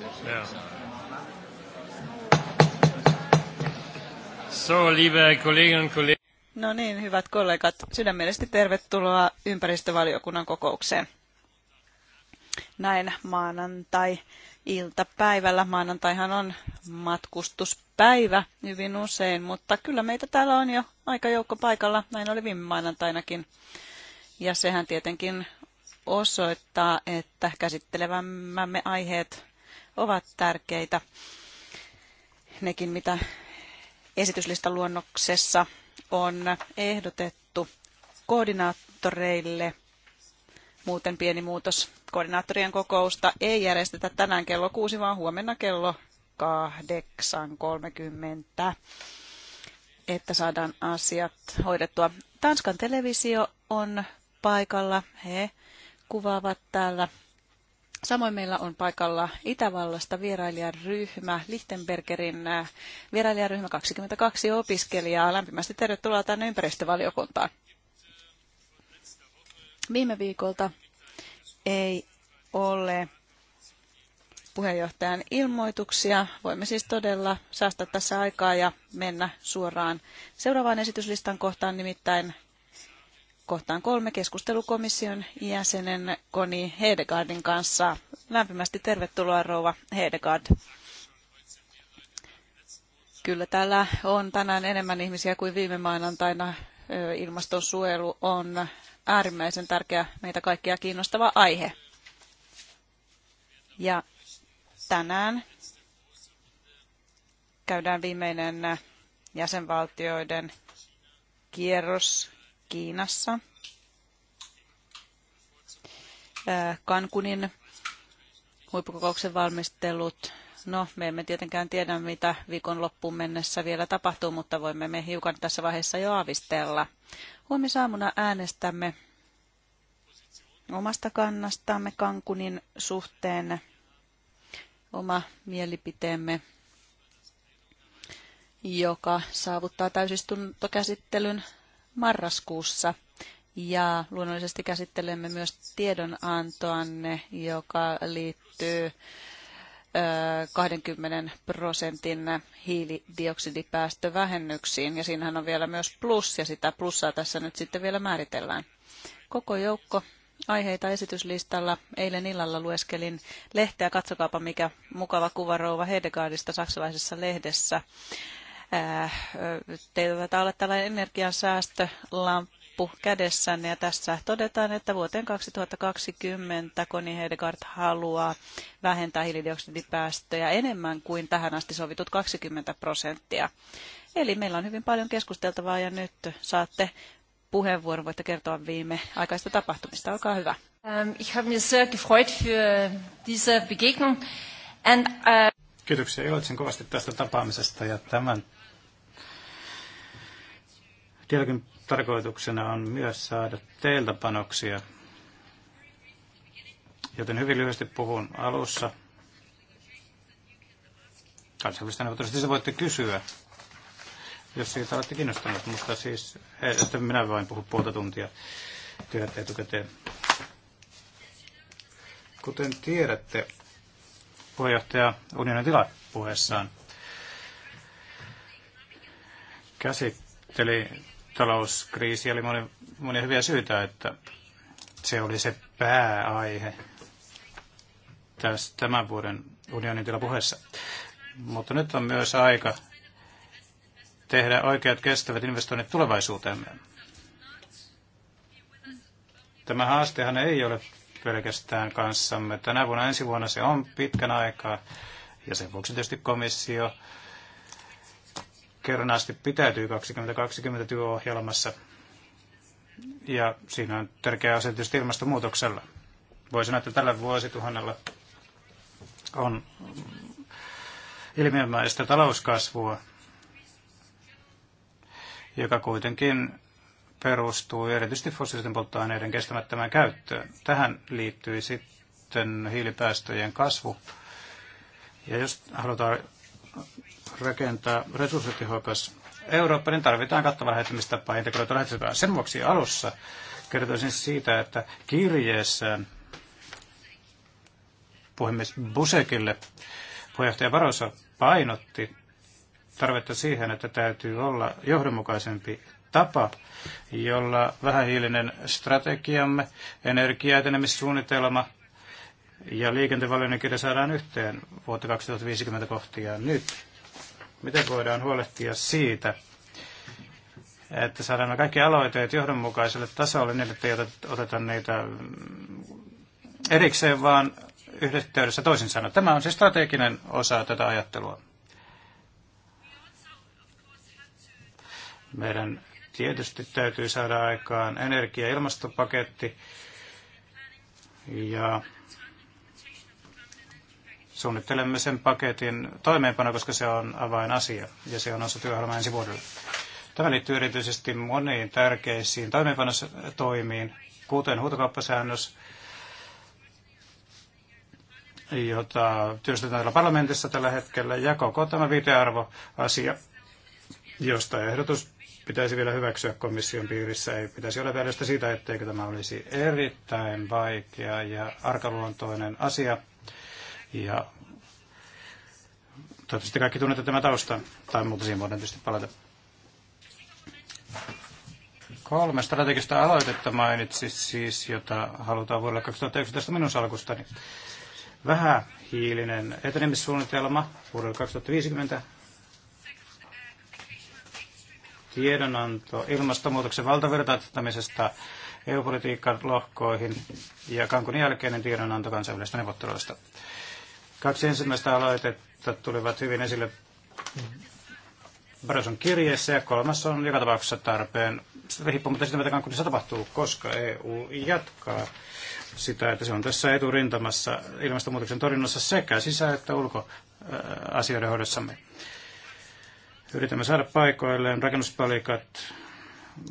Ja. So, liebe Kolleginnen und Kollegen. No niin, hyvät kollegat, sydämellisesti tervetuloa ympäristövaliokunnan kokoukseen. Näin maanantai iltapäivällä. Maanantaihan on matkustuspäivä hyvin usein, mutta kyllä meitä täällä on jo aika joukko paikalla. Näin oli viime maanantainakin. Ja sehän tietenkin osoittaa, että käsittelevämme aiheet ovat tärkeitä. Nekin, mitä esityslistaluonnoksessa on ehdotettu koordinaattoreille. Muuten pieni muutos. Koordinaattorien kokousta ei järjestetä tänään kello 6, vaan huomenna kello 8.30, että saadaan asiat hoidettua. Tanskan televisio on paikalla. He kuvaavat täällä Samoin meillä on paikalla Itävallasta vierailijaryhmä, Lichtenbergerin äh, vierailijaryhmä 22 opiskelijaa. Lämpimästi tervetuloa tänne ympäristövaliokuntaan. Viime viikolta ei ole puheenjohtajan ilmoituksia. Voimme siis todella säästää tässä aikaa ja mennä suoraan seuraavaan esityslistan kohtaan, nimittäin kohtaan kolme keskustelukomission jäsenen Koni Hedegaardin kanssa. Lämpimästi tervetuloa rouva Hedegaard. Kyllä täällä on tänään enemmän ihmisiä kuin viime maanantaina. Ilmastonsuojelu on äärimmäisen tärkeä meitä kaikkia kiinnostava aihe. Ja tänään käydään viimeinen jäsenvaltioiden kierros Kiinassa. Kankunin huippukokouksen valmistelut. No, me emme tietenkään tiedä, mitä viikon loppuun mennessä vielä tapahtuu, mutta voimme me hiukan tässä vaiheessa jo aavistella. Huomisaamuna äänestämme omasta kannastamme Kankunin suhteen oma mielipiteemme, joka saavuttaa täysistuntokäsittelyn marraskuussa. Ja luonnollisesti käsittelemme myös tiedonantoanne, joka liittyy 20 prosentin hiilidioksidipäästövähennyksiin. Ja siinähän on vielä myös plus, ja sitä plussaa tässä nyt sitten vielä määritellään. Koko joukko aiheita esityslistalla. Eilen illalla lueskelin lehteä. Katsokaapa, mikä mukava kuva Rouva Hedegaardista saksalaisessa lehdessä. Äh, teillä taitaa olla tällainen energiansäästölamppu kädessänne ja tässä todetaan, että vuoteen 2020 Koni Hedegaard haluaa vähentää hiilidioksidipäästöjä enemmän kuin tähän asti sovitut 20 prosenttia. Eli meillä on hyvin paljon keskusteltavaa ja nyt saatte puheenvuoron. Voitte kertoa viime aikaista tapahtumista. Olkaa hyvä. Ähm, ich habe mich sehr gefreut für diese Begegnung. And, uh... Kiitoksia. Iloitsen kovasti tästä tapaamisesta ja tämän Dialogin tarkoituksena on myös saada teiltä panoksia, joten hyvin lyhyesti puhun alussa. Kansainvälistä neuvottelusta voitte kysyä, jos siitä olette kiinnostuneet, mutta siis, eh, että minä vain puhu puolta tuntia työtä etukäteen. Kuten tiedätte, puheenjohtaja unionin tila puheessaan käsitteli talouskriisi oli moni, monia hyviä syitä, että se oli se pääaihe tässä tämän vuoden unionin tilapuheessa. Mutta nyt on myös aika tehdä oikeat kestävät investoinnit tulevaisuuteemme. Tämä haastehan ei ole pelkästään kanssamme. Tänä vuonna ensi vuonna se on pitkän aikaa. Ja sen vuoksi tietysti komissio Kerran asti pitäytyy 2020 työohjelmassa. Ja siinä on tärkeä asia tietysti ilmastonmuutoksella. Voi sanoa, että tällä vuosituhannella on ilmiömäistä talouskasvua, joka kuitenkin perustuu erityisesti fossiilisten polttoaineiden kestämättömään käyttöön. Tähän liittyy sitten hiilipäästöjen kasvu. Ja jos halutaan rakentaa resurssitehokas Eurooppa, niin tarvitaan kattava lähestymistapa integroitu lähestymistapa. Sen vuoksi alussa kertoisin siitä, että kirjeessään puhemies Busekille puheenjohtaja Varosa painotti tarvetta siihen, että täytyy olla johdonmukaisempi tapa, jolla vähähiilinen strategiamme, energiaetenemissuunnitelma ja liikentevalinnan kirja saadaan yhteen vuotta 2050 kohtia nyt Miten voidaan huolehtia siitä, että saadaan nämä kaikki aloitteet johdonmukaiselle tasolle niin, että ei oteta niitä erikseen, vaan yhdessä toisin sanoen. Tämä on siis strateginen osa tätä ajattelua. Meidän tietysti täytyy saada aikaan energia- ja ilmastopaketti ja Suunnittelemme sen paketin toimeenpano, koska se on avainasia ja se on osa työohjelmaa ensi vuodelle. Tämä liittyy erityisesti moniin tärkeisiin toimiin, kuten huutokauppasäännös, jota työstetään täällä parlamentissa tällä hetkellä, ja koko tämä viitearvoasia, josta ehdotus pitäisi vielä hyväksyä komission piirissä. Ei pitäisi olla vielä sitä siitä, etteikö tämä olisi erittäin vaikea ja arkaluontoinen asia, ja toivottavasti kaikki tunnette tämä tausta, tai muuten siihen voidaan tietysti palata. Kolme strategista aloitetta mainitsi siis, jota halutaan vuodelle 2019 minun salkustani. Vähähiilinen etenemissuunnitelma vuodelle 2050. Tiedonanto ilmastonmuutoksen valtavirtaittamisesta EU-politiikan lohkoihin ja Kankun jälkeinen tiedonanto kansainvälisestä neuvotteluista. Kaksi ensimmäistä aloitetta tulivat hyvin esille Barroson kirjeessä ja kolmas on joka tapauksessa tarpeen riippumatta siitä, mitä Cancunissa tapahtuu, koska EU jatkaa sitä, että se on tässä eturintamassa ilmastonmuutoksen torjunnassa sekä sisä- että ulkoasioiden hoidossamme. Yritämme saada paikoilleen rakennuspalikat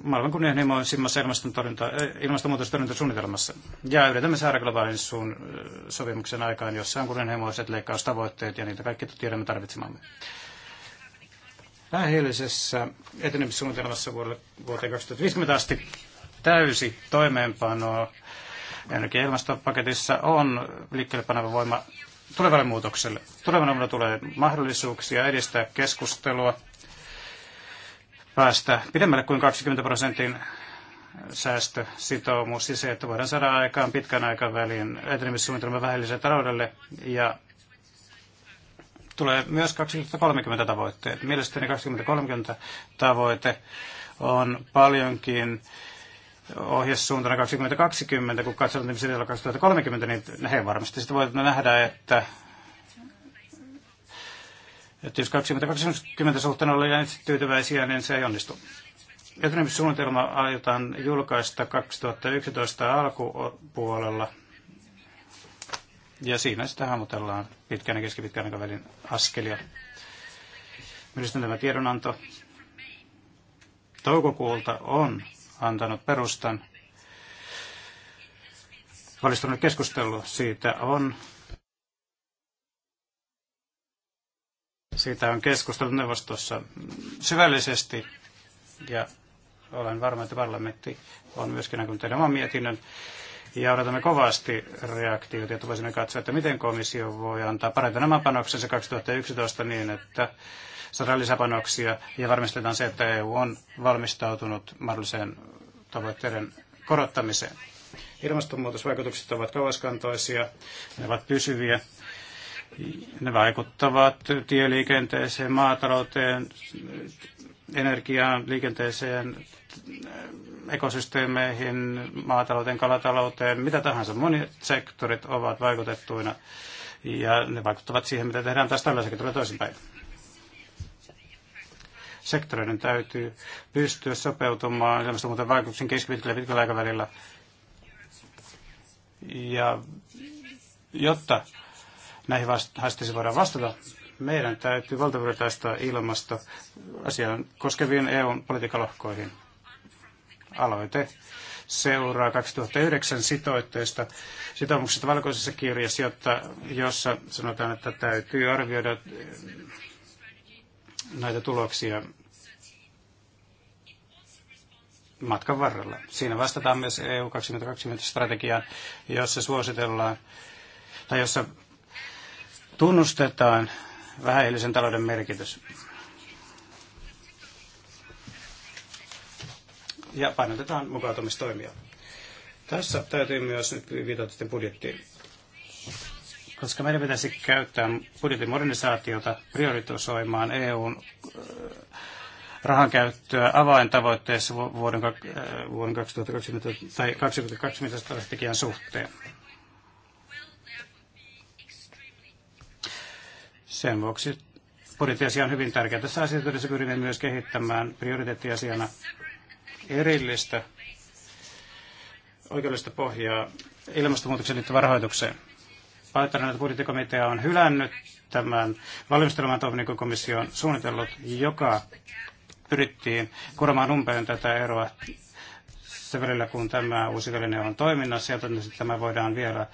maailman kunnianhimoisimmassa eh, ilmastonmuutostorjuntasuunnitelmassa. Ja yritämme saada globaalin suun eh, sopimuksen aikaan, jossa on kunnianhimoiset leikkaustavoitteet ja niitä kaikki tiedämme tarvitsemamme. Vähähiilisessä etenemissuunnitelmassa vuoteen 2050 asti täysi toimeenpano energia- ja ilmastopaketissa on liikkeelle paneva voima tulevalle muutokselle. Tulevana vuonna tulee mahdollisuuksia edistää keskustelua päästä pidemmälle kuin 20 prosentin säästösitoumus ja se, että voidaan saada aikaan pitkän aikavälin etenemissuunnitelma vähäiselle taloudelle ja tulee myös 2030 tavoitteet. Mielestäni 2030 tavoite on paljonkin ohjesuuntana 2020, kun katsotaan, että 2030, niin he varmasti sitten voivat nähdä, että että jos 2020 suhteen ollaan tyytyväisiä, niin se ei onnistu. Etenemissuunnitelma aiotaan julkaista 2011 alkupuolella. Ja siinä sitä hahmotellaan pitkän ja keskipitkän aikavälin askelia. Mielestäni tämä tiedonanto toukokuulta on antanut perustan. Valistunut keskustelu siitä on Siitä on keskusteltu neuvostossa syvällisesti ja olen varma, että parlamentti on myöskin näkynyt teidän oman mietinnön. Ja odotamme kovasti reaktiota, että voisimme katsoa, että miten komissio voi antaa parempi nämä panoksensa 2011 niin, että saadaan lisäpanoksia ja varmistetaan se, että EU on valmistautunut mahdolliseen tavoitteiden korottamiseen. Ilmastonmuutosvaikutukset ovat kauaskantoisia, ne ovat pysyviä ne vaikuttavat tieliikenteeseen, maatalouteen, energiaan, liikenteeseen, ekosysteemeihin, maatalouteen, kalatalouteen, mitä tahansa. Monet sektorit ovat vaikutettuina ja ne vaikuttavat siihen, mitä tehdään taas tällä sektorilla toisinpäin. Sektoreiden täytyy pystyä sopeutumaan ilmastonmuutoksen vaikutuksen keskipitkällä ja pitkällä aikavälillä. Ja jotta näihin haasteisiin voidaan vastata, meidän täytyy valtavirtaista ilmasto asiaan koskeviin EUn politiikalohkoihin. Aloite seuraa 2009 sitoitteista sitoumuksesta valkoisessa kirjassa, jotta, jossa sanotaan, että täytyy arvioida eh, näitä tuloksia matkan varrella. Siinä vastataan myös EU 2020 strategiaan, jossa suositellaan tai jossa tunnustetaan vähähiilisen talouden merkitys. Ja painotetaan mukautumistoimia. Tässä täytyy myös nyt viitata sitten budjettiin. Koska meidän pitäisi käyttää budjetin modernisaatiota prioritisoimaan EUn äh, rahankäyttöä avaintavoitteessa vuoden, äh, vuoden 2020 tai 2020 strategian suhteen. Sen vuoksi budjettiasia on hyvin tärkeä. Tässä asiayhteydessä pyrimme myös kehittämään prioriteettiasiana erillistä oikeudellista pohjaa ilmastonmuutoksen liittyvään rahoitukseen. Paitarainen budjettikomitea on hylännyt tämän valmistelemaan toiminnan komission suunnitellut, joka pyrittiin kuromaan umpeen tätä eroa sen välillä, kun tämä uusi väline on toiminnassa, ja tämä voidaan vielä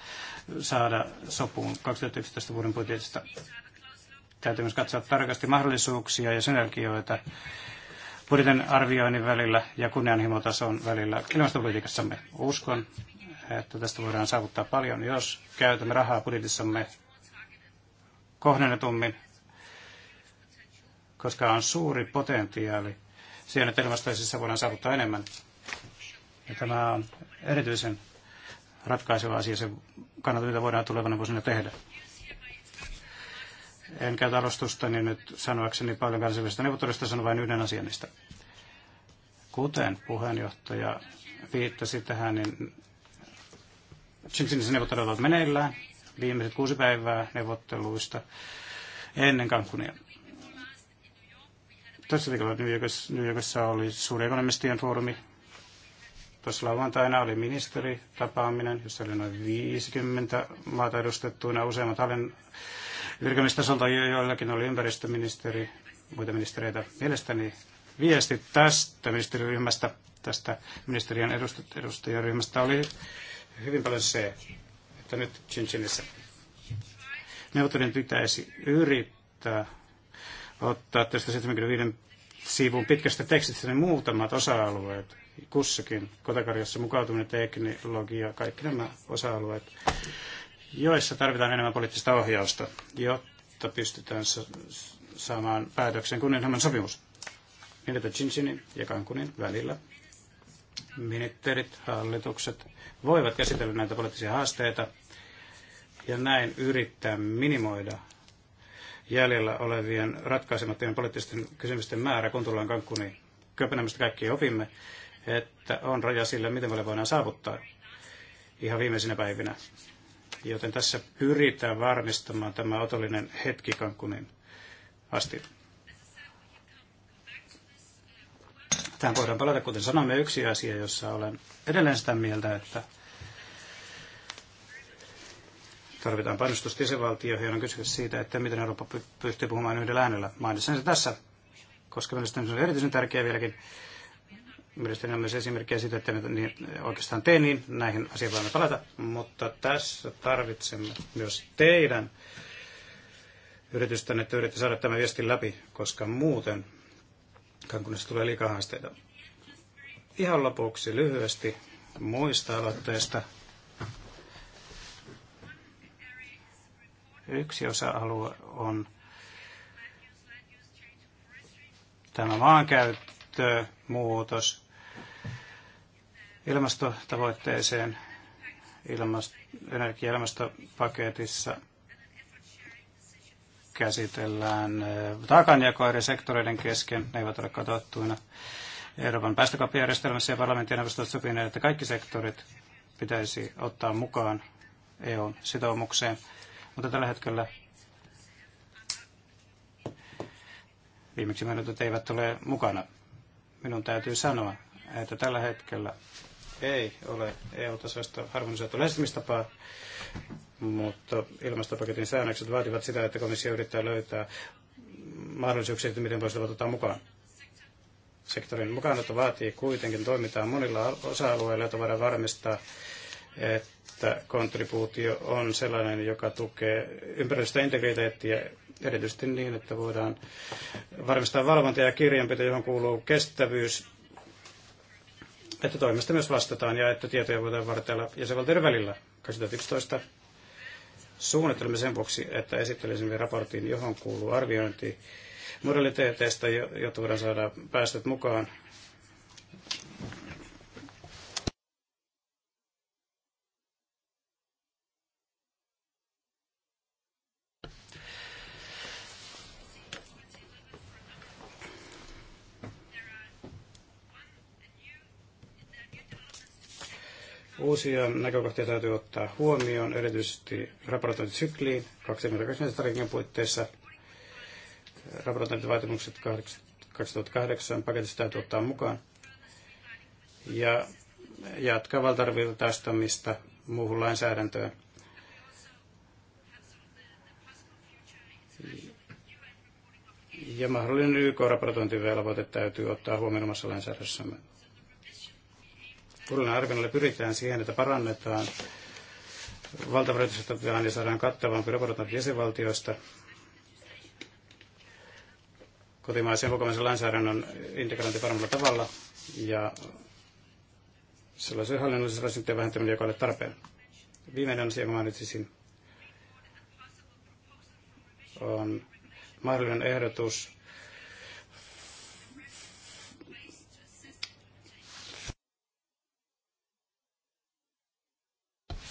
saada sopuun 2011 vuoden budjetista. Täytyy myös katsoa tarkasti mahdollisuuksia ja synergioita budjetin arvioinnin välillä ja kunnianhimotason välillä ilmastopolitiikassamme. Uskon, että tästä voidaan saavuttaa paljon, jos käytämme rahaa budjetissamme kohdennetummin, koska on suuri potentiaali siihen, että ilmastoisissa voidaan saavuttaa enemmän. Ja tämä on erityisen ratkaiseva asia se kannattaa mitä voidaan tulevana vuosina tehdä. En käytä niin nyt sanoakseni paljon kansainvälisestä neuvottelusta, sanon vain yhden asian niistä. Kuten puheenjohtaja viittasi tähän, niin Tsingtsinissä neuvottelut ovat meneillään viimeiset kuusi päivää neuvotteluista ennen Cancunia. Tässä viikolla New Yorkissa, New Yorkissa oli suuri ekonomistien foorumi. Tuossa lauantaina oli ministeritapaaminen, jossa oli noin 50 maata edustettuina useimmat hallinnon virkamistasolta, joillakin oli ympäristöministeri, muita ministereitä. Mielestäni viesti tästä ministeriryhmästä, tästä ministeriön edustajaryhmästä oli hyvin paljon se, että nyt Chinchinissä neuvottelun pitäisi yrittää ottaa tästä 75 sivun pitkästä tekstistä ne muutamat osa-alueet kussakin kotakarjassa mukautuminen, teknologia, kaikki nämä osa-alueet joissa tarvitaan enemmän poliittista ohjausta, jotta pystytään saamaan päätöksen kunnianhimoinen sopimus. Niitä Chinchinin ja Kankunin välillä ministerit, hallitukset voivat käsitellä näitä poliittisia haasteita ja näin yrittää minimoida jäljellä olevien ratkaisemattomien poliittisten kysymysten määrä, kun tullaan Cancuniin. Kööpenhaminasta kaikki opimme, että on raja sille, miten paljon voidaan saavuttaa ihan viimeisinä päivinä Joten tässä pyritään varmistamaan tämä otollinen hetki Kankunin asti. Tähän voidaan palata, kuten sanoimme, yksi asia, jossa olen edelleen sitä mieltä, että tarvitaan painostusta jäsenvaltioihin, on kysymys siitä, että miten Eurooppa pystyy puhumaan yhdellä äänellä. Mainitsen se tässä, koska mielestäni se on erityisen tärkeää vieläkin Mielestäni on myös esimerkkejä siitä, että niin oikeastaan tee niin, näihin asioihin voimme palata, mutta tässä tarvitsemme myös teidän yritystänne, että yritetään saada tämä viesti läpi, koska muuten kankunissa tulee liikaa haasteita. Ihan lopuksi lyhyesti muista aloitteista. Yksi osa-alue on tämä maankäyttö, muutos, ilmastotavoitteeseen energia- ja ilmastopaketissa käsitellään äh, taakanjakoa eri sektoreiden kesken. Ne eivät ole katsottuina. Euroopan päästökauppajärjestelmässä ja parlamentin neuvostot sopineet, että kaikki sektorit pitäisi ottaa mukaan EUn sitoumukseen. Mutta tällä hetkellä viimeksi mainitut eivät ole mukana. Minun täytyy sanoa, että tällä hetkellä ei ole EU-tasoista harmonisoitu lähestymistapaa, mutta ilmastopaketin säännökset vaativat sitä, että komissio yrittää löytää mahdollisuuksia, että miten voisi ottaa mukaan. Sektorin mukaanotto vaatii kuitenkin toimintaa monilla osa-alueilla, joita voidaan varmistaa, että kontribuutio on sellainen, joka tukee integriteettiä erityisesti niin, että voidaan varmistaa valvonta ja kirjanpito, johon kuuluu kestävyys, että toimesta myös vastataan ja että tietoja voidaan vartella jäsenvaltioiden välillä 2011 suunnitelma sen vuoksi, että esittelisimme raportin, johon kuuluu arviointi modaliteeteista, jotta voidaan saada päästöt mukaan Uusia näkökohtia täytyy ottaa huomioon, erityisesti raportointisykliin 2020 strategian puitteissa. Raportointivaatimukset 2008 paketissa täytyy ottaa mukaan. Ja jatkaa valtarvirtaistamista muuhun lainsäädäntöön. Ja mahdollinen YK-raportointivelvoite täytyy ottaa huomioon omassa lainsäädännössämme. Uudelleen arvioinnilla pyritään siihen, että parannetaan valtavirtaisesta ja saadaan kattavampi raportointi jäsenvaltioista kotimaisen ulkomaisen lainsäädännön integrointi paremmalla tavalla ja sellaisen hallinnollisen rasitteen vähentäminen, joka ei ole tarpeen. Viimeinen asia, jonka mainitsisin, on mahdollinen ehdotus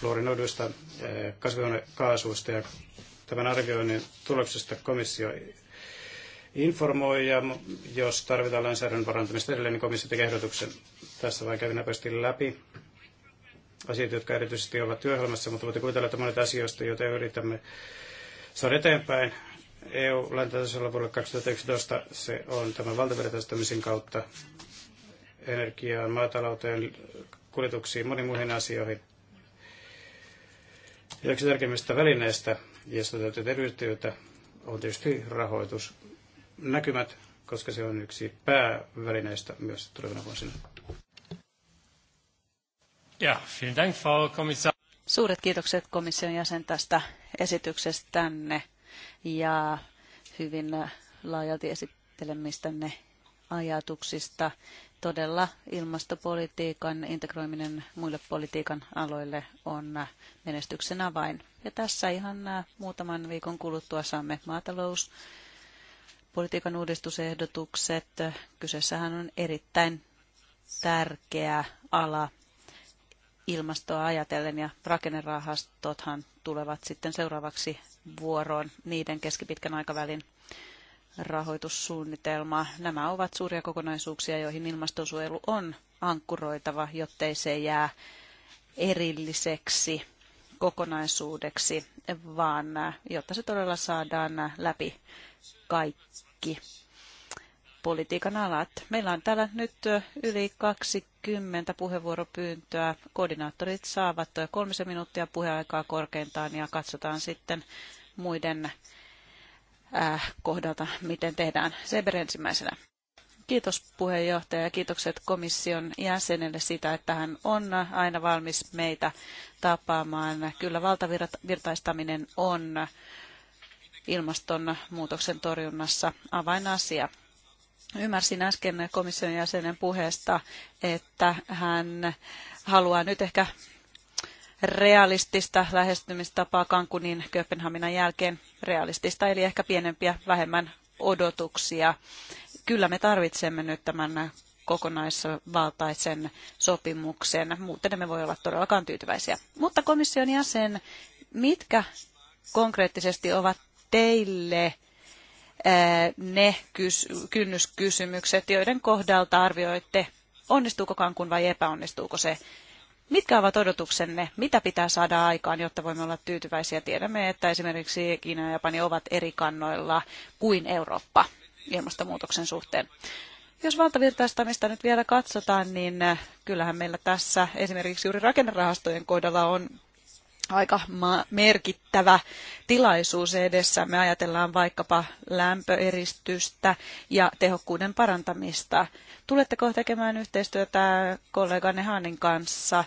fluorinoiduista eh, kasvihuonekaasuista ja tämän arvioinnin tuloksesta komissio informoi ja jos tarvitaan lainsäädännön parantamista edelleen, niin komissio tekee ehdotuksen. Tässä vain kävin nopeasti läpi asiat, jotka erityisesti ovat työohjelmassa, mutta voitte kuvitella, että monet asioista, joita yritämme saada eteenpäin, EU-lainsäädäntötasolla vuodelle 2011 se on tämän valtavirtaistamisen kautta energiaan, maatalouteen, kuljetuksiin, moniin muihin asioihin – yksi tärkeimmistä välineistä, josta täytyy terveystyötä, on tietysti rahoitus. Näkymät, koska se on yksi päävälineistä myös tulevina vuosina. Ja, vielen Dank, Frau Kommissar. Suuret kiitokset komission jäsen tästä tänne ja hyvin laajalti esittelemistanne ajatuksista todella ilmastopolitiikan integroiminen muille politiikan aloille on menestyksen avain. Ja tässä ihan äh, muutaman viikon kuluttua saamme maatalous politiikan uudistusehdotukset. Kyseessähän on erittäin tärkeä ala ilmastoa ajatellen ja rakennerahastothan tulevat sitten seuraavaksi vuoroon niiden keskipitkän aikavälin rahoitussuunnitelma. Nämä ovat suuria kokonaisuuksia, joihin ilmastonsuojelu on ankkuroitava, jottei se jää erilliseksi kokonaisuudeksi, vaan jotta se todella saadaan läpi kaikki politiikan alat. Meillä on täällä nyt yli 20 puheenvuoropyyntöä. Koordinaattorit saavat kolmisen minuuttia puheaikaa korkeintaan ja katsotaan sitten muiden Äh, kohdalta, miten tehdään. Seber ensimmäisenä. Kiitos puheenjohtaja ja kiitokset komission jäsenelle siitä, että hän on aina valmis meitä tapaamaan. Kyllä valtavirtaistaminen on ilmastonmuutoksen torjunnassa avainasia. Ymmärsin äsken komission jäsenen puheesta, että hän haluaa nyt ehkä realistista lähestymistapaa Kankunin Kööpenhaminan jälkeen. Realistista eli ehkä pienempiä, vähemmän odotuksia. Kyllä me tarvitsemme nyt tämän kokonaisvaltaisen sopimuksen. Muuten emme voi olla todellakaan tyytyväisiä. Mutta komission jäsen, mitkä konkreettisesti ovat teille eh, ne kynnyskysymykset, joiden kohdalta arvioitte, onnistuuko Kankun vai epäonnistuuko se. Mitkä ovat odotuksenne? Mitä pitää saada aikaan, jotta voimme olla tyytyväisiä? Tiedämme, että esimerkiksi Kiina ja Japani ovat eri kannoilla kuin Eurooppa ilmastonmuutoksen suhteen. Jos valtavirtaistamista nyt vielä katsotaan, niin kyllähän meillä tässä esimerkiksi juuri rakennerahastojen kohdalla on aika merkittävä tilaisuus edessä. Me ajatellaan vaikkapa lämpöeristystä ja tehokkuuden parantamista. Tuletteko tekemään yhteistyötä kolleganne Hanin kanssa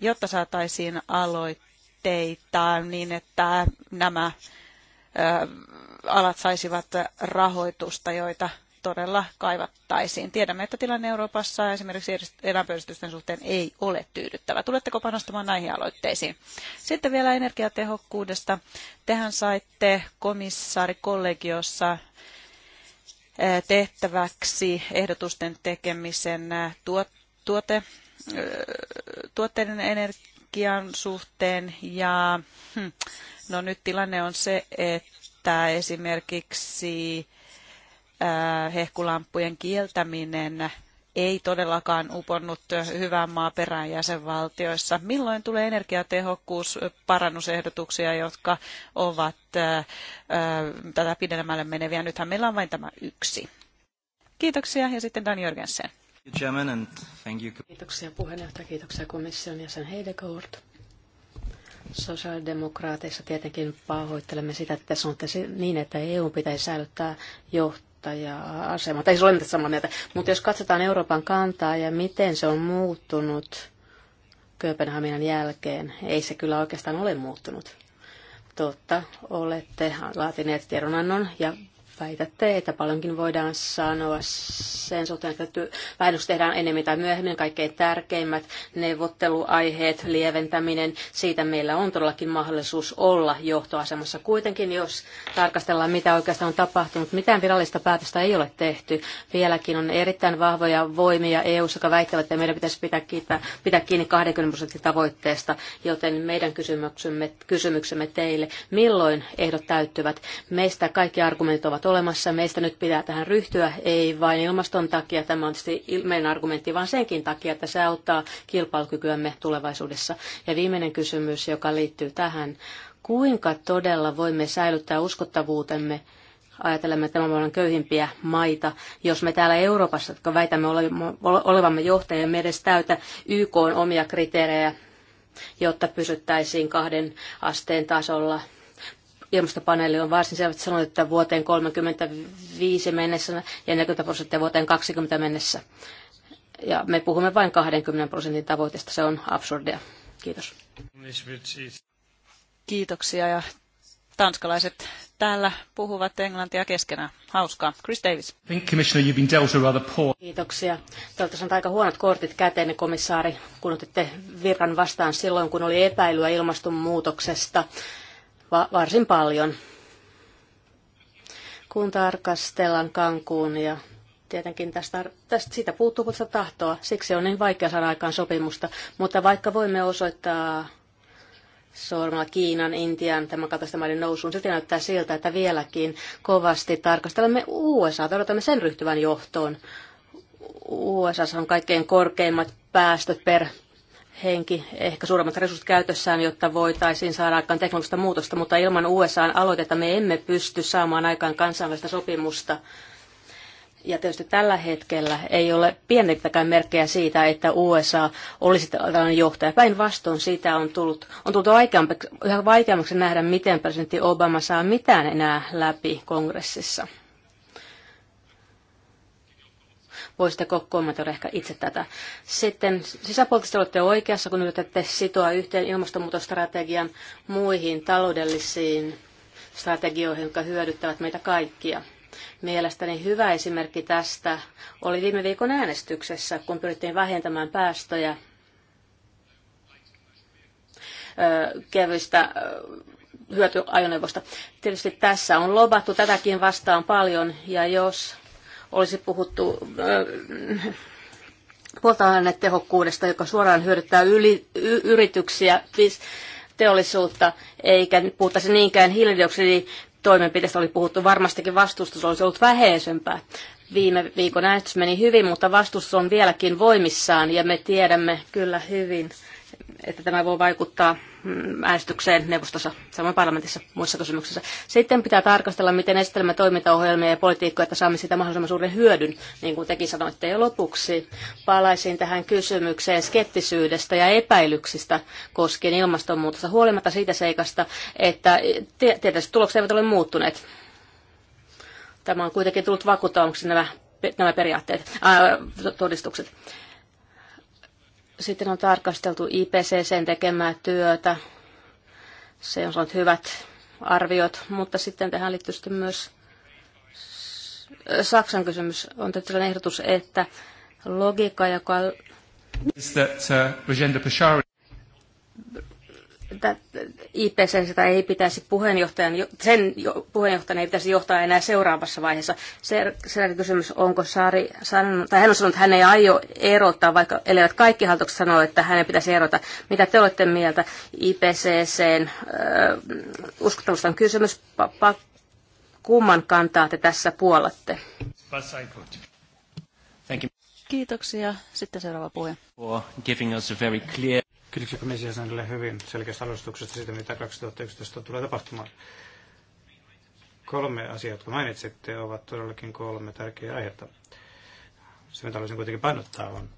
jotta saataisiin aloitteita niin, että nämä alat saisivat rahoitusta, joita todella kaivattaisiin. Tiedämme, että tilanne Euroopassa esimerkiksi eläinpöydistysten suhteen ei ole tyydyttävä. Tuletteko panostamaan näihin aloitteisiin? Sitten vielä energiatehokkuudesta. Tehän saitte komissaarikollegiossa tehtäväksi ehdotusten tekemisen tuotteiden tuote tuotteiden energian suhteen ja hmm, no nyt tilanne on se, että esimerkiksi hehkulampujen kieltäminen ei todellakaan uponnut hyvään maaperään jäsenvaltioissa. Milloin tulee energiatehokkuusparannusehdotuksia, jotka ovat tätä pidemmälle meneviä? Nythän meillä on vain tämä yksi. Kiitoksia ja sitten Dan Jörgensen. Kiitoksia puheenjohtaja, kiitoksia komission jäsen Heidegord. Sosiaalidemokraateissa tietenkin pahoittelemme sitä, että tässä on niin, että EU pitäisi säilyttää johtaja-asema. Tai ei siis ole samaa mieltä, mutta jos katsotaan Euroopan kantaa ja miten se on muuttunut Kööpenhaminan jälkeen, ei se kyllä oikeastaan ole muuttunut. Totta, olette laatineet tiedonannon ja väitätte, että paljonkin voidaan sanoa sen suhteen, että vähennys tehdään enemmän tai myöhemmin kaikkein tärkeimmät neuvotteluaiheet, lieventäminen. Siitä meillä on todellakin mahdollisuus olla johtoasemassa. Kuitenkin, jos tarkastellaan, mitä oikeastaan on tapahtunut, mitään virallista päätöstä ei ole tehty. Vieläkin on erittäin vahvoja voimia eu jotka väittävät, että meidän pitäisi pitää, kiittää, pitää kiinni 20 prosentin tavoitteesta, joten meidän kysymyksemme, kysymyksemme teille, milloin ehdot täyttyvät. Meistä kaikki argumentit ovat olemassa. Meistä nyt pitää tähän ryhtyä, ei vain ilmaston takia, tämä on tietysti meidän argumentti, vaan senkin takia, että se auttaa kilpailukykyämme tulevaisuudessa. Ja viimeinen kysymys, joka liittyy tähän, kuinka todella voimme säilyttää uskottavuutemme ajatelemme tämän maailman köyhimpiä maita. Jos me täällä Euroopassa, jotka väitämme olevamme johtajia, me edes täytä YK on omia kriteerejä, jotta pysyttäisiin kahden asteen tasolla ilmastopaneeli on varsin selvästi sanonut, että vuoteen 35 mennessä ja 40 prosenttia vuoteen 20 mennessä. Ja me puhumme vain 20 prosentin tavoitteesta. Se on absurdia. Kiitos. Kiitoksia ja tanskalaiset täällä puhuvat englantia keskenään. Hauskaa. Chris Davis. Think, Commissioner, you've been dealt a rather poor... Kiitoksia. Te olette saaneet aika huonot kortit käteenne, komissaari, kun otitte virran vastaan silloin, kun oli epäilyä ilmastonmuutoksesta va- varsin paljon. Kun tarkastellaan Kankuun ja tietenkin tästä, tästä siitä puuttuu mutta tahtoa, siksi on niin vaikea saada aikaan sopimusta, mutta vaikka voimme osoittaa sormella Kiinan, Intian, tämän kaltaisten maiden nousuun. Silti näyttää siltä, että vieläkin kovasti tarkastelemme USA, odotamme sen ryhtyvän johtoon. USA on kaikkein korkeimmat päästöt per henki, ehkä suuremmat resurssit käytössään, jotta voitaisiin saada aikaan teknologista muutosta, mutta ilman USAn aloitetta me emme pysty saamaan aikaan kansainvälistä sopimusta. Ja tietysti tällä hetkellä ei ole pienettäkään merkkejä siitä, että USA olisi tällainen johtaja. Päinvastoin siitä on tullut, on tullut vaikeammaksi, yhä vaikeammaksi nähdä, miten presidentti Obama saa mitään enää läpi kongressissa. Voisitteko kommentoida ehkä itse tätä? Sitten sisäpoliittisesti olette oikeassa, kun yritätte sitoa yhteen ilmastonmuutostrategian muihin taloudellisiin strategioihin, jotka hyödyttävät meitä kaikkia. Mielestäni hyvä esimerkki tästä oli viime viikon äänestyksessä, kun pyrittiin vähentämään päästöjä kevyistä hyötyajoneuvosta. Tietysti tässä on lobattu tätäkin vastaan paljon, ja jos olisi puhuttu polttoainetehokkuudesta, äh, joka suoraan hyödyttää yli, y, yrityksiä, siis teollisuutta, eikä puhuttaisi niinkään hiilidioksiditoimenpiteistä oli puhuttu. Varmastikin vastustus olisi ollut vähäisempää. Viime viikon äänestys meni hyvin, mutta vastustus on vieläkin voimissaan ja me tiedämme kyllä hyvin, että tämä voi vaikuttaa mm, äänestykseen neuvostossa, samoin parlamentissa muissa kysymyksissä. Sitten pitää tarkastella, miten esittelemme toimintaohjelmia ja politiikkoja, että saamme siitä mahdollisimman suuren hyödyn, niin kuin tekin sanoitte jo lopuksi. Palaisin tähän kysymykseen skeptisyydestä ja epäilyksistä koskien ilmastonmuutosta, huolimatta siitä seikasta, että tietysti tulokset eivät ole muuttuneet. Tämä on kuitenkin tullut vakuuttavaksi nämä, nämä periaatteet, äh, todistukset. Sitten on tarkasteltu IPCCn tekemää työtä. Se on saanut hyvät arviot, mutta sitten tähän liittyy sitten myös Saksan kysymys. On tehty sellainen ehdotus, että logiikka, joka... IPC sitä ei pitäisi puheenjohtajan, sen puheenjohtajan ei pitäisi johtaa enää seuraavassa vaiheessa. Se, se kysymys, onko Saari sanonut, tai hän on sanonut, että hän ei aio erottaa, vaikka elevät kaikki hallitukset sanoo, että hänen pitäisi erota. Mitä te olette mieltä IPCCn äh, uskottavuudesta on kysymys? Pa, pa, kumman kantaa te tässä puolatte? Kiitoksia. Sitten seuraava puhe. For giving us a very clear Kiitoksia komission jäsenille hyvin selkeästä alustuksesta siitä, mitä 2011 tulee tapahtumaan. Kolme asiaa, jotka mainitsitte, ovat todellakin kolme tärkeää aihetta. Se, mitä haluaisin kuitenkin painottaa, on,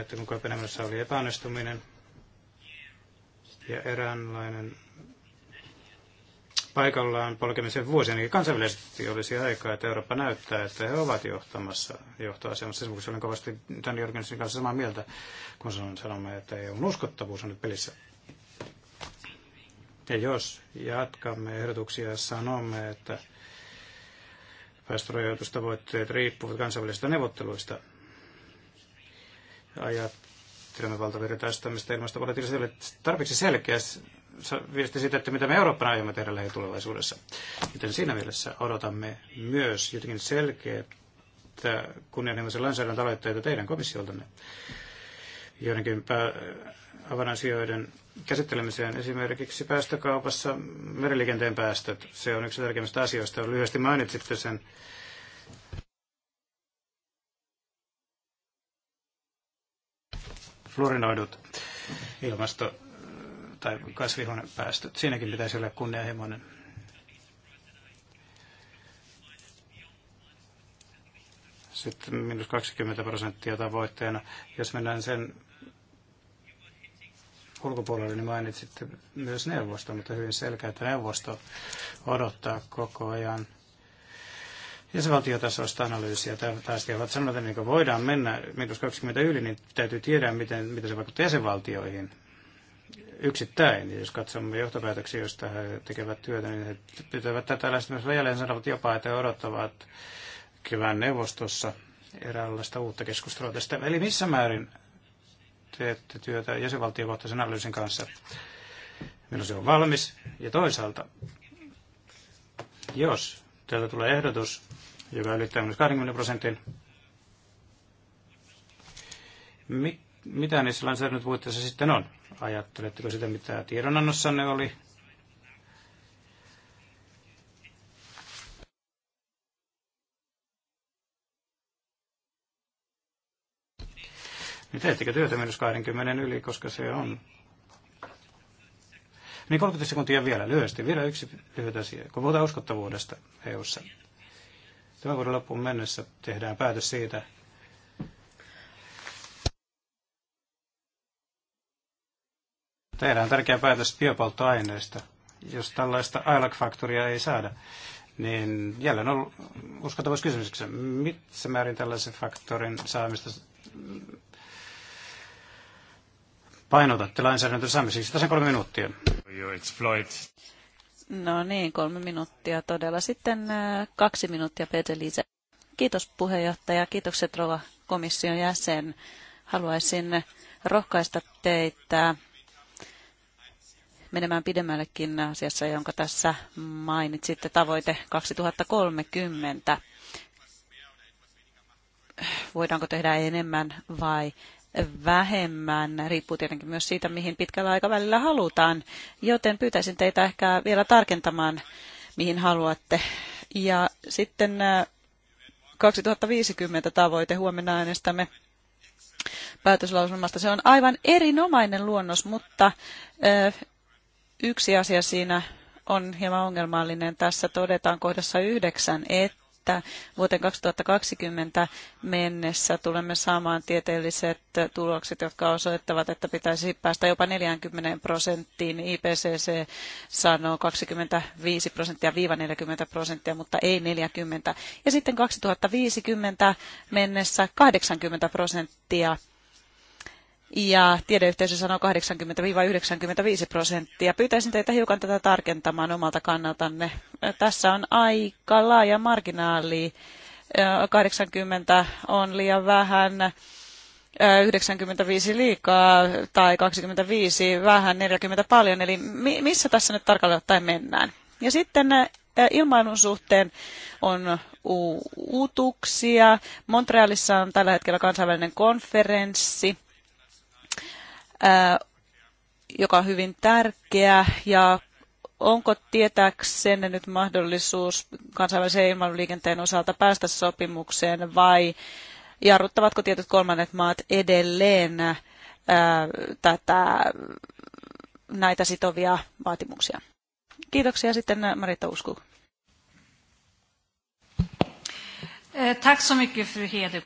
että kun Kööpenhaminassa oli epäonnistuminen ja eräänlainen paikallaan polkemisen vuosi, ainakin kansainvälisesti olisi aikaa, että Eurooppa näyttää, että he ovat johtamassa johtoasemassa. Esimerkiksi olen kovasti tämän Jorgensen kanssa samaa mieltä, kun sanomme, että EUn uskottavuus on nyt pelissä. Ja jos jatkamme ehdotuksia ja sanomme, että päästörajoitustavoitteet riippuvat kansainvälisistä neuvotteluista, ajattelemme valtavirtaistamista ilmastopolitiikasta tarpeeksi selkeästi viesti siitä, että mitä me Eurooppana aiomme tehdä lähitulevaisuudessa. Joten siinä mielessä odotamme myös jotenkin selkeää kunnianhimoisen tavoitteita teidän komissioltanne joidenkin avainasioiden käsittelemiseen. Esimerkiksi päästökaupassa meriliikenteen päästöt. Se on yksi tärkeimmistä asioista. Lyhyesti mainitsitte sen. Fluorinoidut ilmasto tai kasvihuonepäästöt. Siinäkin pitäisi olla kunnianhimoinen. Sitten minus 20 prosenttia tavoitteena. Jos mennään sen ulkopuolelle, niin mainitsitte myös neuvosto, mutta hyvin selkeä, että neuvosto odottaa koko ajan jäsenvaltiotasoista analyysiä taistelijat ovat sanoneet, että niin voidaan mennä minus 20 yli, niin täytyy tiedä, miten, miten se vaikuttaa jäsenvaltioihin yksittäin. Jos katsomme johtopäätöksiä, joista he tekevät työtä, niin he pitävät tätä lähestymistä rajalle ja sanovat jopa, että he odottavat kevään neuvostossa eräänlaista uutta keskustelua tästä. Eli missä määrin teette työtä jäsenvaltiokohtaisen analyysin kanssa, milloin se on valmis, ja toisaalta, jos teiltä tulee ehdotus, joka ylittää myös 20 prosentin, mikä mitä niissä lainsäädäntöpuitteissa sitten on? Ajatteletteko sitä, mitä tiedonannossanne oli? Niin teettekö työtä minus 20 yli, koska se on... Niin 30 sekuntia vielä lyhyesti. Vielä yksi lyhyt asia. Kun puhutaan uskottavuudesta EU-ssa, tämän vuoden loppuun mennessä tehdään päätös siitä, Tehdään tärkeä päätös biopolttoaineista. Jos tällaista ILAC-faktoria ei saada, niin jälleen on uskottavuus kysymyksessä, Missä määrin tällaisen faktorin saamista painotatte lainsäädäntön saamiseksi? Tässä on kolme minuuttia. No niin, kolme minuuttia todella. Sitten äh, kaksi minuuttia Peter Liise. Kiitos puheenjohtaja, kiitokset rouva komission jäsen. Haluaisin rohkaista teitä menemään pidemmällekin asiassa, jonka tässä mainitsitte, tavoite 2030. Voidaanko tehdä enemmän vai vähemmän, riippuu tietenkin myös siitä, mihin pitkällä aikavälillä halutaan. Joten pyytäisin teitä ehkä vielä tarkentamaan, mihin haluatte. Ja sitten 2050 äh, tavoite, huomenna äänestämme päätöslauselmasta. Se on aivan erinomainen luonnos, mutta äh, Yksi asia siinä on hieman ongelmallinen. Tässä todetaan kohdassa yhdeksän, että vuoteen 2020 mennessä tulemme saamaan tieteelliset tulokset, jotka osoittavat, että pitäisi päästä jopa 40 prosenttiin. IPCC sanoo 25 prosenttia viiva 40 prosenttia, mutta ei 40. Ja sitten 2050 mennessä 80 prosenttia ja tiedeyhteisö sanoo 80-95 prosenttia. Pyytäisin teitä hiukan tätä tarkentamaan omalta kannaltanne. Tässä on aika laaja marginaali. 80 on liian vähän, 95 liikaa tai 25 vähän, 40 paljon. Eli missä tässä nyt tarkalleen ottaen mennään? Ja sitten ilmailun suhteen on uutuksia. Montrealissa on tällä hetkellä kansainvälinen konferenssi joka on hyvin tärkeä ja onko tietääksenne nyt mahdollisuus kansainvälisen ilmailuliikenteen osalta päästä sopimukseen vai jarruttavatko tietyt kolmannet maat edelleen ää, tätä, näitä sitovia vaatimuksia? Kiitoksia sitten Marita Usku. Eh, tack så mycket, fru Hede.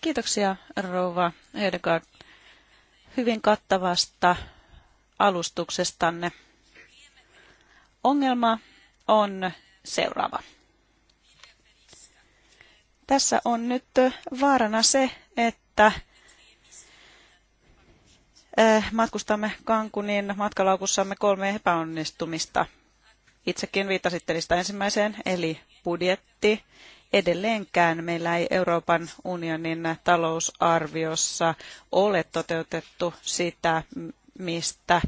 Kiitoksia, rouva Hedegaard hyvin kattavasta alustuksestanne. Ongelma on seuraava. Tässä on nyt vaarana se, että matkustamme Kankunin matkalaukussamme kolme epäonnistumista. Itsekin viittasitte niistä ensimmäiseen, eli budjetti Edelleenkään meillä ei Euroopan unionin talousarviossa ole toteutettu sitä, mistä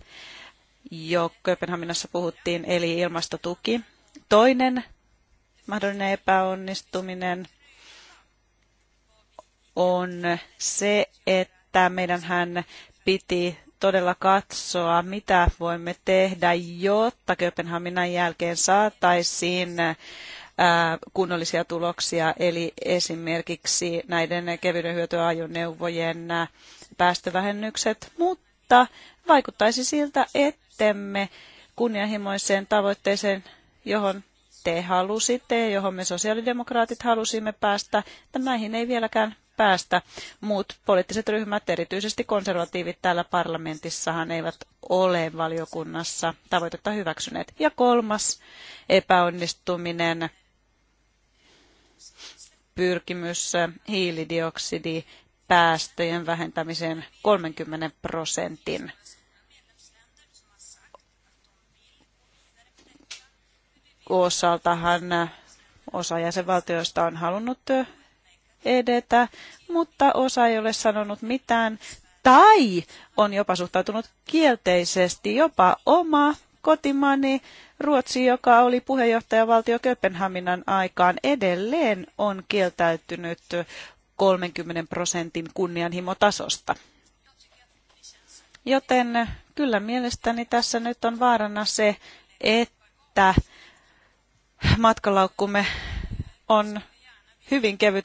jo Kööpenhaminassa puhuttiin, eli ilmastotuki. Toinen mahdollinen epäonnistuminen on se, että hän piti todella katsoa, mitä voimme tehdä, jotta Kööpenhaminan jälkeen saataisiin kunnollisia tuloksia, eli esimerkiksi näiden kevyiden hyötyajoneuvojen päästövähennykset, mutta vaikuttaisi siltä, ettemme kunnianhimoiseen tavoitteeseen, johon te halusitte ja johon me sosiaalidemokraatit halusimme päästä, että näihin ei vieläkään päästä. Muut poliittiset ryhmät, erityisesti konservatiivit täällä parlamentissahan eivät ole valiokunnassa tavoitetta hyväksyneet. Ja kolmas epäonnistuminen pyrkimys hiilidioksidipäästöjen vähentämiseen 30 prosentin osaltahan osa jäsenvaltioista on halunnut edetä, mutta osa ei ole sanonut mitään tai on jopa suhtautunut kielteisesti jopa oma kotimaani Ruotsi, joka oli puheenjohtajavaltio Kööpenhaminan aikaan, edelleen on kieltäytynyt 30 prosentin kunnianhimotasosta. Joten kyllä mielestäni tässä nyt on vaarana se, että matkalaukkumme on hyvin kevyt,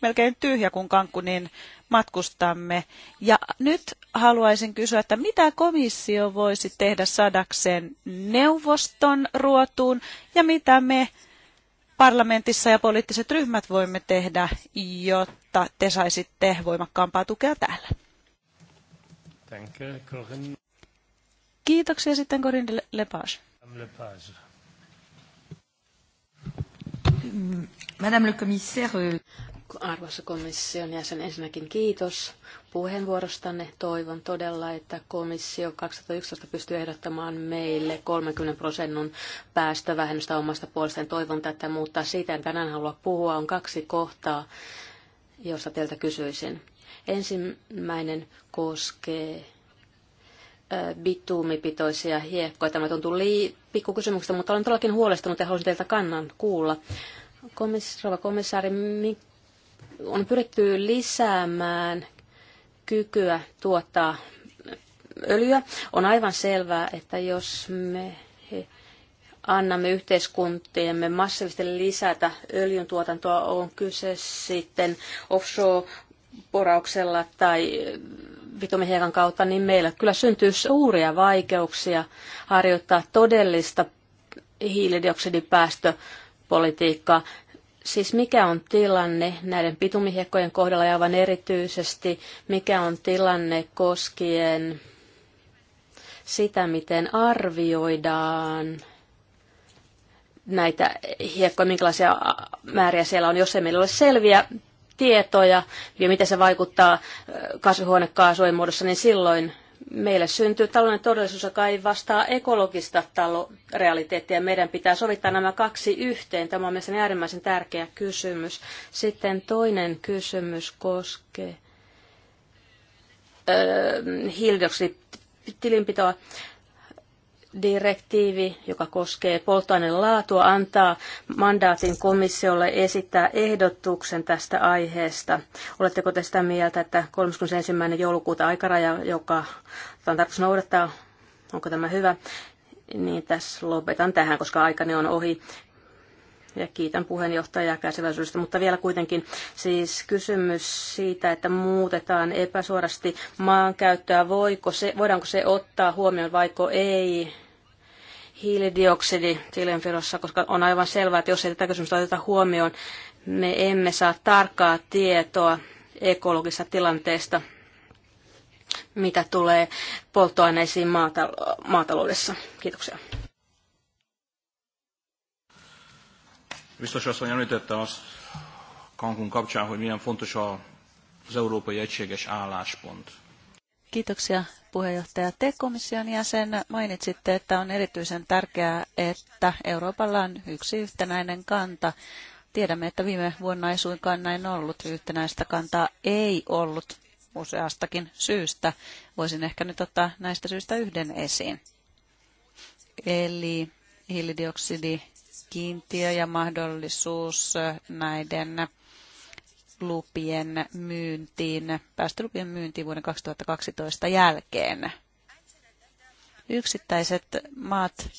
melkein tyhjä, kun kankku, niin matkustamme. Ja nyt haluaisin kysyä, että mitä komissio voisi tehdä sadakseen neuvoston ruotuun ja mitä me parlamentissa ja poliittiset ryhmät voimme tehdä, jotta te saisitte voimakkaampaa tukea täällä? Kiitoksia sitten Corinne Lepage. Madame le commissaire. Euh, Arvoisa komission jäsen, ensinnäkin kiitos puheenvuorostanne. Toivon todella, että komissio 2011 pystyy ehdottamaan meille 30 prosentin päästövähennystä omasta puolestaan. Toivon tätä, mutta siitä en tänään halua puhua. On kaksi kohtaa, joista teiltä kysyisin. Ensimmäinen koskee bituumipitoisia hiekkoja. Tämä tuntuu lii- pikkukysymyksestä, mutta olen todellakin huolestunut ja haluaisin teiltä kannan kuulla. Komissaari, komissaari, on pyritty lisäämään kykyä tuottaa öljyä. On aivan selvää, että jos me annamme yhteiskuntiemme massiivisesti lisätä öljyntuotantoa, on kyse sitten offshore-porauksella tai vitomihiekan kautta, niin meillä kyllä syntyy suuria vaikeuksia harjoittaa todellista hiilidioksidipäästöpolitiikkaa. Siis mikä on tilanne näiden pitumihiekkojen kohdalla ja aivan erityisesti mikä on tilanne koskien sitä, miten arvioidaan näitä hiekkoja, minkälaisia määriä siellä on, jos ei meillä ole selviä tietoja ja miten se vaikuttaa kasvihuonekaasujen muodossa, niin silloin meille syntyy talouden todellisuus, joka ei vastaa ekologista talo- realiteettia. Meidän pitää sovittaa nämä kaksi yhteen. Tämä on mielestäni äärimmäisen tärkeä kysymys. Sitten toinen kysymys koskee öö, hiilidioksiditilinpitoa direktiivi, joka koskee polttoaineen laatua, antaa mandaatin komissiolle esittää ehdotuksen tästä aiheesta. Oletteko te sitä mieltä, että 31. joulukuuta aikaraja, joka on tarkoitus noudattaa, onko tämä hyvä? Niin tässä lopetan tähän, koska aikani on ohi ja kiitän puheenjohtajaa kärsivällisyydestä, mutta vielä kuitenkin siis kysymys siitä, että muutetaan epäsuorasti maankäyttöä, voiko se, voidaanko se ottaa huomioon vaiko ei hiilidioksidi tilinfirossa, koska on aivan selvää, että jos ei tätä kysymystä oteta huomioon, me emme saa tarkkaa tietoa ekologisesta tilanteesta, mitä tulee polttoaineisiin maataloudessa. Kiitoksia. Biztos asszony említette azt Kankun kapcsán, hogy milyen fontos az európai egységes álláspont. Kiitoksia puheenjohtaja. Te komission jäsen mainitsitte, että on erityisen tärkeää, että Euroopalla on yksi yhtenäinen kanta. Tiedämme, että viime vuonna ei suinkaan näin ollut. Yhtenäistä kantaa ei ollut useastakin syystä. Voisin ehkä nyt ottaa näistä syistä yhden esiin. Eli hiilidioksidi kiintiö ja mahdollisuus näiden lupien myyntiin, päästölupien myyntiin vuoden 2012 jälkeen. Yksittäiset maat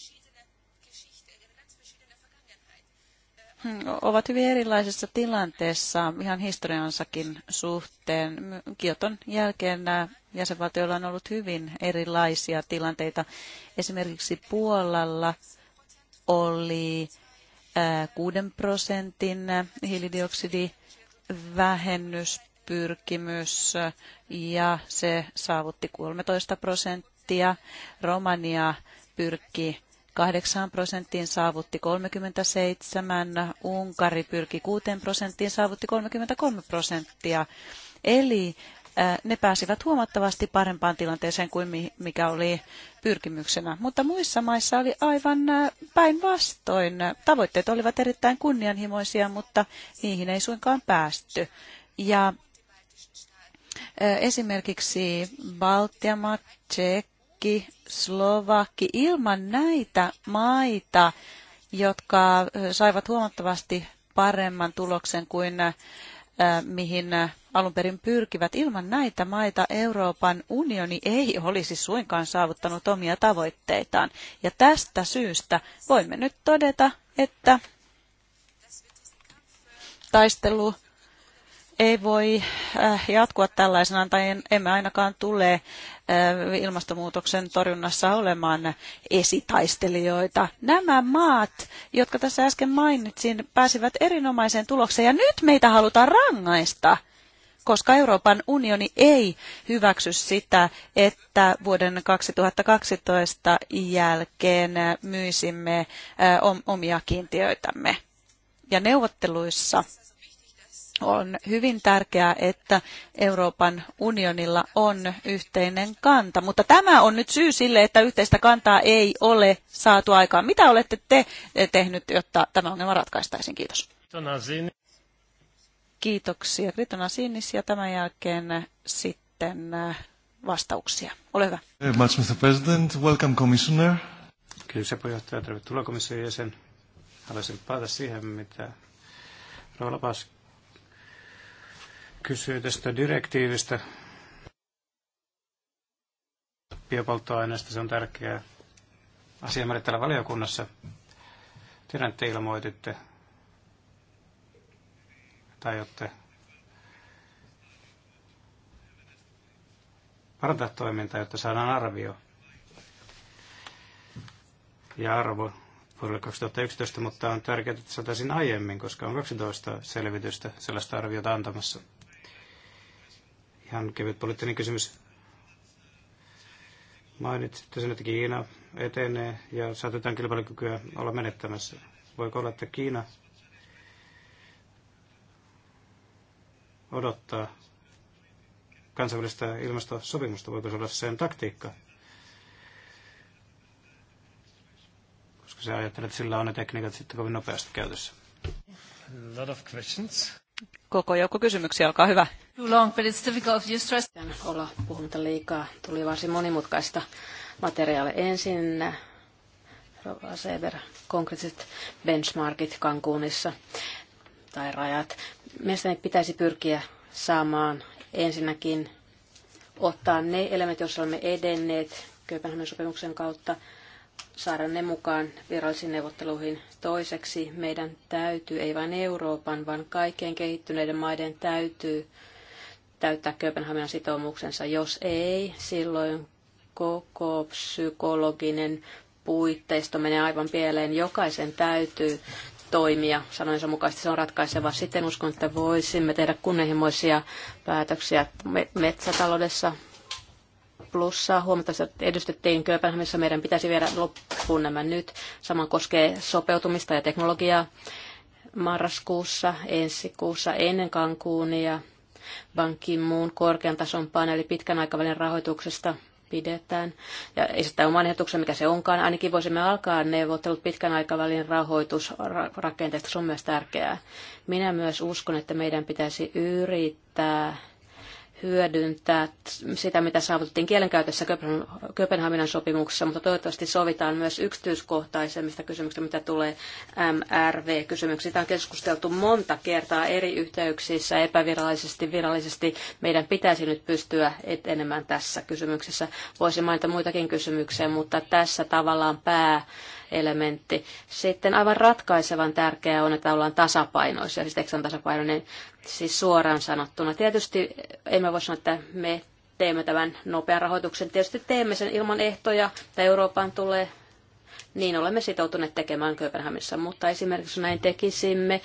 ovat hyvin erilaisessa tilanteessa ihan historiansakin suhteen. Kioton jälkeen nämä jäsenvaltioilla on ollut hyvin erilaisia tilanteita. Esimerkiksi Puolalla oli 6 prosentin hiilidioksidivähennyspyrkimys ja se saavutti 13 prosenttia. Romania pyrki 8 prosenttiin, saavutti 37, Unkari pyrki 6 prosenttiin, saavutti 33 prosenttia. Eli ne pääsivät huomattavasti parempaan tilanteeseen kuin mikä oli pyrkimyksenä. Mutta muissa maissa oli aivan päinvastoin. Tavoitteet olivat erittäin kunnianhimoisia, mutta niihin ei suinkaan päästy. Ja esimerkiksi Baltiama, Tsekki, Slovakki, ilman näitä maita, jotka saivat huomattavasti paremman tuloksen kuin mihin alun perin pyrkivät. Ilman näitä maita Euroopan unioni ei olisi suinkaan saavuttanut omia tavoitteitaan. Ja tästä syystä voimme nyt todeta, että taistelu ei voi äh, jatkua tällaisena, tai emme ainakaan tule äh, ilmastonmuutoksen torjunnassa olemaan esitaistelijoita. Nämä maat, jotka tässä äsken mainitsin, pääsivät erinomaiseen tulokseen ja nyt meitä halutaan rangaista – koska Euroopan unioni ei hyväksy sitä, että vuoden 2012 jälkeen myisimme omia kiintiöitämme. Ja neuvotteluissa on hyvin tärkeää, että Euroopan unionilla on yhteinen kanta. Mutta tämä on nyt syy sille, että yhteistä kantaa ei ole saatu aikaan. Mitä olette te tehnyt, jotta tämä ongelma ratkaistaisiin? Kiitos. Kiitoksia Kritona Sinnis ja tämän jälkeen sitten äh, vastauksia. Ole hyvä. Much, Mr. President. Welcome, Commissioner. Kyllä puheenjohtaja, tervetuloa komission jäsen. Haluaisin palata siihen, mitä Rauha Pas kysyi tästä direktiivistä biopolttoaineesta. Se on tärkeä asia meille valiokunnassa. Tiedän, että ilmoititte tai jotte parantaa toimintaa, jotta saadaan arvio ja arvo vuodelle 2011, mutta on tärkeää, että saataisiin aiemmin, koska on 12 selvitystä sellaista arviota antamassa. Ihan kevyt poliittinen kysymys. Mainitsit sen, että Kiina etenee ja saatetaan kilpailukykyä olla menettämässä. Voiko olla, että Kiina odottaa kansainvälistä ilmastosopimusta? Voiko se olla sen taktiikka? Koska se ajattelee, että sillä on ne tekniikat sitten kovin nopeasti käytössä. lot of questions. Koko joukko kysymyksiä, olkaa hyvä. Too long, but it's difficult stress. olla puhunta liikaa. Tuli varsin monimutkaista materiaalia. Ensin Rova Seber, konkreettiset benchmarkit Cancunissa tai rajat. Mielestäni pitäisi pyrkiä saamaan ensinnäkin ottaa ne elementit, joissa olemme edenneet Kööpenhaminan sopimuksen kautta, saada ne mukaan virallisiin neuvotteluihin. Toiseksi meidän täytyy, ei vain Euroopan, vaan kaikkien kehittyneiden maiden täytyy täyttää Kööpenhaminan sitoumuksensa. Jos ei, silloin koko psykologinen puitteisto menee aivan pieleen. Jokaisen täytyy toimia. Sanoin sen mukaisesti se on ratkaiseva. Sitten uskon, että voisimme tehdä kunnianhimoisia päätöksiä metsätaloudessa. Plussa huomattavasti, että edustettiin Kööpenhaminassa. Meidän pitäisi viedä loppuun nämä nyt. Sama koskee sopeutumista ja teknologiaa. Marraskuussa, ensi kuussa, ennen Cancunia, Ban Ki-moon korkean tason paneeli pitkän aikavälin rahoituksesta – pidetään. Ja sitä oman ehdotuksen, mikä se onkaan. Ainakin voisimme alkaa neuvottelut pitkän aikavälin rahoitusrakenteesta. Se on myös tärkeää. Minä myös uskon, että meidän pitäisi yrittää hyödyntää sitä, mitä saavutettiin kielenkäytössä Kööpenhaminan sopimuksessa, mutta toivottavasti sovitaan myös yksityiskohtaisemmista kysymyksistä, mitä tulee mrv Tämä on keskusteltu monta kertaa eri yhteyksissä, epävirallisesti, virallisesti. Meidän pitäisi nyt pystyä etenemään tässä kysymyksessä. Voisin mainita muitakin kysymyksiä, mutta tässä tavallaan pää elementti. Sitten aivan ratkaisevan tärkeää on, että ollaan tasapainoisia, siis teksti tasapainoinen siis suoraan sanottuna. Tietysti emme voi sanoa, että me teemme tämän nopean rahoituksen. Tietysti teemme sen ilman ehtoja, että Euroopan tulee, niin olemme sitoutuneet tekemään Kööpenhaminassa, mutta esimerkiksi näin tekisimme,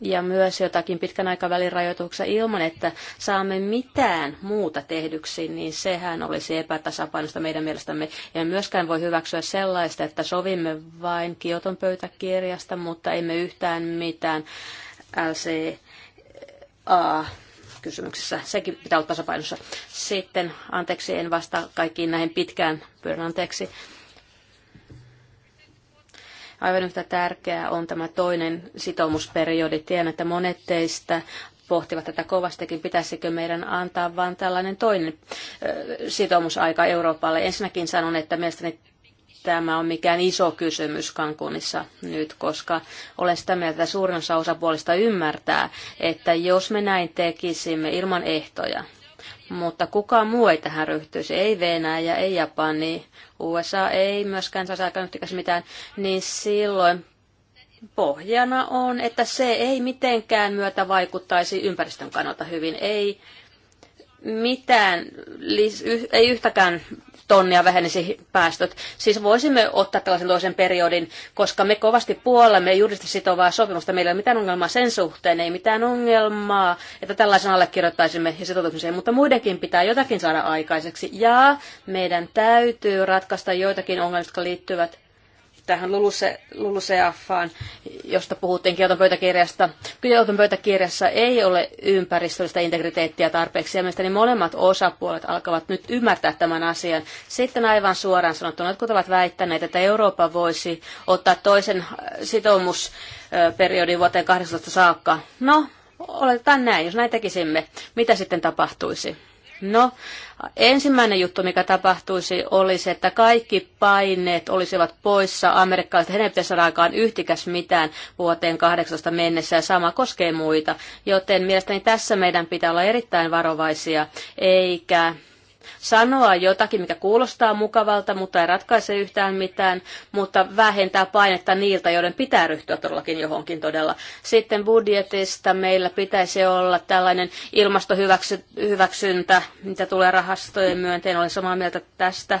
ja myös jotakin pitkän aikavälin rajoituksia ilman, että saamme mitään muuta tehdyksi, niin sehän olisi epätasapainosta meidän mielestämme. Ja myöskään voi hyväksyä sellaista, että sovimme vain Kioton pöytäkirjasta, mutta emme yhtään mitään LCA kysymyksessä. Sekin pitää olla tasapainossa. Sitten, anteeksi, en vastaa kaikkiin näihin pitkään pyydän anteeksi Aivan yhtä tärkeää on tämä toinen sitoumusperiodi. Tiedän, että monet teistä pohtivat tätä kovastikin, pitäisikö meidän antaa vain tällainen toinen sitoumusaika Euroopalle. Ensinnäkin sanon, että mielestäni tämä on mikään iso kysymys Kankunissa nyt, koska olen sitä mieltä, että suurin osa osapuolista ymmärtää, että jos me näin tekisimme ilman ehtoja, mutta kukaan muu ei tähän ryhtyisi, ei Venäjä, ei Japani, USA ei myöskään saisi aikaan yhtikäs mitään, niin silloin pohjana on, että se ei mitenkään myötä vaikuttaisi ympäristön kannalta hyvin, ei mitään, ei yhtäkään tonnia vähenisi päästöt. Siis voisimme ottaa tällaisen toisen periodin, koska me kovasti puolemme juristi sitovaa sopimusta. Meillä ei ole mitään ongelmaa sen suhteen, ei mitään ongelmaa, että tällaisen allekirjoittaisimme ja sitoutumiseen, mutta muidenkin pitää jotakin saada aikaiseksi. Ja meidän täytyy ratkaista joitakin ongelmia, jotka liittyvät tähän LULUCFaan, josta puhuttiin Kioton pöytäkirjasta. Kioton pöytäkirjassa ei ole ympäristöllistä integriteettiä tarpeeksi, ja mielestäni molemmat osapuolet alkavat nyt ymmärtää tämän asian. Sitten aivan suoraan sanottuna, jotkut ovat väittäneet, että Eurooppa voisi ottaa toisen äh, sitoumusperiodin vuoteen 18 saakka. No, oletetaan näin, jos näin tekisimme, mitä sitten tapahtuisi? No, ensimmäinen juttu, mikä tapahtuisi, olisi, että kaikki paineet olisivat poissa amerikkalaiset. Heidän pitäisi saada aikaan yhtikäs mitään vuoteen 18 mennessä ja sama koskee muita. Joten mielestäni tässä meidän pitää olla erittäin varovaisia, eikä sanoa jotakin, mikä kuulostaa mukavalta, mutta ei ratkaise yhtään mitään, mutta vähentää painetta niiltä, joiden pitää ryhtyä todellakin johonkin todella. Sitten budjetista meillä pitäisi olla tällainen ilmastohyväksyntä, mitä tulee rahastojen myönteen. Olen samaa mieltä tästä.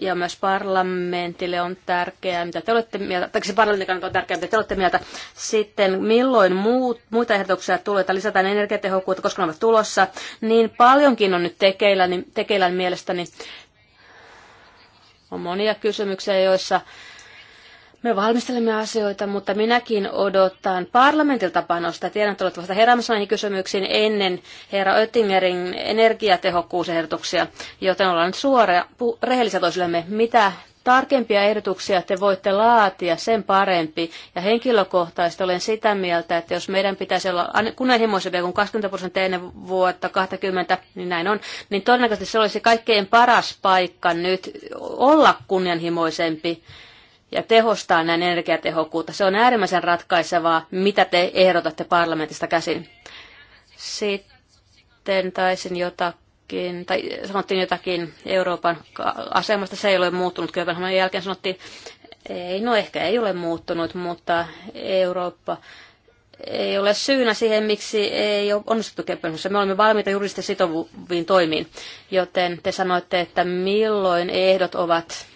Ja myös parlamentille on tärkeää, mitä te olette mieltä, tai se parlamentin kannalta on tärkeää, mitä te olette mieltä. Sitten milloin muut, muita ehdotuksia tulee, että lisätään energiatehokkuutta, koska ne ovat tulossa, niin paljonkin on nyt tekeillä, niin mielestä, niin on monia kysymyksiä, joissa me valmistelemme asioita, mutta minäkin odotan parlamentilta panosta. Tiedän, että olet vasta heräämässä näihin kysymyksiin ennen herra Oettingerin energiatehokkuusehdotuksia, joten ollaan nyt suoria, rehellisiä toisillemme, mitä tarkempia ehdotuksia te voitte laatia, sen parempi. Ja henkilökohtaisesti olen sitä mieltä, että jos meidän pitäisi olla kunnianhimoisempia kuin 20 prosenttia ennen vuotta 20, niin näin on, niin todennäköisesti se olisi kaikkein paras paikka nyt olla kunnianhimoisempi ja tehostaa näin energiatehokkuutta. Se on äärimmäisen ratkaisevaa, mitä te ehdotatte parlamentista käsin. Sitten taisin jotakin jotakin, tai sanottiin jotakin Euroopan asemasta, se ei ole muuttunut. Kööpenhaminan jälkeen sanottiin, ei, no ehkä ei ole muuttunut, mutta Eurooppa ei ole syynä siihen, miksi ei ole onnistuttu Kööpenhaminassa. Me olemme valmiita juridisesti sitovuviin toimiin, joten te sanoitte, että milloin ehdot ovat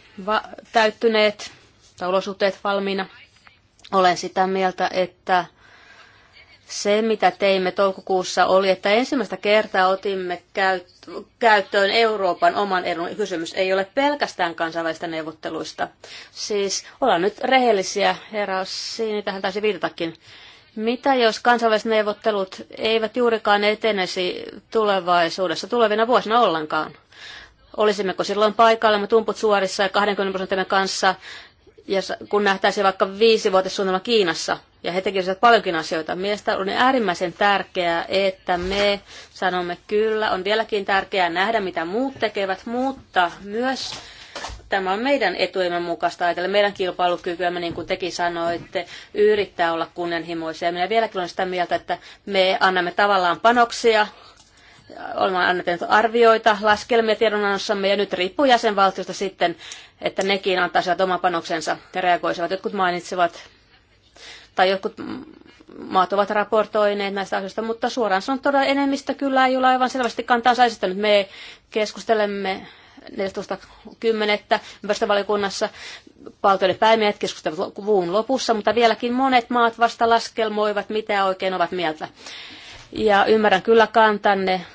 täyttyneet tai olosuhteet valmiina. Olen sitä mieltä, että se, mitä teimme toukokuussa, oli, että ensimmäistä kertaa otimme käyttöön Euroopan oman edun kysymys. Ei ole pelkästään kansainvälistä neuvotteluista. Siis ollaan nyt rehellisiä, herra Siini, tähän taisi viitatakin. Mitä jos kansainväliset neuvottelut eivät juurikaan etenesi tulevaisuudessa, tulevina vuosina ollenkaan? Olisimmeko silloin paikalla, me tumput suorissa ja 20 prosenttimme kanssa ja kun nähtäisiin vaikka viisivuotissuunnitelma Kiinassa, ja he tekisivät paljonkin asioita. Mielestä on äärimmäisen tärkeää, että me sanomme kyllä, on vieläkin tärkeää nähdä, mitä muut tekevät, mutta myös tämä on meidän etuimme mukaista ajatella meidän kilpailukykyämme, niin kuin tekin sanoitte, yrittää olla kunnianhimoisia. Minä vieläkin olen sitä mieltä, että me annamme tavallaan panoksia, olemme annettu arvioita, laskelmia tiedonannossamme ja nyt riippuu jäsenvaltiosta sitten, että nekin antaisivat oman panoksensa ja reagoisivat. Jotkut mainitsevat tai jotkut maat ovat raportoineet näistä asioista, mutta suoraan sanottuna enemmistö kyllä ei ole aivan selvästi kantaa esittänyt. Me keskustelemme 14.10. ympäristövaliokunnassa valtioiden päämiehet keskustelevat vuun lopussa, mutta vieläkin monet maat vasta laskelmoivat, mitä oikein ovat mieltä. Ja ymmärrän kyllä kantanne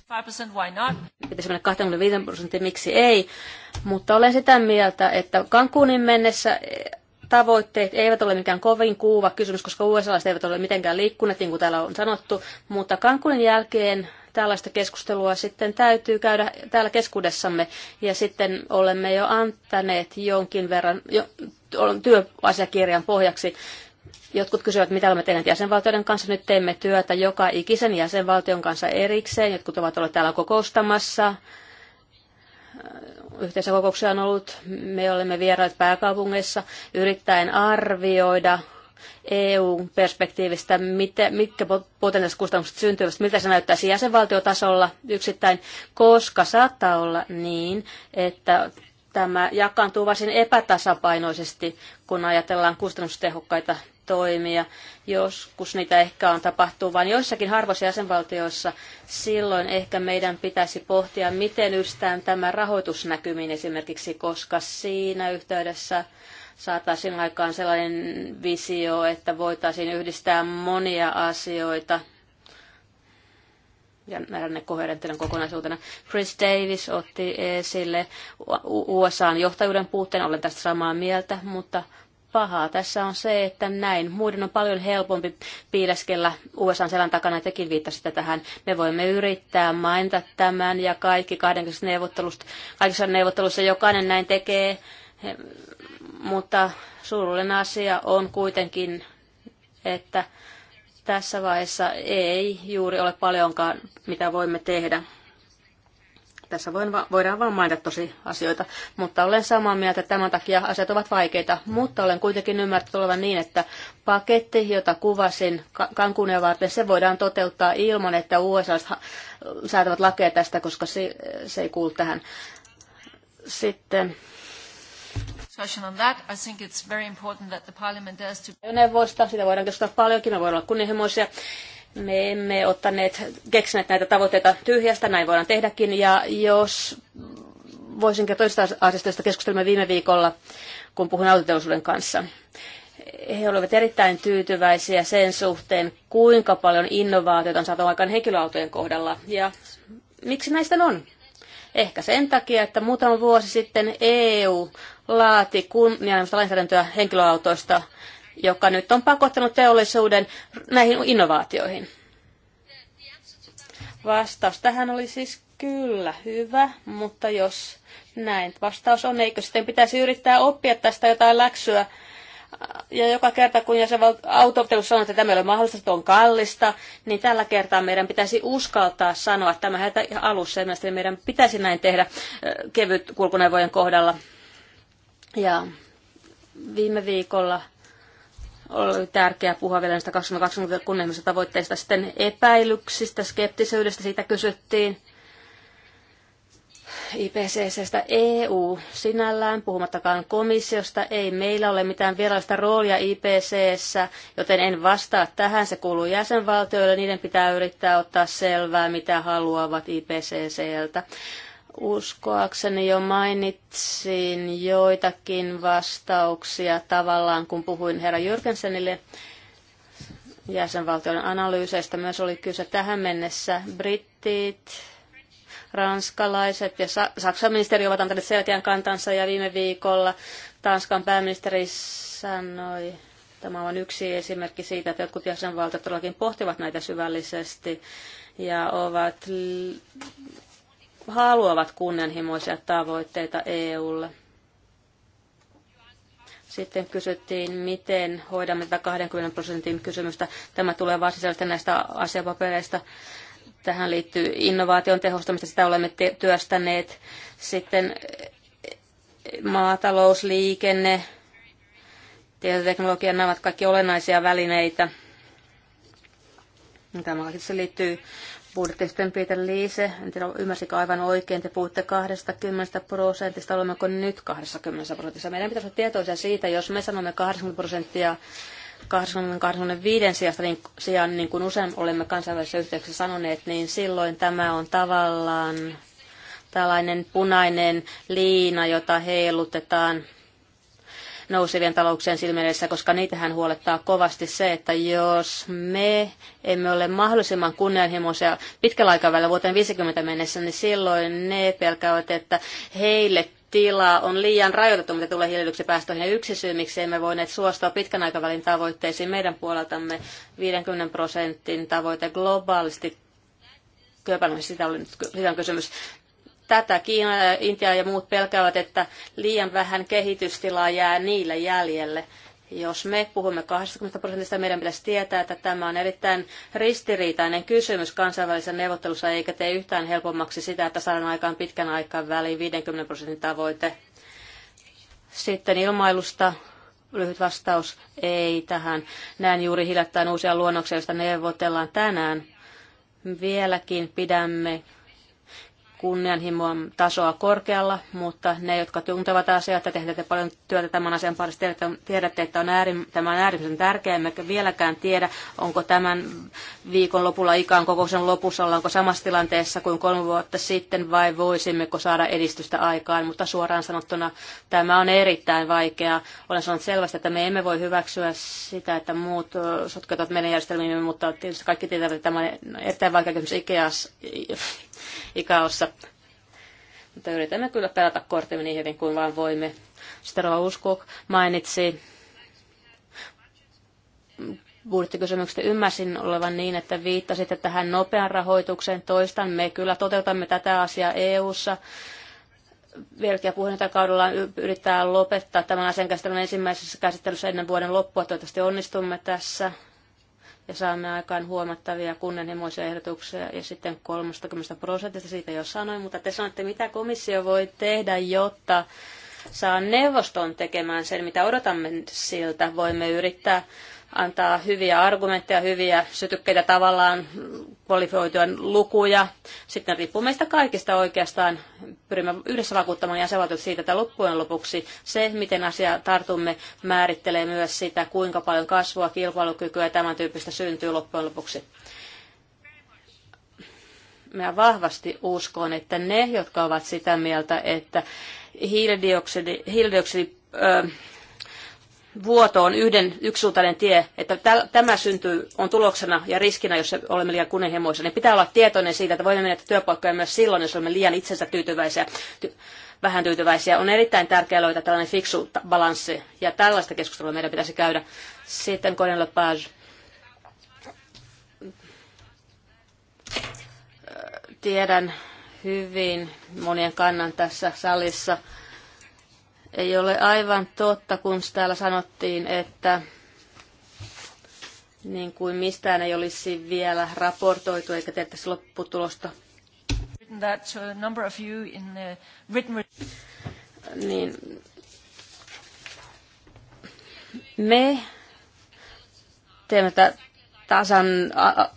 Pitäisi mennä 25 prosenttia, miksi ei? Mutta olen sitä mieltä, että Cancunin mennessä eh, tavoitteet eivät ole mikään kovin kuuva kysymys, koska USA eivät ole mitenkään liikkuneet, niin kuin täällä on sanottu, mutta Cancunin jälkeen tällaista keskustelua sitten täytyy käydä täällä keskuudessamme. Ja sitten olemme jo antaneet jonkin verran jo, työasiakirjan pohjaksi Jotkut kysyvät, mitä olemme tehneet jäsenvaltioiden kanssa. Nyt teemme työtä joka ikisen jäsenvaltion kanssa erikseen. Jotkut ovat olleet täällä kokoustamassa. Yhteisiä kokouksia on ollut. Me olemme vieraat pääkaupungeissa yrittäen arvioida EU-perspektiivistä, mitkä potentiaaliset kustannukset syntyvät, miltä se näyttäisi jäsenvaltiotasolla yksittäin, koska saattaa olla niin, että tämä jakaantuu varsin epätasapainoisesti, kun ajatellaan kustannustehokkaita toimia. Joskus niitä ehkä on tapahtuu vain joissakin harvoissa jäsenvaltioissa. Silloin ehkä meidän pitäisi pohtia, miten ystään tämä rahoitusnäkymin esimerkiksi, koska siinä yhteydessä saataisiin aikaan sellainen visio, että voitaisiin yhdistää monia asioita ja nähdä ne koherenttina kokonaisuutena. Chris Davis otti esille USAn johtajuuden puutteen, olen tästä samaa mieltä, mutta pahaa tässä on se, että näin. Muiden on paljon helpompi piileskellä USA selän takana, tekin viittasitte tähän. Me voimme yrittää mainita tämän ja kaikki kaikissa neuvottelussa jokainen näin tekee, mutta surullinen asia on kuitenkin, että tässä vaiheessa ei juuri ole paljonkaan, mitä voimme tehdä. Tässä voin, voidaan vain mainita tosi asioita, mutta olen samaa mieltä, että tämän takia asiat ovat vaikeita, mutta olen kuitenkin ymmärtänyt olevan niin, että paketti, jota kuvasin kankunia varten, se voidaan toteuttaa ilman, että USA säätävät lakeja tästä, koska se, se ei kuulu tähän. Sitten discussion on that. I think it's very important that the parliament does to... Neuvosta, sitä voidaan keskustella paljonkin, me voidaan olla kunnianhimoisia. Me emme ottaneet, keksineet näitä tavoitteita tyhjästä, näin voidaan tehdäkin. Ja jos voisin toista asiasta, josta keskustelimme viime viikolla, kun puhuin autoteollisuuden kanssa. He olivat erittäin tyytyväisiä sen suhteen, kuinka paljon innovaatioita on saatu aikaan henkilöautojen kohdalla ja miksi näistä on. Ehkä sen takia, että muutama vuosi sitten EU laati kunnianhimoista lainsäädäntöä henkilöautoista joka nyt on pakottanut teollisuuden näihin innovaatioihin? Vastaus tähän oli siis kyllä hyvä, mutta jos näin vastaus on, eikö sitten pitäisi yrittää oppia tästä jotain läksyä? Ja joka kerta, kun autooptelussa sanoo, että tämä ei ole mahdollista, että on kallista, niin tällä kertaa meidän pitäisi uskaltaa sanoa että tämä heti alussa. Ja meidän pitäisi näin tehdä kevyt kulkuneuvojen kohdalla. Ja viime viikolla oli tärkeää puhua vielä näistä 2020 kunnianhimoisista tavoitteista. Sitten epäilyksistä, skeptisyydestä, siitä kysyttiin. IPCCstä EU sinällään, puhumattakaan komissiosta, ei meillä ole mitään virallista roolia IPCssä, joten en vastaa tähän. Se kuuluu jäsenvaltioille, niiden pitää yrittää ottaa selvää, mitä haluavat IPCCltä. Uskoakseni jo mainitsin joitakin vastauksia tavallaan, kun puhuin herra Jürgensenille jäsenvaltioiden analyyseistä. Myös oli kyse tähän mennessä brittit, ranskalaiset ja Saksan ministeri ovat antaneet selkeän kantansa ja viime viikolla Tanskan pääministeri sanoi, tämä on yksi esimerkki siitä, että jotkut jäsenvaltiot todellakin pohtivat näitä syvällisesti ja ovat haluavat kunnianhimoisia tavoitteita EUlle. Sitten kysyttiin, miten hoidamme tätä 20 prosentin kysymystä. Tämä tulee varsinaisesti näistä asiapapereista. Tähän liittyy innovaation tehostamista, sitä olemme työstäneet. Sitten eh, maatalous, liikenne, tietoteknologia, nämä ovat kaikki olennaisia välineitä. Tämä siis liittyy sitten Peter Liise, en tiedä ymmärsikö aivan oikein, te puhutte 20 prosentista, olemmeko nyt 20 prosentissa. Meidän pitäisi olla tietoisia siitä, jos me sanomme 80 prosenttia 85 sijasta, niin, sijaan, niin kuin usein olemme kansainvälisessä yhteyksissä sanoneet, niin silloin tämä on tavallaan tällainen punainen liina, jota heilutetaan nousevien talouksien silmissä, koska niitähän huolettaa kovasti se, että jos me emme ole mahdollisimman kunnianhimoisia pitkällä aikavälillä vuoteen 50 mennessä, niin silloin ne pelkäävät, että heille tila on liian rajoitettu, mitä tulee hiilidioksidin päästöihin. Ja yksi syy, miksi emme voineet suostua pitkän aikavälin tavoitteisiin meidän puoleltamme 50 prosentin tavoite globaalisti Kööpenhaminassa, sitä oli nyt sitä on kysymys. Tätä Kiina, Intia ja muut pelkäävät, että liian vähän kehitystilaa jää niille jäljelle. Jos me puhumme 20 prosentista, meidän pitäisi tietää, että tämä on erittäin ristiriitainen kysymys kansainvälisessä neuvottelussa, eikä tee yhtään helpommaksi sitä, että saadaan aikaan pitkän aikaan väliin 50 prosentin tavoite. Sitten ilmailusta lyhyt vastaus, ei tähän. näin juuri hiljattain uusia luonnoksia, joista neuvotellaan tänään. Vieläkin pidämme kunnianhimon tasoa korkealla, mutta ne, jotka tuntevat asiaa, että tehdään te paljon työtä tämän asian parissa, tiedätte, että on äärim, tämä on äärimmäisen tärkeä, emmekä vieläkään tiedä, onko tämän viikon lopulla ikaan kokouksen lopussa, ollaanko samassa tilanteessa kuin kolme vuotta sitten vai voisimmeko saada edistystä aikaan, mutta suoraan sanottuna tämä on erittäin vaikeaa. Olen sanonut selvästi, että me emme voi hyväksyä sitä, että muut sotketut meidän järjestelmiimme, mutta tietysti kaikki tietävät, että tämä on erittäin vaikea kysymys Ikeas, ikaossa. Mutta yritämme kyllä pelata kortimme niin hyvin kuin vaan voimme. Sitten Rova Uskuk mainitsi budjettikysymyksestä ymmärsin olevan niin, että viittasitte tähän nopean rahoitukseen. Toistan, me kyllä toteutamme tätä asiaa EU-ssa. Belgia puheenjohtajakaudella yrittää lopettaa tämän asian käsittelyn ensimmäisessä käsittelyssä ennen vuoden loppua. Toivottavasti onnistumme tässä ja saamme aikaan huomattavia kunnianhimoisia ehdotuksia ja sitten 30 prosentista siitä jo sanoin, mutta te sanotte, mitä komissio voi tehdä, jotta saa neuvoston tekemään sen, mitä odotamme siltä. Voimme yrittää antaa hyviä argumentteja, hyviä sytykkeitä tavallaan, kvalifioituja lukuja. Sitten riippuu meistä kaikista oikeastaan. Pyrimme yhdessä vakuuttamaan jäsenvaltiot siitä, että loppujen lopuksi se, miten asia tartumme, määrittelee myös sitä, kuinka paljon kasvua, kilpailukykyä ja tämän tyyppistä syntyy loppujen lopuksi. Minä vahvasti uskon, että ne, jotka ovat sitä mieltä, että hiilidioksidi, hiilidioksidi Vuoto on yhden yksisuuntainen tie, että tämä syntyy, on tuloksena ja riskinä, jos olemme liian kunnianhimoisia, niin pitää olla tietoinen siitä, että voimme menettää työpaikkoja myös silloin, jos olemme liian itsensä tyytyväisiä, ty- vähän tyytyväisiä. On erittäin tärkeää löytää tällainen fiksu balanssi, ja tällaista keskustelua meidän pitäisi käydä. Sitten Corinne Lepage. Tiedän hyvin monien kannan tässä salissa ei ole aivan totta, kun täällä sanottiin, että niin kuin mistään ei olisi vielä raportoitu eikä tehtäisi lopputulosta. Uh, uh, niin, me teemme tätä tasan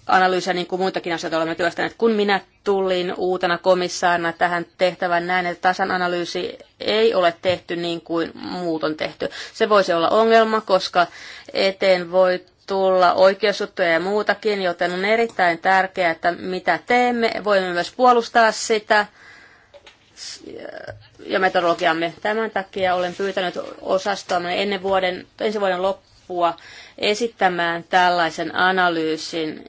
analyysiä niin kuin muitakin asioita olemme työstäneet. Kun minä tulin uutena komissaarina tähän tehtävän näin, että tasan analyysi ei ole tehty niin kuin muut on tehty. Se voisi olla ongelma, koska eteen voi tulla oikeusjuttuja ja muutakin, joten on erittäin tärkeää, että mitä teemme, voimme myös puolustaa sitä ja metodologiamme. Tämän takia olen pyytänyt osastoamme ennen vuoden, ensi vuoden loppua esittämään tällaisen analyysin,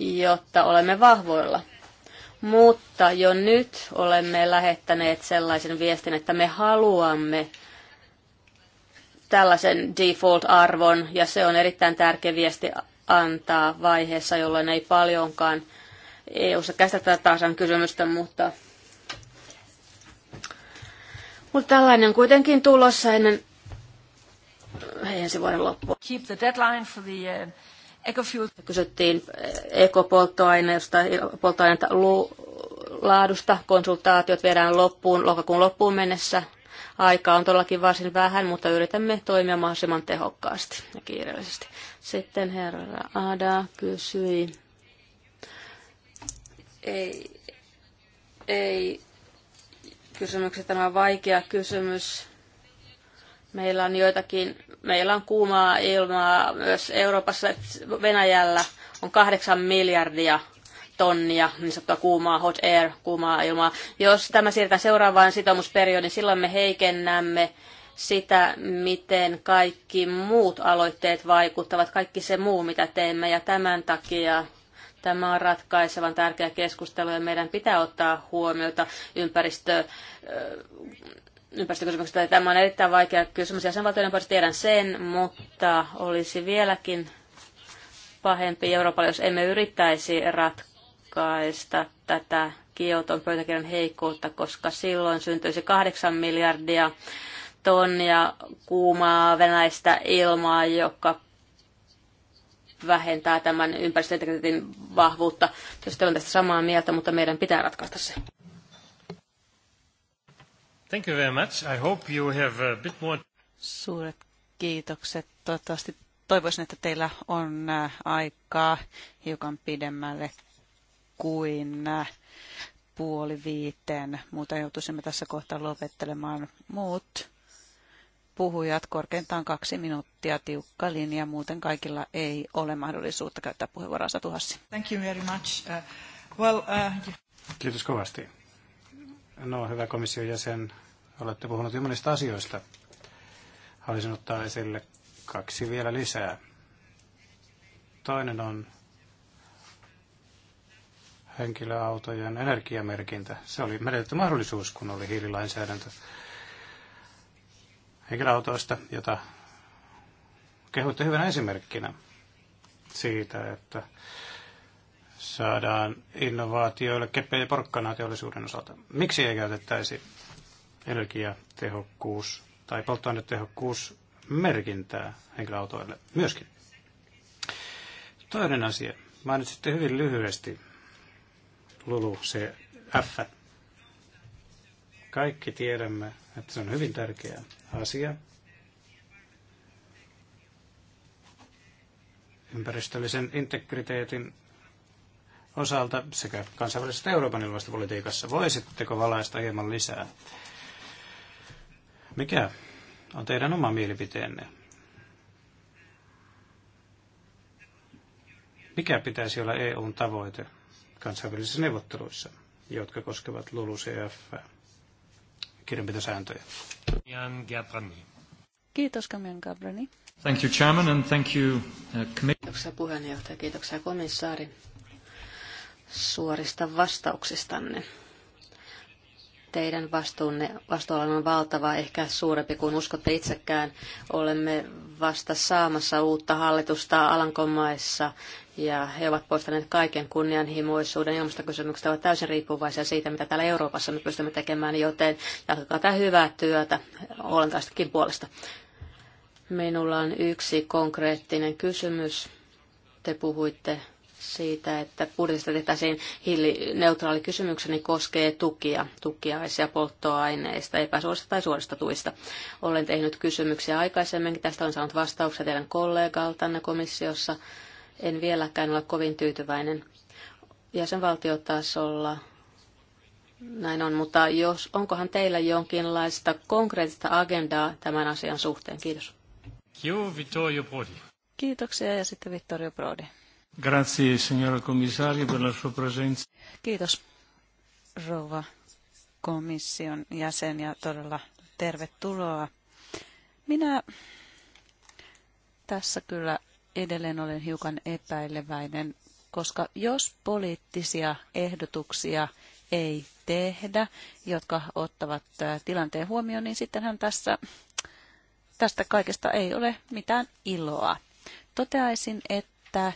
jotta olemme vahvoilla. Mutta jo nyt olemme lähettäneet sellaisen viestin, että me haluamme tällaisen default-arvon, ja se on erittäin tärkeä viesti antaa vaiheessa, jolloin ei paljonkaan EU-ssa käsitellä tasan kysymystä, mutta mutta tällainen kuitenkin tulossa ennen ensi vuoden loppuun. Keep the deadline for the, uh... Ecofuel. Kysyttiin uh, ekopolttoaineesta, polttoainetta laadusta. Konsultaatiot viedään loppuun lokakuun loppuun mennessä. Aikaa on todellakin varsin vähän, mutta yritämme toimia mahdollisimman tehokkaasti ja kiireellisesti. Sitten herra Ada kysyi. Ei, ei kysymyksiä. Tämä on vaikea kysymys. Meillä on joitakin, meillä on kuumaa ilmaa myös Euroopassa, Venäjällä on kahdeksan miljardia tonnia niin sanottua kuumaa hot air, kuumaa ilmaa. Jos tämä siirtää seuraavaan sitoumusperiodiin, niin silloin me heikennämme sitä, miten kaikki muut aloitteet vaikuttavat, kaikki se muu, mitä teemme, ja tämän takia tämä on ratkaisevan tärkeä keskustelu, ja meidän pitää ottaa huomiota ympäristö ympäristökysymyksestä. Tämä on erittäin vaikea kysymys. Jäsenvaltioiden puolesta tiedän sen, mutta olisi vieläkin pahempi Euroopalle, jos emme yrittäisi ratkaista tätä Kioton pöytäkirjan heikkoutta, koska silloin syntyisi kahdeksan miljardia tonnia kuumaa venäistä ilmaa, joka vähentää tämän ympäristöintegriteetin vahvuutta. Jos te on tästä samaa mieltä, mutta meidän pitää ratkaista se. Thank you very much. I hope you have a bit more... Suuret kiitokset. Toivottavasti toivoisin, että teillä on äh, aikaa hiukan pidemmälle kuin äh, puoli viiteen. Muuten joutuisimme tässä kohtaa lopettelemaan muut puhujat korkeintaan kaksi minuuttia tiukka linja. Muuten kaikilla ei ole mahdollisuutta käyttää puheenvuoroa Satu Hassi. Thank you very much. Uh, well, uh... Kiitos kovasti. No, hyvä komission jäsen, olette puhunut jo monista asioista. Haluaisin ottaa esille kaksi vielä lisää. Toinen on henkilöautojen energiamerkintä. Se oli menetetty mahdollisuus, kun oli hiililainsäädäntö henkilöautoista, jota kehuitte hyvänä esimerkkinä siitä, että saadaan innovaatioille keppejä ja porkkanaa teollisuuden osalta. Miksi ei käytettäisi energiatehokkuus tai polttoainetehokkuus merkintää henkilöautoille myöskin? Toinen asia. Mainitsitte hyvin lyhyesti Lulu, se F. Kaikki tiedämme, että se on hyvin tärkeä asia. Ympäristöllisen integriteetin osalta sekä kansainvälisessä Euroopan ilmastopolitiikassa. Voisitteko valaista hieman lisää? Mikä on teidän oma mielipiteenne? Mikä pitäisi olla EUn tavoite kansainvälisissä neuvotteluissa, jotka koskevat LULUCF kirjanpitosääntöjä? Kiitos, Kamian Gabrani. Thank you, Chairman, and thank you, uh, Kiitoksia puheenjohtaja, kiitoksia komissaari suorista vastauksistanne. Teidän vastuunne, vastuualanne on valtava, ehkä suurempi kuin uskotte itsekään. Olemme vasta saamassa uutta hallitusta Alankomaissa ja he ovat poistaneet kaiken kunnianhimoisuuden Ilmastokysymykset ovat täysin riippuvaisia siitä, mitä täällä Euroopassa me pystymme tekemään, joten jatkakaa tätä hyvää työtä olentaistakin puolesta. Minulla on yksi konkreettinen kysymys. Te puhuitte siitä, että budjetista tehtäisiin hiilineutraali kysymykseni niin koskee tukia, tukiaisia polttoaineista, epäsuorista tai suorista tuista. Olen tehnyt kysymyksiä aikaisemmin, tästä on saanut vastauksia teidän kollegaltanne komissiossa. En vieläkään ole kovin tyytyväinen jäsenvaltiotasolla. Näin on, mutta jos, onkohan teillä jonkinlaista konkreettista agendaa tämän asian suhteen? Kiitos. Kiitos, Kiitoksia ja sitten Vittorio Prodi. Grazie, signora commissario, per la sua presenza. Kiitos, rouva komission jäsen, ja todella tervetuloa. Minä tässä kyllä edelleen olen hiukan epäileväinen, koska jos poliittisia ehdotuksia ei tehdä, jotka ottavat tilanteen huomioon, niin sittenhän tässä, tästä kaikesta ei ole mitään iloa. Toteaisin, että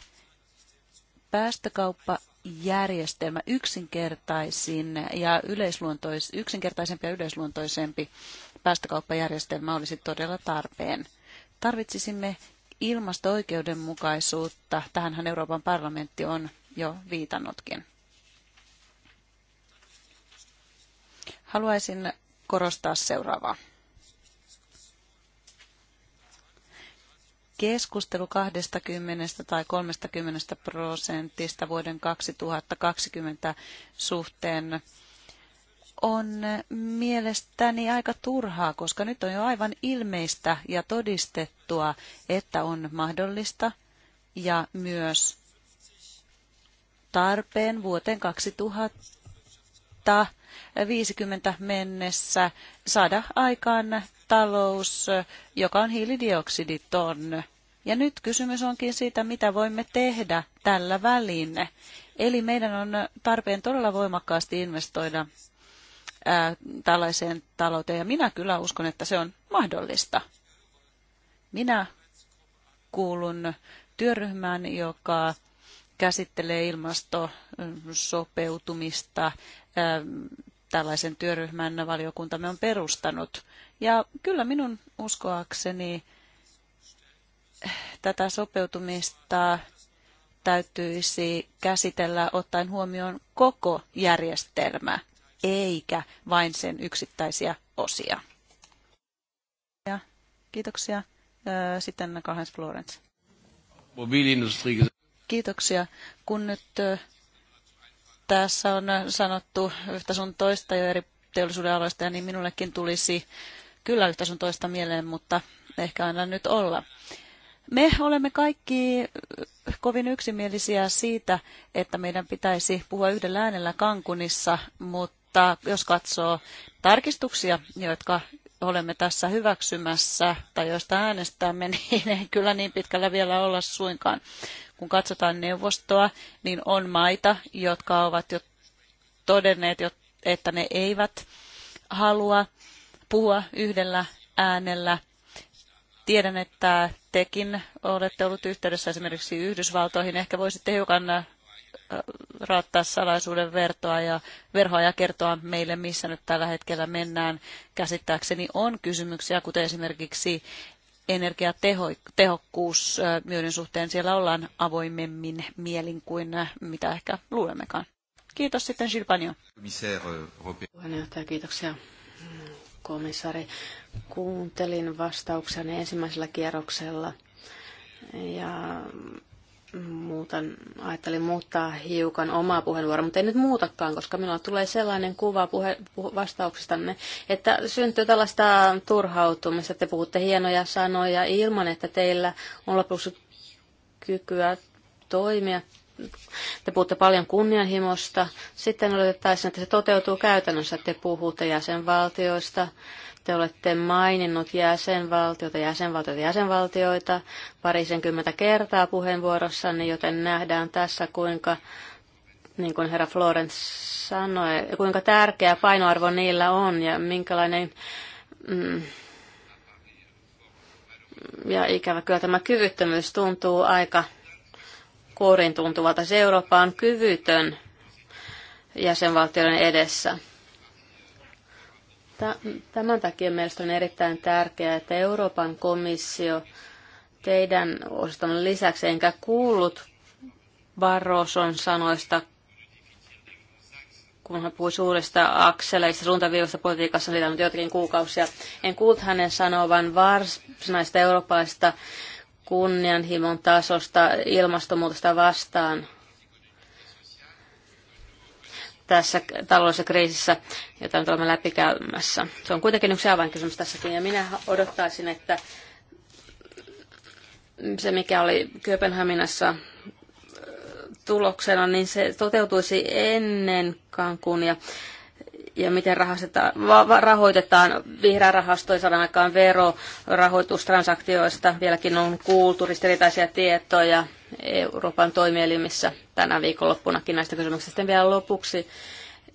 päästökauppajärjestelmä yksinkertaisin ja yleisluontois, yksinkertaisempi ja yleisluontoisempi päästökauppajärjestelmä olisi todella tarpeen. Tarvitsisimme ilmasto-oikeudenmukaisuutta. Tähänhän Euroopan parlamentti on jo viitannutkin. Haluaisin korostaa seuraavaa. keskustelu 20 tai 30 prosentista vuoden 2020 suhteen on mielestäni aika turhaa, koska nyt on jo aivan ilmeistä ja todistettua, että on mahdollista ja myös tarpeen vuoteen 2050 mennessä saada aikaan talous, joka on hiilidioksiditon ja nyt kysymys onkin siitä, mitä voimme tehdä tällä väline. Eli meidän on tarpeen todella voimakkaasti investoida ää, tällaiseen talouteen. Ja minä kyllä uskon, että se on mahdollista. Minä kuulun työryhmään, joka käsittelee ilmastosopeutumista. Ää, tällaisen työryhmän valiokuntamme on perustanut. Ja kyllä minun uskoakseni tätä sopeutumista täytyisi käsitellä ottaen huomioon koko järjestelmä, eikä vain sen yksittäisiä osia. Ja, kiitoksia. Sitten Kahens Florence. Kiitoksia. Kun nyt tässä on sanottu yhtä sun toista jo eri teollisuuden aloista, niin minullekin tulisi kyllä yhtä sun toista mieleen, mutta ehkä aina nyt olla. Me olemme kaikki äh, kovin yksimielisiä siitä, että meidän pitäisi puhua yhdellä äänellä Kankunissa, mutta jos katsoo tarkistuksia, jotka olemme tässä hyväksymässä tai joista äänestämme, niin ei kyllä niin pitkällä vielä olla suinkaan. Kun katsotaan neuvostoa, niin on maita, jotka ovat jo todenneet, että ne eivät halua puhua yhdellä äänellä. Tiedän, että tekin olette ollut yhteydessä esimerkiksi Yhdysvaltoihin. Ehkä voisitte hiukan äh, raattaa salaisuuden vertoa ja verhoa ja kertoa meille, missä nyt tällä hetkellä mennään. Käsittääkseni on kysymyksiä, kuten esimerkiksi energiatehokkuus, äh, myöden suhteen siellä ollaan avoimemmin mielin kuin äh, mitä ehkä luulemmekaan. Kiitos sitten Silpanio. Puheenjohtaja, kiitoksia komissaari. Kuuntelin vastauksen ensimmäisellä kierroksella ja muutan, ajattelin muuttaa hiukan omaa puheenvuoroa, mutta ei nyt muutakaan, koska minulla tulee sellainen kuva puhe, puh, vastauksestanne, että syntyy tällaista turhautumista. Te puhutte hienoja sanoja ilman, että teillä on lopuksi kykyä toimia te puhutte paljon kunnianhimosta. Sitten oletettaisiin, että se toteutuu käytännössä. Te puhutte jäsenvaltioista, te olette maininnut jäsenvaltioita, jäsenvaltioita, jäsenvaltioita parisenkymmentä kertaa puheenvuorossanne, joten nähdään tässä, kuinka, niin kuin herra Florence sanoi, kuinka tärkeä painoarvo niillä on ja minkälainen... Mm, ja ikävä kyllä tämä kyvyttömyys tuntuu aika huorin tuntuvalta. Se Eurooppa on kyvytön jäsenvaltioiden edessä. Tämän takia mielestäni on erittäin tärkeää, että Euroopan komissio teidän osastanne lisäksi, enkä kuullut Barroson sanoista, kun hän puhui suurista akseleista suuntaviivasta politiikassa, niitä on jotakin kuukausia. En kuullut hänen sanovan varsinaista eurooppalaista kunnianhimon tasosta ilmastonmuutosta vastaan tässä taloudellisessa kriisissä, jota nyt olemme läpikäymässä. Se on kuitenkin yksi avainkysymys tässäkin, ja minä odottaisin, että se, mikä oli Kööpenhaminassa äh, tuloksena, niin se toteutuisi ennen Cancun ja ja miten rahoitetaan vihreä rahasto ja saadaan aikaan vero rahoitustransaktioista. Vieläkin on kuultu ristiriitaisia tietoja Euroopan toimielimissä tänä viikonloppunakin näistä kysymyksistä. Sitten vielä lopuksi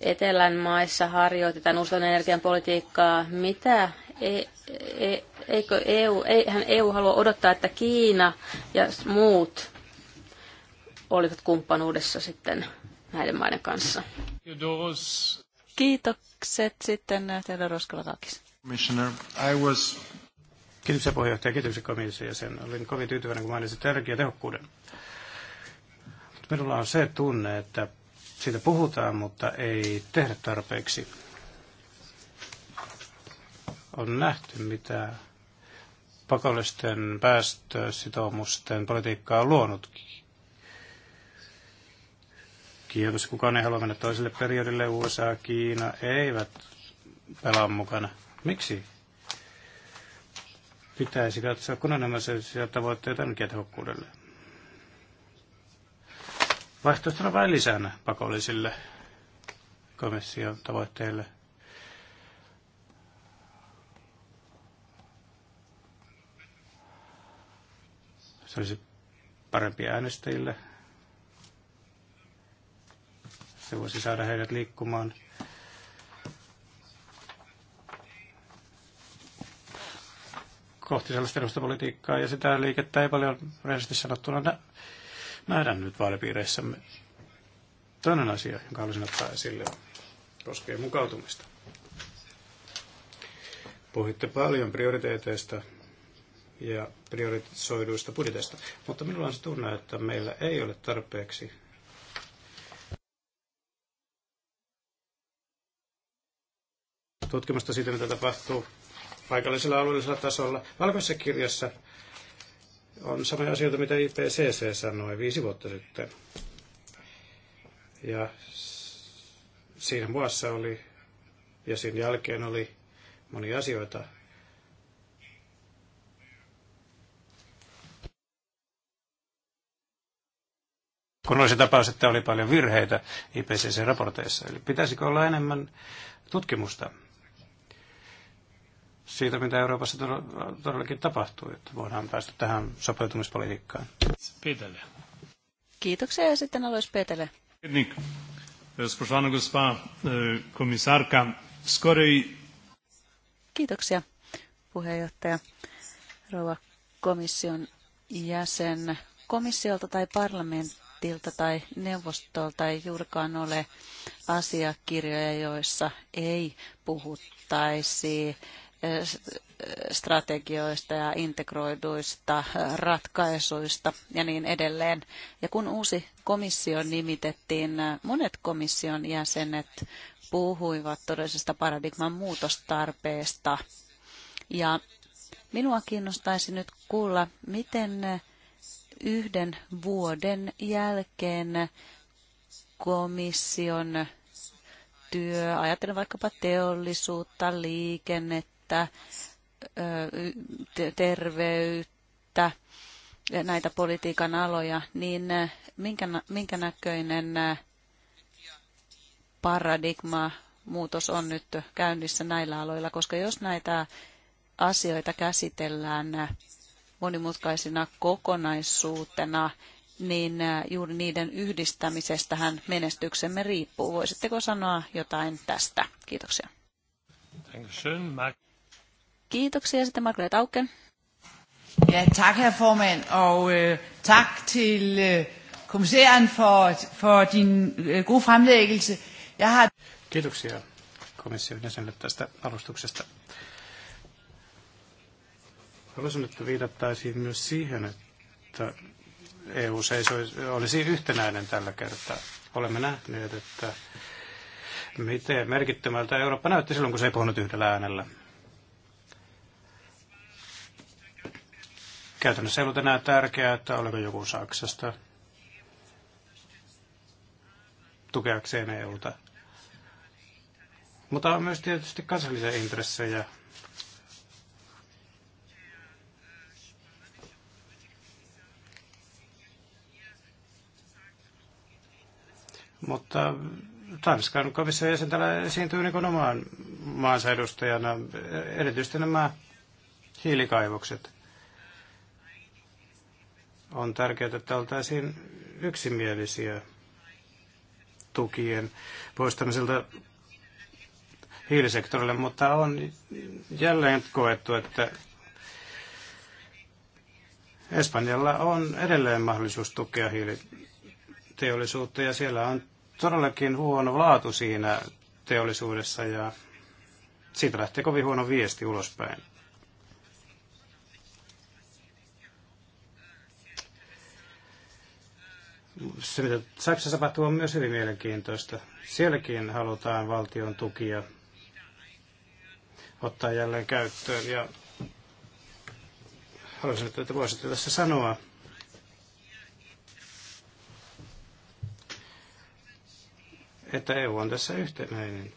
Etelän maissa harjoitetaan uusiutuvan energian politiikkaa. Mitä e, e, eikö EU, eihän EU halua odottaa, että Kiina ja muut olivat kumppanuudessa sitten näiden maiden kanssa? Kiitokset sitten äh, teille Roskola-Kakis. Was... Kiitoksia puheenjohtaja, kiitoksia komission jäsen. Olin kovin tyytyväinen, kun mainitsit energiatehokkuuden. Minulla on se tunne, että siitä puhutaan, mutta ei tehdä tarpeeksi. On nähty, mitä pakollisten päästösitoumusten politiikka on luonut Kiitos. Kukaan ei halua mennä toiselle periodille. USA, Kiina eivät pelaa mukana. Miksi? Pitäisi katsoa kunnianhimoisia tavoitteita energiatehokkuudelle. Vaihtoehtona vain lisänä pakollisille komission tavoitteille. Se olisi parempi äänestäjille. Se voisi saada heidät liikkumaan kohti sellaista edustapolitiikkaa, ja sitä liikettä ei paljon rehellisesti sanottuna nä- nähdä nyt vaalipiireissämme. Toinen asia, jonka haluaisin ottaa esille, koskee mukautumista. Puhuitte paljon prioriteeteista ja priorisoiduista budjeteista, mutta minulla on se tunne, että meillä ei ole tarpeeksi tutkimusta siitä, mitä tapahtuu paikallisella alueellisella tasolla. Valkoisessa kirjassa on samoja asioita, mitä IPCC sanoi viisi vuotta sitten. Ja siinä vuossa oli, ja sen jälkeen oli monia asioita. Kun oli se tapaus, että oli paljon virheitä IPCC-raporteissa, eli pitäisikö olla enemmän tutkimusta siitä, mitä Euroopassa todellakin tapahtuu, että voidaan päästä tähän sopeutumispolitiikkaan. Petele. Kiitoksia ja sitten alois Petele. E, Kiitoksia puheenjohtaja, rouva komission jäsen. Komissiolta tai parlamentilta tai neuvostolta ei juurikaan ole asiakirjoja, joissa ei puhuttaisi strategioista ja integroiduista ratkaisuista ja niin edelleen. Ja kun uusi komissio nimitettiin, monet komission jäsenet puhuivat todellisesta paradigman muutostarpeesta. Ja minua kiinnostaisi nyt kuulla, miten yhden vuoden jälkeen komission työ, ajattelen vaikkapa teollisuutta, liikennettä, terveyttä, terveyttä, näitä politiikan aloja, niin minkä, minkä näköinen paradigma muutos on nyt käynnissä näillä aloilla, koska jos näitä asioita käsitellään monimutkaisina kokonaisuutena, niin juuri niiden yhdistämisestähän menestyksemme riippuu. Voisitteko sanoa jotain tästä? Kiitoksia. Kiitoksia sitten Margaret Auken. Ja, tak herr formand, og øh, tak til øh, kommissæren for, for din øh, gode fremlæggelse. Jeg har... Kiitoksia komission jäsenelle tästä alustuksesta. Haluaisin, että viitattaisiin myös siihen, että EU seisoi, olisi yhtenäinen tällä kertaa. Olemme nähneet, että miten merkittömältä Eurooppa näytti silloin, kun se ei puhunut yhdellä äänellä. Käytännössä ei ollut enää tärkeää, että oliko joku Saksasta tukeakseen EUta. Mutta on myös tietysti kansallisia intressejä. Mutta Tanskan komission jäsen täällä esiintyy niin omaan maansa edustajana, erityisesti nämä hiilikaivokset. On tärkeää, että oltaisiin yksimielisiä tukien poistamiselta hiilisektorille, mutta on jälleen koettu, että Espanjalla on edelleen mahdollisuus tukea hiiliteollisuutta ja siellä on todellakin huono laatu siinä teollisuudessa ja siitä lähtee kovin huono viesti ulospäin. Se, mitä Saksassa tapahtuu, on myös hyvin mielenkiintoista. Sielläkin halutaan valtion tukia ottaa jälleen käyttöön. Ja haluaisin, että voisitte tässä sanoa, että EU on tässä yhtenäinen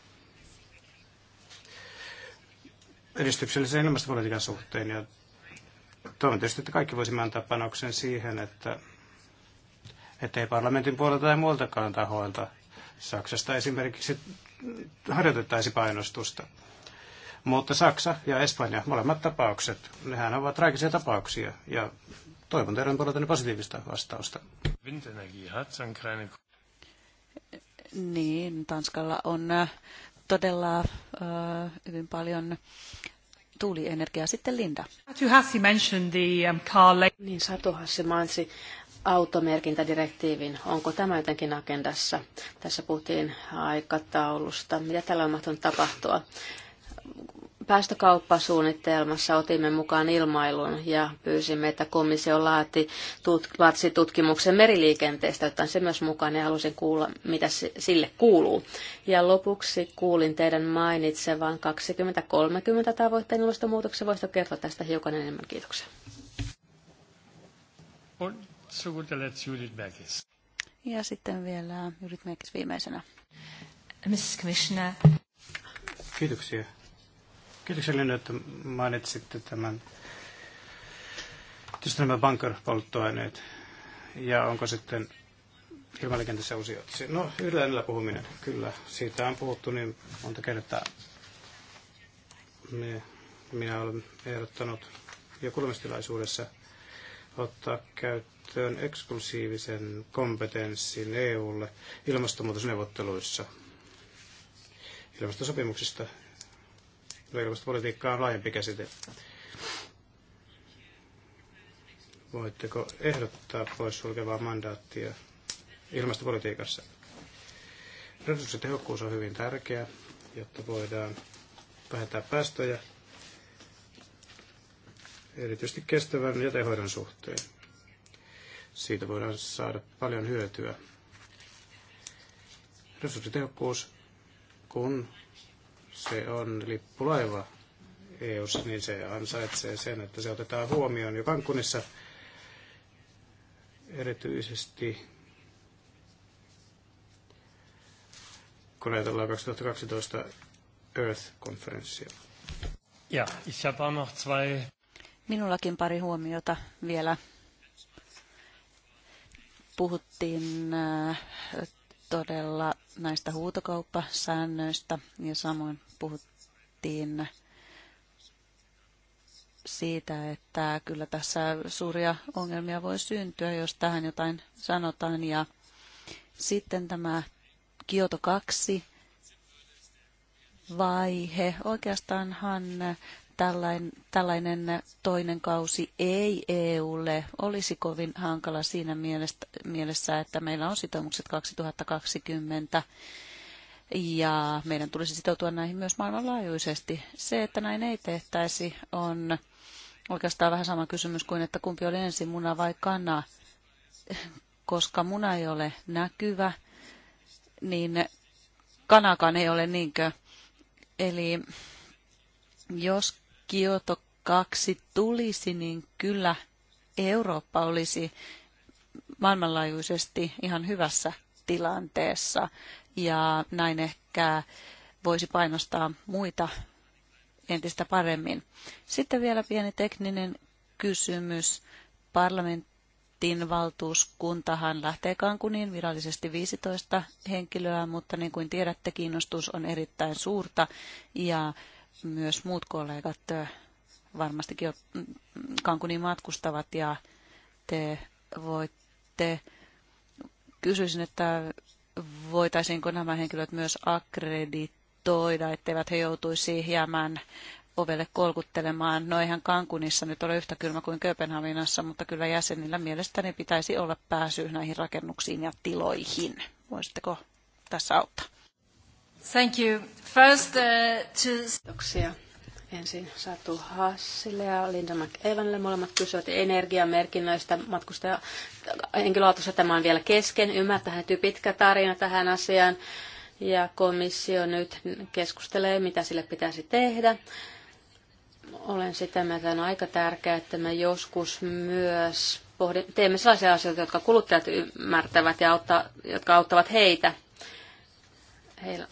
edistyksellisen ilmastopolitiikan suhteen. Ja toivon tietysti, että kaikki voisimme antaa panoksen siihen, että ettei parlamentin puolelta tai muiltakaan tahoilta Saksasta esimerkiksi harjoitettaisi painostusta. Mutta Saksa ja Espanja, molemmat tapaukset, nehän ovat traagisia tapauksia ja toivon teidän puoleltanne positiivista vastausta. Niin, Tanskalla on äh, todella uh, hyvin paljon tuulienergiaa. Sitten Linda. Um, niin, Satu Hassi mainitsi automerkintädirektiivin. Onko tämä jotenkin agendassa? Tässä puhuttiin aikataulusta. Mitä tällä on mahtunut tapahtua? Päästökauppasuunnitelmassa otimme mukaan ilmailun ja pyysimme, että komissio laati, tut, tutkimuksen meriliikenteestä, ottaen se myös mukaan ja halusin kuulla, mitä sille kuuluu. Ja lopuksi kuulin teidän mainitsevan 2030 tavoitteen ilmastonmuutoksen. Voisitko kertoa tästä hiukan enemmän? Kiitoksia. So good, Judith Ja sitten vielä Judith Mäkis viimeisenä. Mrs. Commissioner. Kiitoksia. Kiitoksia Linda, että mainitsitte tämän, tietysti nämä bunker-polttoaineet. Ja onko sitten ilmaliikenteessä uusi otsi? No, yhdellä puhuminen, kyllä. Siitä on puhuttu niin monta kertaa. Me, minä olen ehdottanut jo kuulemistilaisuudessa ottaa käyttöön käyttöön eksklusiivisen kompetenssin EUlle ilmastonmuutosneuvotteluissa. Ilmastosopimuksista ilmastopolitiikka on laajempi käsite. Voitteko ehdottaa poissulkevaa mandaattia ilmastopolitiikassa? Resurssitehokkuus on hyvin tärkeä, jotta voidaan vähentää päästöjä, erityisesti kestävän jätehoidon suhteen. Siitä voidaan saada paljon hyötyä. Resurssitehokkuus, kun se on lippulaiva eu niin se ansaitsee sen, että se otetaan huomioon jo Cancunissa erityisesti kun ajatellaan 2012 Earth-konferenssia. Ja, ich habe auch noch zwei... Minullakin pari huomiota vielä puhuttiin äh, todella näistä huutokauppasäännöistä ja samoin puhuttiin siitä, että kyllä tässä suuria ongelmia voi syntyä, jos tähän jotain sanotaan. Ja sitten tämä Kioto 2 vaihe. Oikeastaanhan tällainen, tällainen toinen kausi ei EUlle olisi kovin hankala siinä mielessä, että meillä on sitoumukset 2020 ja meidän tulisi sitoutua näihin myös maailmanlaajuisesti. Se, että näin ei tehtäisi, on oikeastaan vähän sama kysymys kuin, että kumpi oli ensin muna vai kana. Koska muna ei ole näkyvä, niin kanakaan ei ole niinkö. Eli jos Kioto 2 tulisi, niin kyllä Eurooppa olisi maailmanlaajuisesti ihan hyvässä tilanteessa ja näin ehkä voisi painostaa muita entistä paremmin. Sitten vielä pieni tekninen kysymys. Parlamentin valtuuskuntahan lähtee Kankuniin virallisesti 15 henkilöä, mutta niin kuin tiedätte, kiinnostus on erittäin suurta ja myös muut kollegat varmastikin mm, mm, Kankuniin matkustavat ja te voitte, kysyisin, että voitaisiinko nämä henkilöt myös akkreditoida, etteivät he joutuisi jäämään ovelle kolkuttelemaan. No eihän Kankunissa nyt ole yhtä kylmä kuin Kööpenhaminassa, mutta kyllä jäsenillä mielestäni pitäisi olla pääsy näihin rakennuksiin ja tiloihin. Voisitteko tässä auttaa? Thank you. First, uh, to... Kiitoksia. Ensin Satu Hassille ja Linda McEvanille. Molemmat kysyvät energiamerkinnöistä matkustaja henkilöautossa. Tämä on vielä kesken. Ymmärtää että pitkä tarina tähän asiaan. Ja komissio nyt keskustelee, mitä sille pitäisi tehdä. Olen sitä mieltä, on aika tärkeää, että me joskus myös pohdin, teemme sellaisia asioita, jotka kuluttajat ymmärtävät ja auttaa, jotka auttavat heitä. Heillä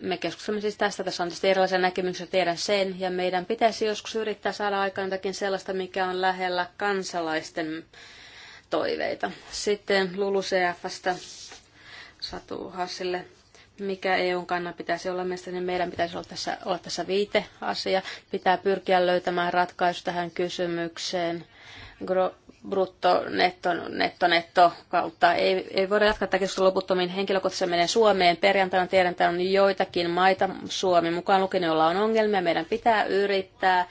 me keskustelemme siis tästä. Tässä on tietysti erilaisia näkemyksiä, tiedän sen, ja meidän pitäisi joskus yrittää saada aikaan jotakin sellaista, mikä on lähellä kansalaisten toiveita. Sitten LULUCFstä Satu Hassille. Mikä EUn kannan pitäisi olla mielestäni, niin meidän pitäisi olla tässä, olla tässä viite asia. Pitää pyrkiä löytämään ratkaisu tähän kysymykseen. Gro- brutto, netto, netto, netto kautta. Ei, ei voida jatkaa tätä keskustelua loputtomiin. Henkilökohtaisesti menee Suomeen. Perjantaina tiedän, että on joitakin maita, Suomi mukaan lukien, joilla on ongelmia. Meidän pitää yrittää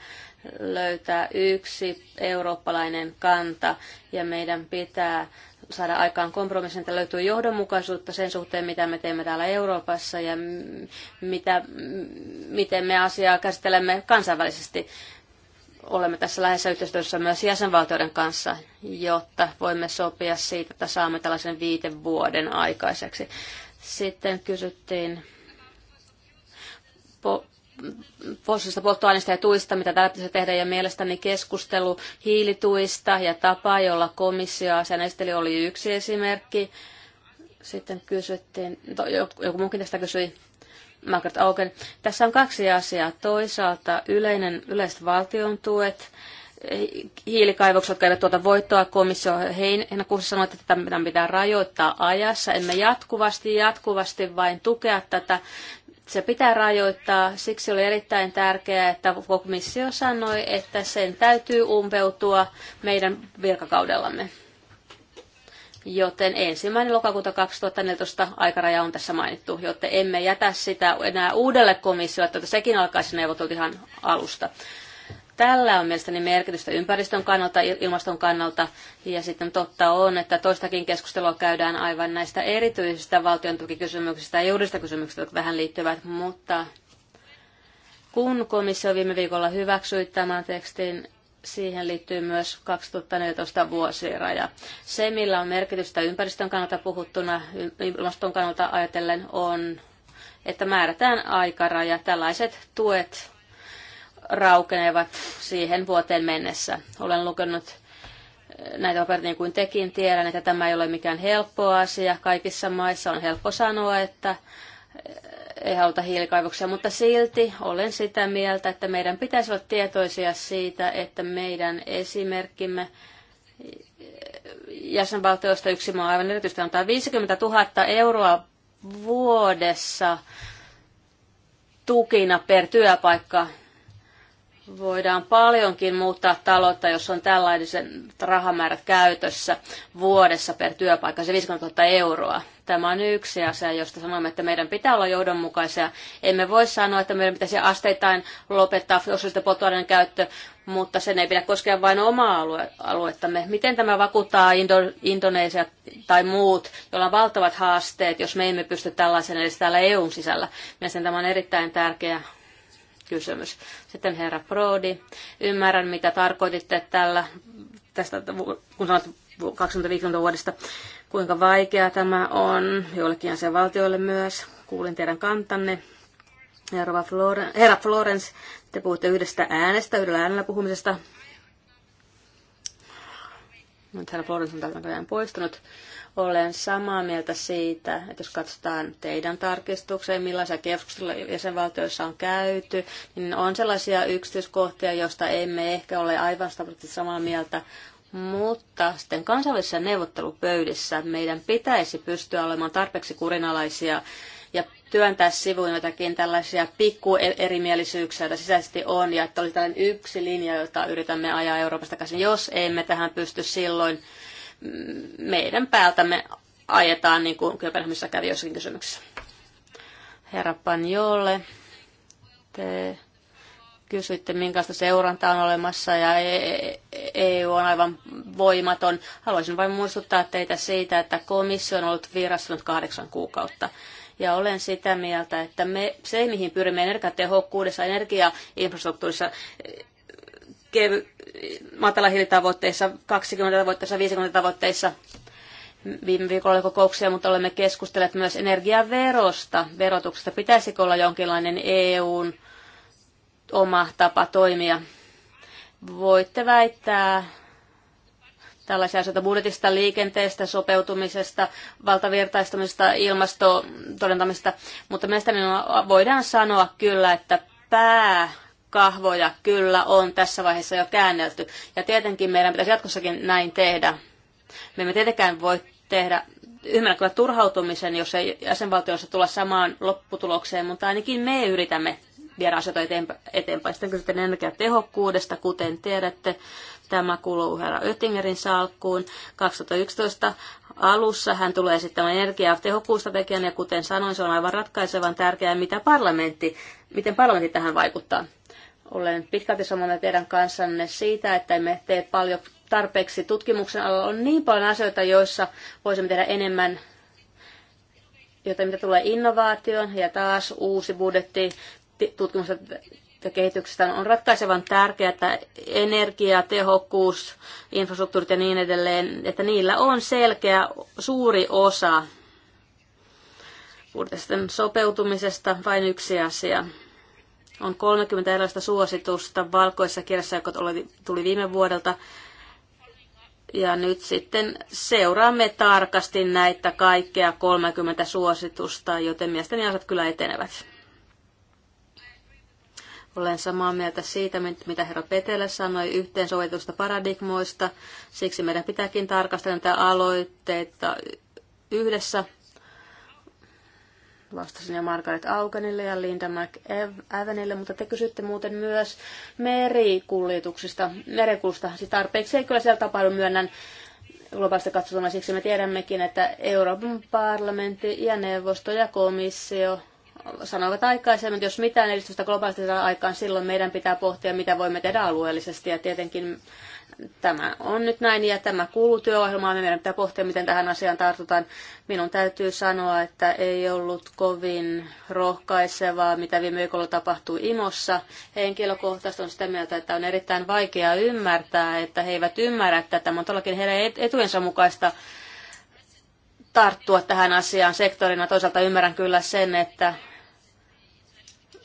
löytää yksi eurooppalainen kanta ja meidän pitää saada aikaan kompromissin, että löytyy johdonmukaisuutta sen suhteen, mitä me teemme täällä Euroopassa ja mitä, miten me asiaa käsittelemme kansainvälisesti olemme tässä lähes yhteistyössä myös jäsenvaltioiden kanssa, jotta voimme sopia siitä, että saamme tällaisen viiden vuoden aikaiseksi. Sitten kysyttiin po- fossiilista polttoaineista ja tuista, mitä täällä pitäisi tehdä, ja mielestäni keskustelu hiilituista ja tapa, jolla komissio sen esteli, oli yksi esimerkki. Sitten kysyttiin, no, joku muukin tästä kysyi, Margaret Augen. Tässä on kaksi asiaa. Toisaalta yleinen, yleiset valtion tuet, hiilikaivokset, jotka eivät tuota voittoa. Komissio heinäkuussa sanoi, että tätä pitää rajoittaa ajassa. Emme jatkuvasti, jatkuvasti vain tukea tätä. Se pitää rajoittaa. Siksi oli erittäin tärkeää, että komissio sanoi, että sen täytyy umpeutua meidän virkakaudellamme. Joten ensimmäinen lokakuuta 2014 aikaraja on tässä mainittu, joten emme jätä sitä enää uudelle komissiolle, että sekin alkaisi neuvotella ihan alusta. Tällä on mielestäni merkitystä ympäristön kannalta, ilmaston kannalta, ja sitten totta on, että toistakin keskustelua käydään aivan näistä erityisistä valtion tukikysymyksistä ja juurista kysymyksistä, jotka tähän liittyvät, mutta kun komissio viime viikolla hyväksyi tämän tekstin, siihen liittyy myös 2014 vuosiraja. Se, millä on merkitystä ympäristön kannalta puhuttuna, ilmaston kannalta ajatellen, on, että määrätään aikaraja. Tällaiset tuet raukenevat siihen vuoteen mennessä. Olen lukenut eh, näitä papereita niin kuin tekin tiedän, että tämä ei ole mikään helppo asia. Kaikissa maissa on helppo sanoa, että eh, ei haluta hiilikaivoksia, mutta silti olen sitä mieltä, että meidän pitäisi olla tietoisia siitä, että meidän esimerkkimme jäsenvaltioista yksi maa aivan erityisesti antaa 50 000 euroa vuodessa tukina per työpaikka voidaan paljonkin muuttaa taloutta, jos on tällaisen rahamäärät käytössä vuodessa per työpaikka, se 50 000 euroa. Tämä on yksi asia, josta sanomme, että meidän pitää olla johdonmukaisia. Emme voi sanoa, että meidän pitäisi asteittain lopettaa fossiilisten polttoaineiden käyttö, mutta sen ei pidä koskea vain omaa alue- aluettamme. Miten tämä vakuuttaa Indo- Indonesia tai muut, joilla on valtavat haasteet, jos me emme pysty tällaisen edes täällä EUn sisällä? Mielestäni tämä on erittäin tärkeä kysymys. Sitten herra Prodi, ymmärrän mitä tarkoititte tällä, tästä, kun sanot 2050 vuodesta, kuinka vaikea tämä on joillekin valtioille myös. Kuulin teidän kantanne. Herra Floren, herra Florence, te puhutte yhdestä äänestä, yhdellä äänellä puhumisesta. Nyt herra Florence on täältä poistunut. Olen samaa mieltä siitä, että jos katsotaan teidän tarkistukseen, millaisia keskusteluja jäsenvaltioissa on käyty, niin on sellaisia yksityiskohtia, joista emme ehkä ole aivan samaa mieltä, mutta sitten kansallisissa neuvottelupöydissä meidän pitäisi pystyä olemaan tarpeeksi kurinalaisia ja työntää sivuun jotakin tällaisia e- erimielisyyksiä, joita sisäisesti on, ja että oli tällainen yksi linja, jota yritämme ajaa Euroopasta käsin. Jos emme tähän pysty silloin, meidän päältämme ajetaan, niin kuin Kööpenhaminassa kävi jossakin kysymyksessä. Herra Panjolle, te kysyitte, minkälaista seurantaa on olemassa ja EU e- e on aivan voimaton. Haluaisin vain muistuttaa teitä siitä, että komissio on ollut virastunut kahdeksan kuukautta. Ja olen sitä mieltä, että me, se, mihin pyrimme energiatehokkuudessa, energiainfrastruktuurissa, kevy, hiilitavoitteissa, 20 tavoitteissa, 50 tavoitteissa. Viime viikolla oli kokouksia, mutta olemme keskustelleet myös energiaverosta, verotuksesta. Pitäisikö olla jonkinlainen EUn oma tapa toimia? Voitte väittää tällaisia asioita budjetista, liikenteestä, sopeutumisesta, valtavirtaistumisesta, ilmastotodentamisesta, mutta mielestäni voidaan sanoa kyllä, että pää kahvoja kyllä on tässä vaiheessa jo käännelty. Ja tietenkin meidän pitäisi jatkossakin näin tehdä. Me emme tietenkään voi tehdä ymmärrän kyllä turhautumisen, jos ei jäsenvaltioissa tulla samaan lopputulokseen, mutta ainakin me yritämme viedä asioita eteenpäin. Sitten kysytään energiatehokkuudesta, kuten tiedätte. Tämä kuuluu herra Oettingerin salkkuun. 2011 alussa hän tulee esittämään energiatehokkuustrategian ja kuten sanoin, se on aivan ratkaisevan tärkeää, mitä parlamentti, miten parlamentti tähän vaikuttaa. Olen pitkälti samana teidän kanssanne siitä, että emme tee paljon tarpeeksi tutkimuksen alalla. On niin paljon asioita, joissa voisimme tehdä enemmän, jota mitä tulee innovaatioon ja taas uusi budjetti tutkimusta ja kehityksestä on ratkaisevan tärkeää, että energia, tehokkuus, infrastruktuurit ja niin edelleen, että niillä on selkeä suuri osa budjetin sopeutumisesta, vain yksi asia. On 30 erilaista suositusta valkoisessa kirjassa, joka tuli viime vuodelta. Ja nyt sitten seuraamme tarkasti näitä kaikkea 30 suositusta, joten miesten asiat kyllä etenevät. Olen samaa mieltä siitä, mitä herra Petelä sanoi yhteensovitusta paradigmoista. Siksi meidän pitääkin tarkastella näitä aloitteita yhdessä vastasin ja Margaret Aukenille ja Linda McEvenille, mutta te kysytte muuten myös merikuljetuksista, merikulusta. Siis tarpeeksi ei kyllä siellä tapahdu, myönnän globaalista katsotuna, siksi me tiedämmekin, että Euroopan parlamentti ja neuvosto ja komissio sanoivat aikaisemmin, että jos mitään edistystä globaalisti saadaan aikaan, silloin meidän pitää pohtia, mitä voimme tehdä alueellisesti. Ja tietenkin tämä on nyt näin ja tämä kuuluu työohjelmaan. Meidän pitää pohtia, miten tähän asiaan tartutaan. Minun täytyy sanoa, että ei ollut kovin rohkaisevaa, mitä viime viikolla tapahtui Imossa. Henkilökohtaisesti on sitä mieltä, että on erittäin vaikea ymmärtää, että he eivät ymmärrä, että tämä on todellakin heidän etujensa mukaista tarttua tähän asiaan sektorina. Toisaalta ymmärrän kyllä sen, että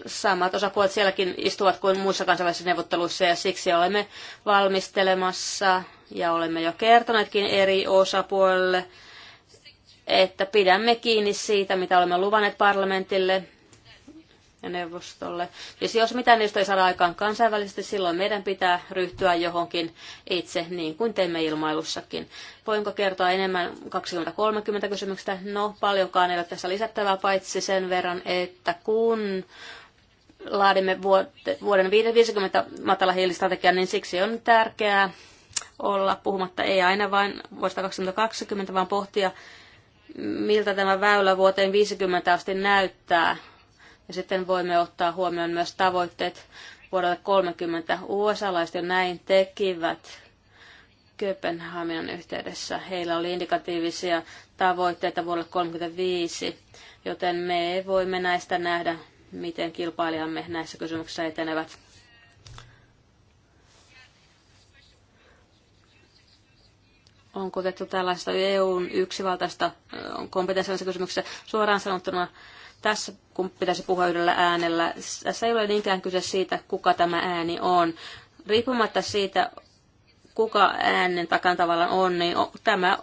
samat osapuolet sielläkin istuvat kuin muissa kansainvälisissä neuvotteluissa ja siksi olemme valmistelemassa ja olemme jo kertoneetkin eri osapuolille, että pidämme kiinni siitä, mitä olemme luvanneet parlamentille ja neuvostolle. Ja jos mitään niistä ei saada aikaan kansainvälisesti, silloin meidän pitää ryhtyä johonkin itse, niin kuin teimme ilmailussakin. Voinko kertoa enemmän 2030 kysymyksistä? No, paljonkaan ei ole tässä lisättävää, paitsi sen verran, että kun laadimme vuoden 50 hiilistrategia, niin siksi on tärkeää olla puhumatta ei aina vain vuodesta 2020, vaan pohtia, miltä tämä väylä vuoteen 50 asti näyttää. Ja sitten voimme ottaa huomioon myös tavoitteet vuodelle 30. USA-laiset jo näin tekivät Kööpenhaminan yhteydessä. Heillä oli indikatiivisia tavoitteita vuodelle 35, joten me voimme näistä nähdä miten kilpailijamme näissä kysymyksissä etenevät. Onko otettu tällaista EUn yksivaltaista kompetenssia kysymyksessä suoraan sanottuna tässä, kun pitäisi puhua yhdellä äänellä, tässä ei ole niinkään kyse siitä, kuka tämä ääni on. Riippumatta siitä, kuka äänen takan tavallaan on, niin tämä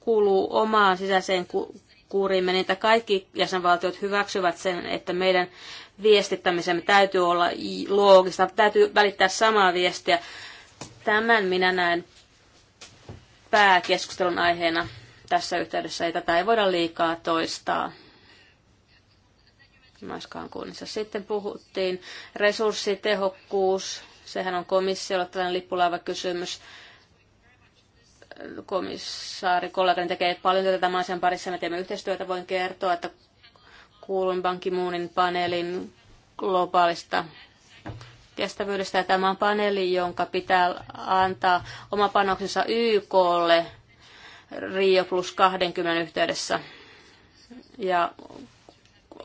kuuluu omaan sisäiseen kurimme, niin kaikki jäsenvaltiot hyväksyvät sen, että meidän viestittämisemme täytyy olla loogista, täytyy välittää samaa viestiä. Tämän minä näen pääkeskustelun aiheena tässä yhteydessä, ei tätä ei voida liikaa toistaa Maiskaan kunnissa. Sitten puhuttiin resurssitehokkuus, sehän on komissiolla tällainen lippulaiva kysymys komissaari kollegani tekee paljon tätä tämän asian parissa. Me teemme yhteistyötä. Voin kertoa, että kuulun Bankimuunin paneelin globaalista kestävyydestä. Ja tämä on paneeli, jonka pitää antaa oma panoksensa YKlle Rio plus 20 yhteydessä. Ja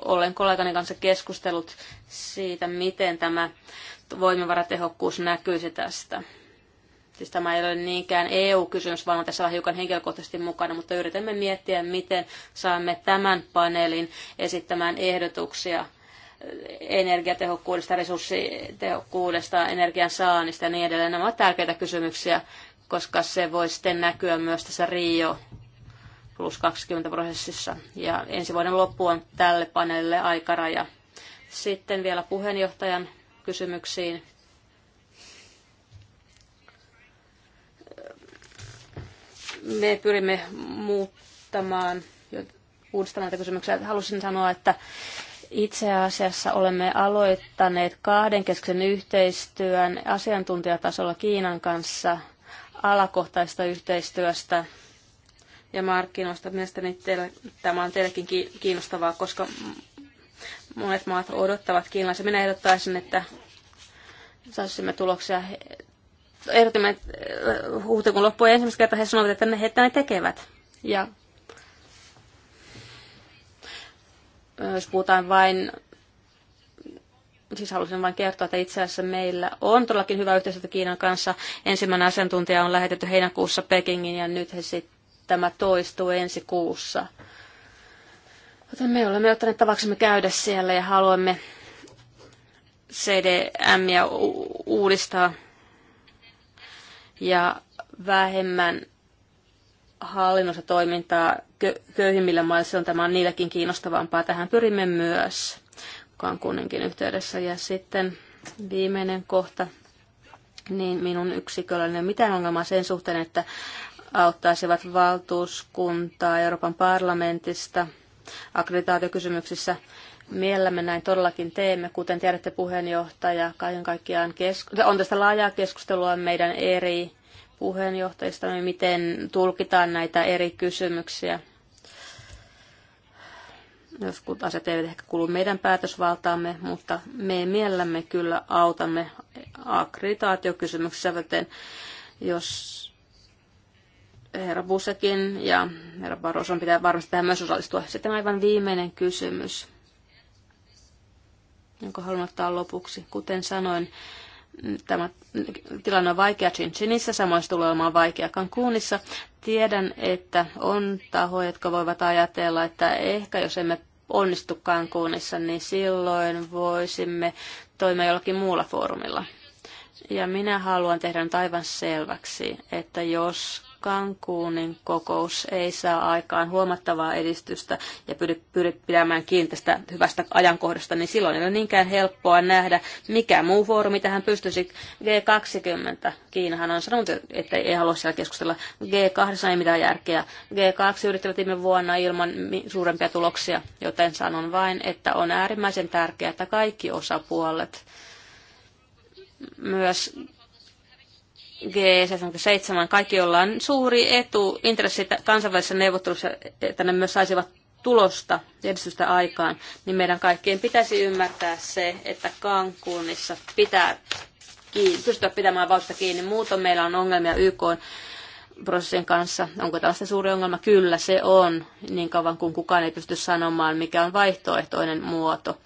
olen kollegani kanssa keskustellut siitä, miten tämä voimavaratehokkuus näkyisi tästä Siis tämä ei ole niinkään EU-kysymys, vaan tässä on hiukan henkilökohtaisesti mukana, mutta yritämme miettiä, miten saamme tämän paneelin esittämään ehdotuksia energiatehokkuudesta, resurssitehokkuudesta, energian saannista ja niin edelleen. Nämä ovat tärkeitä kysymyksiä, koska se voi sitten näkyä myös tässä Rio plus 20 prosessissa. Ja ensi vuoden loppu on tälle paneelille aikaraja. Sitten vielä puheenjohtajan kysymyksiin me pyrimme muuttamaan, uudistamaan tätä kysymyksiä. Halusin sanoa, että itse asiassa olemme aloittaneet kahdenkeskisen yhteistyön asiantuntijatasolla Kiinan kanssa alakohtaista yhteistyöstä ja markkinoista. Mielestäni teille, tämä on teillekin kiinnostavaa, koska monet maat odottavat kiinalaisia. Minä ehdottaisin, että saisimme tuloksia ehdotimme eh, huhtikuun loppuun ensimmäistä kertaa he sanoivat, että ne, että ne tekevät. Ja jos puhutaan vain, siis halusin vain kertoa, että itse asiassa meillä on todellakin hyvä yhteistyötä Kiinan kanssa. Ensimmäinen asiantuntija on lähetetty heinäkuussa Pekingin ja nyt he sit, tämä toistuu ensi kuussa. Joten me olemme ottaneet tavaksemme käydä siellä ja haluamme CDM ja uudistaa ja vähemmän hallinnossa toimintaa köyhimmillä mailla. Se on tämä on niilläkin kiinnostavampaa. Tähän pyrimme myös kuninkin yhteydessä. Ja sitten viimeinen kohta, niin minun yksiköllä ei ole mitään ongelmaa sen suhteen, että auttaisivat valtuuskuntaa Euroopan parlamentista akkreditaatiokysymyksissä – Mielellämme näin todellakin teemme, kuten tiedätte puheenjohtaja, kaiken kaikkiaan kesku- on tästä laajaa keskustelua meidän eri puheenjohtajista, miten tulkitaan näitä eri kysymyksiä. Joskus asiat eivät ehkä kuulu meidän päätösvaltaamme, mutta me mielellämme kyllä autamme akkreditaatiokysymyksissä, joten jos herra Busekin ja herra Baroson pitää varmasti tähän myös osallistua. Sitten aivan viimeinen kysymys jonka haluan ottaa lopuksi. Kuten sanoin, mm, tämä tilanne on vaikea Chinchinissä, samoin se tulee olemaan vaikea Cancunissa. Tiedän, että on tahoja, jotka voivat ajatella, että ehkä jos emme onnistu Cancunissa, niin silloin voisimme toimia jollakin muulla foorumilla. Ja minä haluan tehdä nyt aivan selväksi, että jos Kankuunin kokous ei saa aikaan huomattavaa edistystä ja pyri, pyri pidämään kiinni tästä hyvästä ajankohdasta, niin silloin ei ole niinkään helppoa nähdä, mikä muu foorumi tähän pystyisi. G20, Kiinahan on sanonut, että ei halua siellä keskustella. g 20 ei mitään järkeä. G2 yrittivät viime vuonna ilman suurempia tuloksia, joten sanon vain, että on äärimmäisen tärkeää, että kaikki osapuolet myös G77, kaikki ollaan on suuri etu, intressi kansainvälisessä neuvottelussa, että ne myös saisivat tulosta, edistystä aikaan, niin meidän kaikkien pitäisi ymmärtää se, että Cancunissa pitää kiinni, pystyä pitämään vauhtia kiinni. Muutoin meillä on ongelmia YK prosessin kanssa. Onko tällaista suuri ongelma? Kyllä se on, niin kauan kuin kukaan ei pysty sanomaan, mikä on vaihtoehtoinen muoto,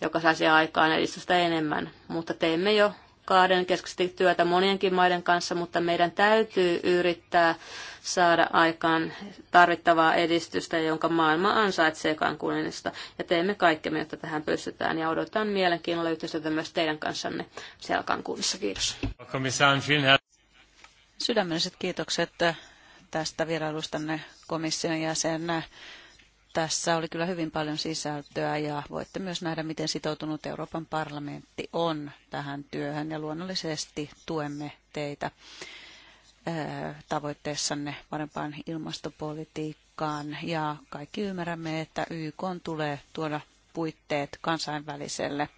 joka saisi aikaan edistystä enemmän. Mutta teemme jo kahden keskusti työtä monienkin maiden kanssa, mutta meidän täytyy yrittää saada aikaan tarvittavaa edistystä, jonka maailma ansaitsee kankunenista. Ja teemme kaikkemme, jotta tähän pystytään. Ja odotan mielenkiinnolla yhteistyötä myös teidän kanssanne siellä kankuunissa. Kiitos. Sydämelliset kiitokset tästä vierailustanne komission jäsenä. Tässä oli kyllä hyvin paljon sisältöä ja voitte myös nähdä, miten sitoutunut Euroopan parlamentti on tähän työhön ja luonnollisesti tuemme teitä tavoitteessanne parempaan ilmastopolitiikkaan ja kaikki ymmärrämme, että YK tulee tuoda puitteet kansainväliselle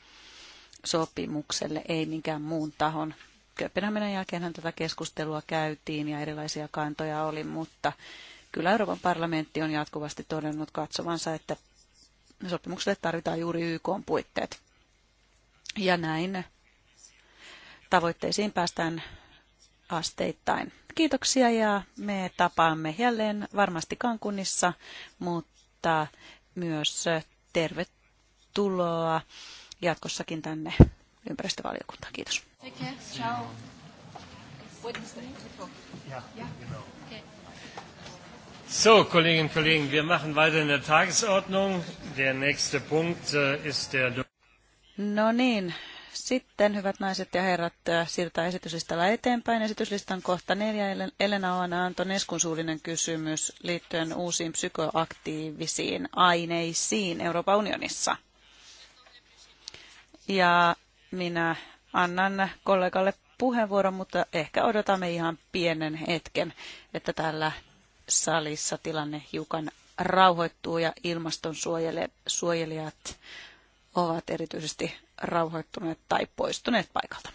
sopimukselle, ei minkään muun tahon. Kööpenhaminan jälkeenhän tätä keskustelua käytiin ja erilaisia kantoja oli, mutta Kyllä Euroopan parlamentti on jatkuvasti todennut katsovansa, että sopimukselle tarvitaan juuri YK puitteet. Ja näin tavoitteisiin päästään asteittain. Kiitoksia ja me tapaamme jälleen varmasti Kankunissa, mutta myös tervetuloa jatkossakin tänne ympäristövaliokuntaan. Kiitos. Take care. Ciao. Yeah. So, Kolleginnen und Kollegen, wir machen weiter in der Tagesordnung. Der nächste Punkt äh, ist der... No niin, sitten hyvät naiset ja herrat, äh, siirrytään esityslistalla eteenpäin. Esityslistan kohta neljä, Elena Oana Antoneskun suullinen kysymys liittyen uusiin psykoaktiivisiin aineisiin Euroopan unionissa. Ja minä annan kollegalle puheenvuoron, mutta ehkä odotamme ihan pienen hetken, että täällä salissa tilanne hiukan rauhoittuu ja ilmaston suojelijat ovat erityisesti rauhoittuneet tai poistuneet paikalta.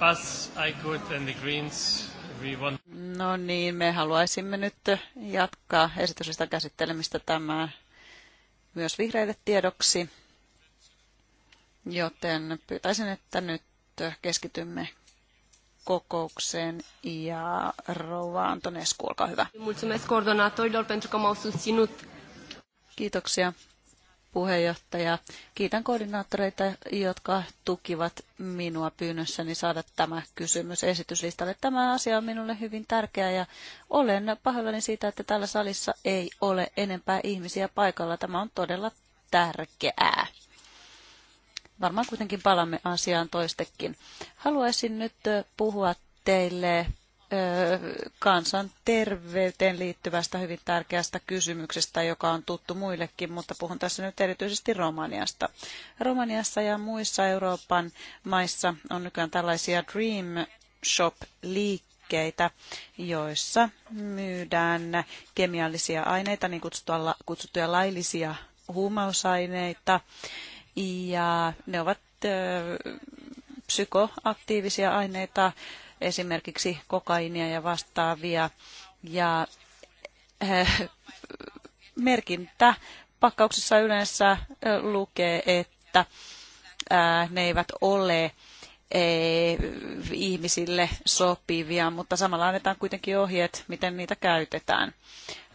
Us, I could, and the Greens, No niin, me haluaisimme nyt jatkaa esitysistä käsittelemistä tämä myös vihreille tiedoksi. Joten pyytäisin, että nyt keskitymme kokoukseen ja rouva Antonescu, olkaa hyvä. Mulțumesc coordonatorilor pentru că m-au susținut. Kiitoksia puheenjohtaja. Kiitän koordinaattoreita, jotka tukivat minua pyynnössäni saada tämä kysymys esityslistalle. Tämä asia on minulle hyvin tärkeä ja olen pahoillani siitä, että täällä salissa ei ole enempää ihmisiä paikalla. Tämä on todella tärkeää. Varmaan kuitenkin palamme asiaan toistekin. Haluaisin nyt puhua teille kansanterveyteen liittyvästä hyvin tärkeästä kysymyksestä, joka on tuttu muillekin, mutta puhun tässä nyt erityisesti Romaniasta. Romaniassa ja muissa Euroopan maissa on nykyään tällaisia Dream Shop-liikkeitä, joissa myydään kemiallisia aineita, niin kutsuttuja laillisia huumausaineita, ja ne ovat psykoaktiivisia aineita, esimerkiksi kokainia ja vastaavia. Ja eh, merkintä pakkauksessa yleensä eh, lukee, että eh, ne eivät ole Eh, ihmisille sopivia, mutta samalla annetaan kuitenkin ohjeet, miten niitä käytetään.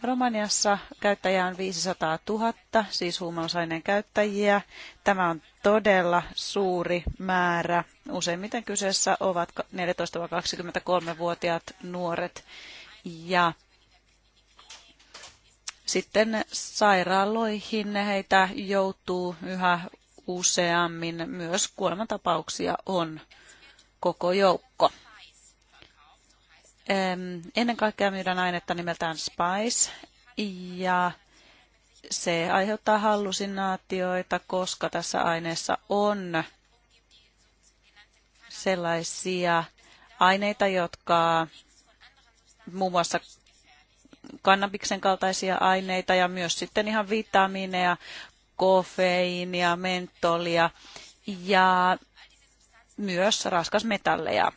Romaniassa käyttäjä on 500 000, siis huumausaineen käyttäjiä. Tämä on todella suuri määrä. Useimmiten kyseessä ovat 14-23-vuotiaat nuoret. Ja sitten sairaaloihin heitä joutuu yhä useammin. Myös kuolematapauksia on koko joukko. Ennen kaikkea myydään ainetta nimeltään Spice ja se aiheuttaa hallusinaatioita, koska tässä aineessa on sellaisia aineita, jotka muun muassa kannabiksen kaltaisia aineita ja myös sitten ihan vitamiineja, kofeiinia, mentolia ja myös raskasmetalleja.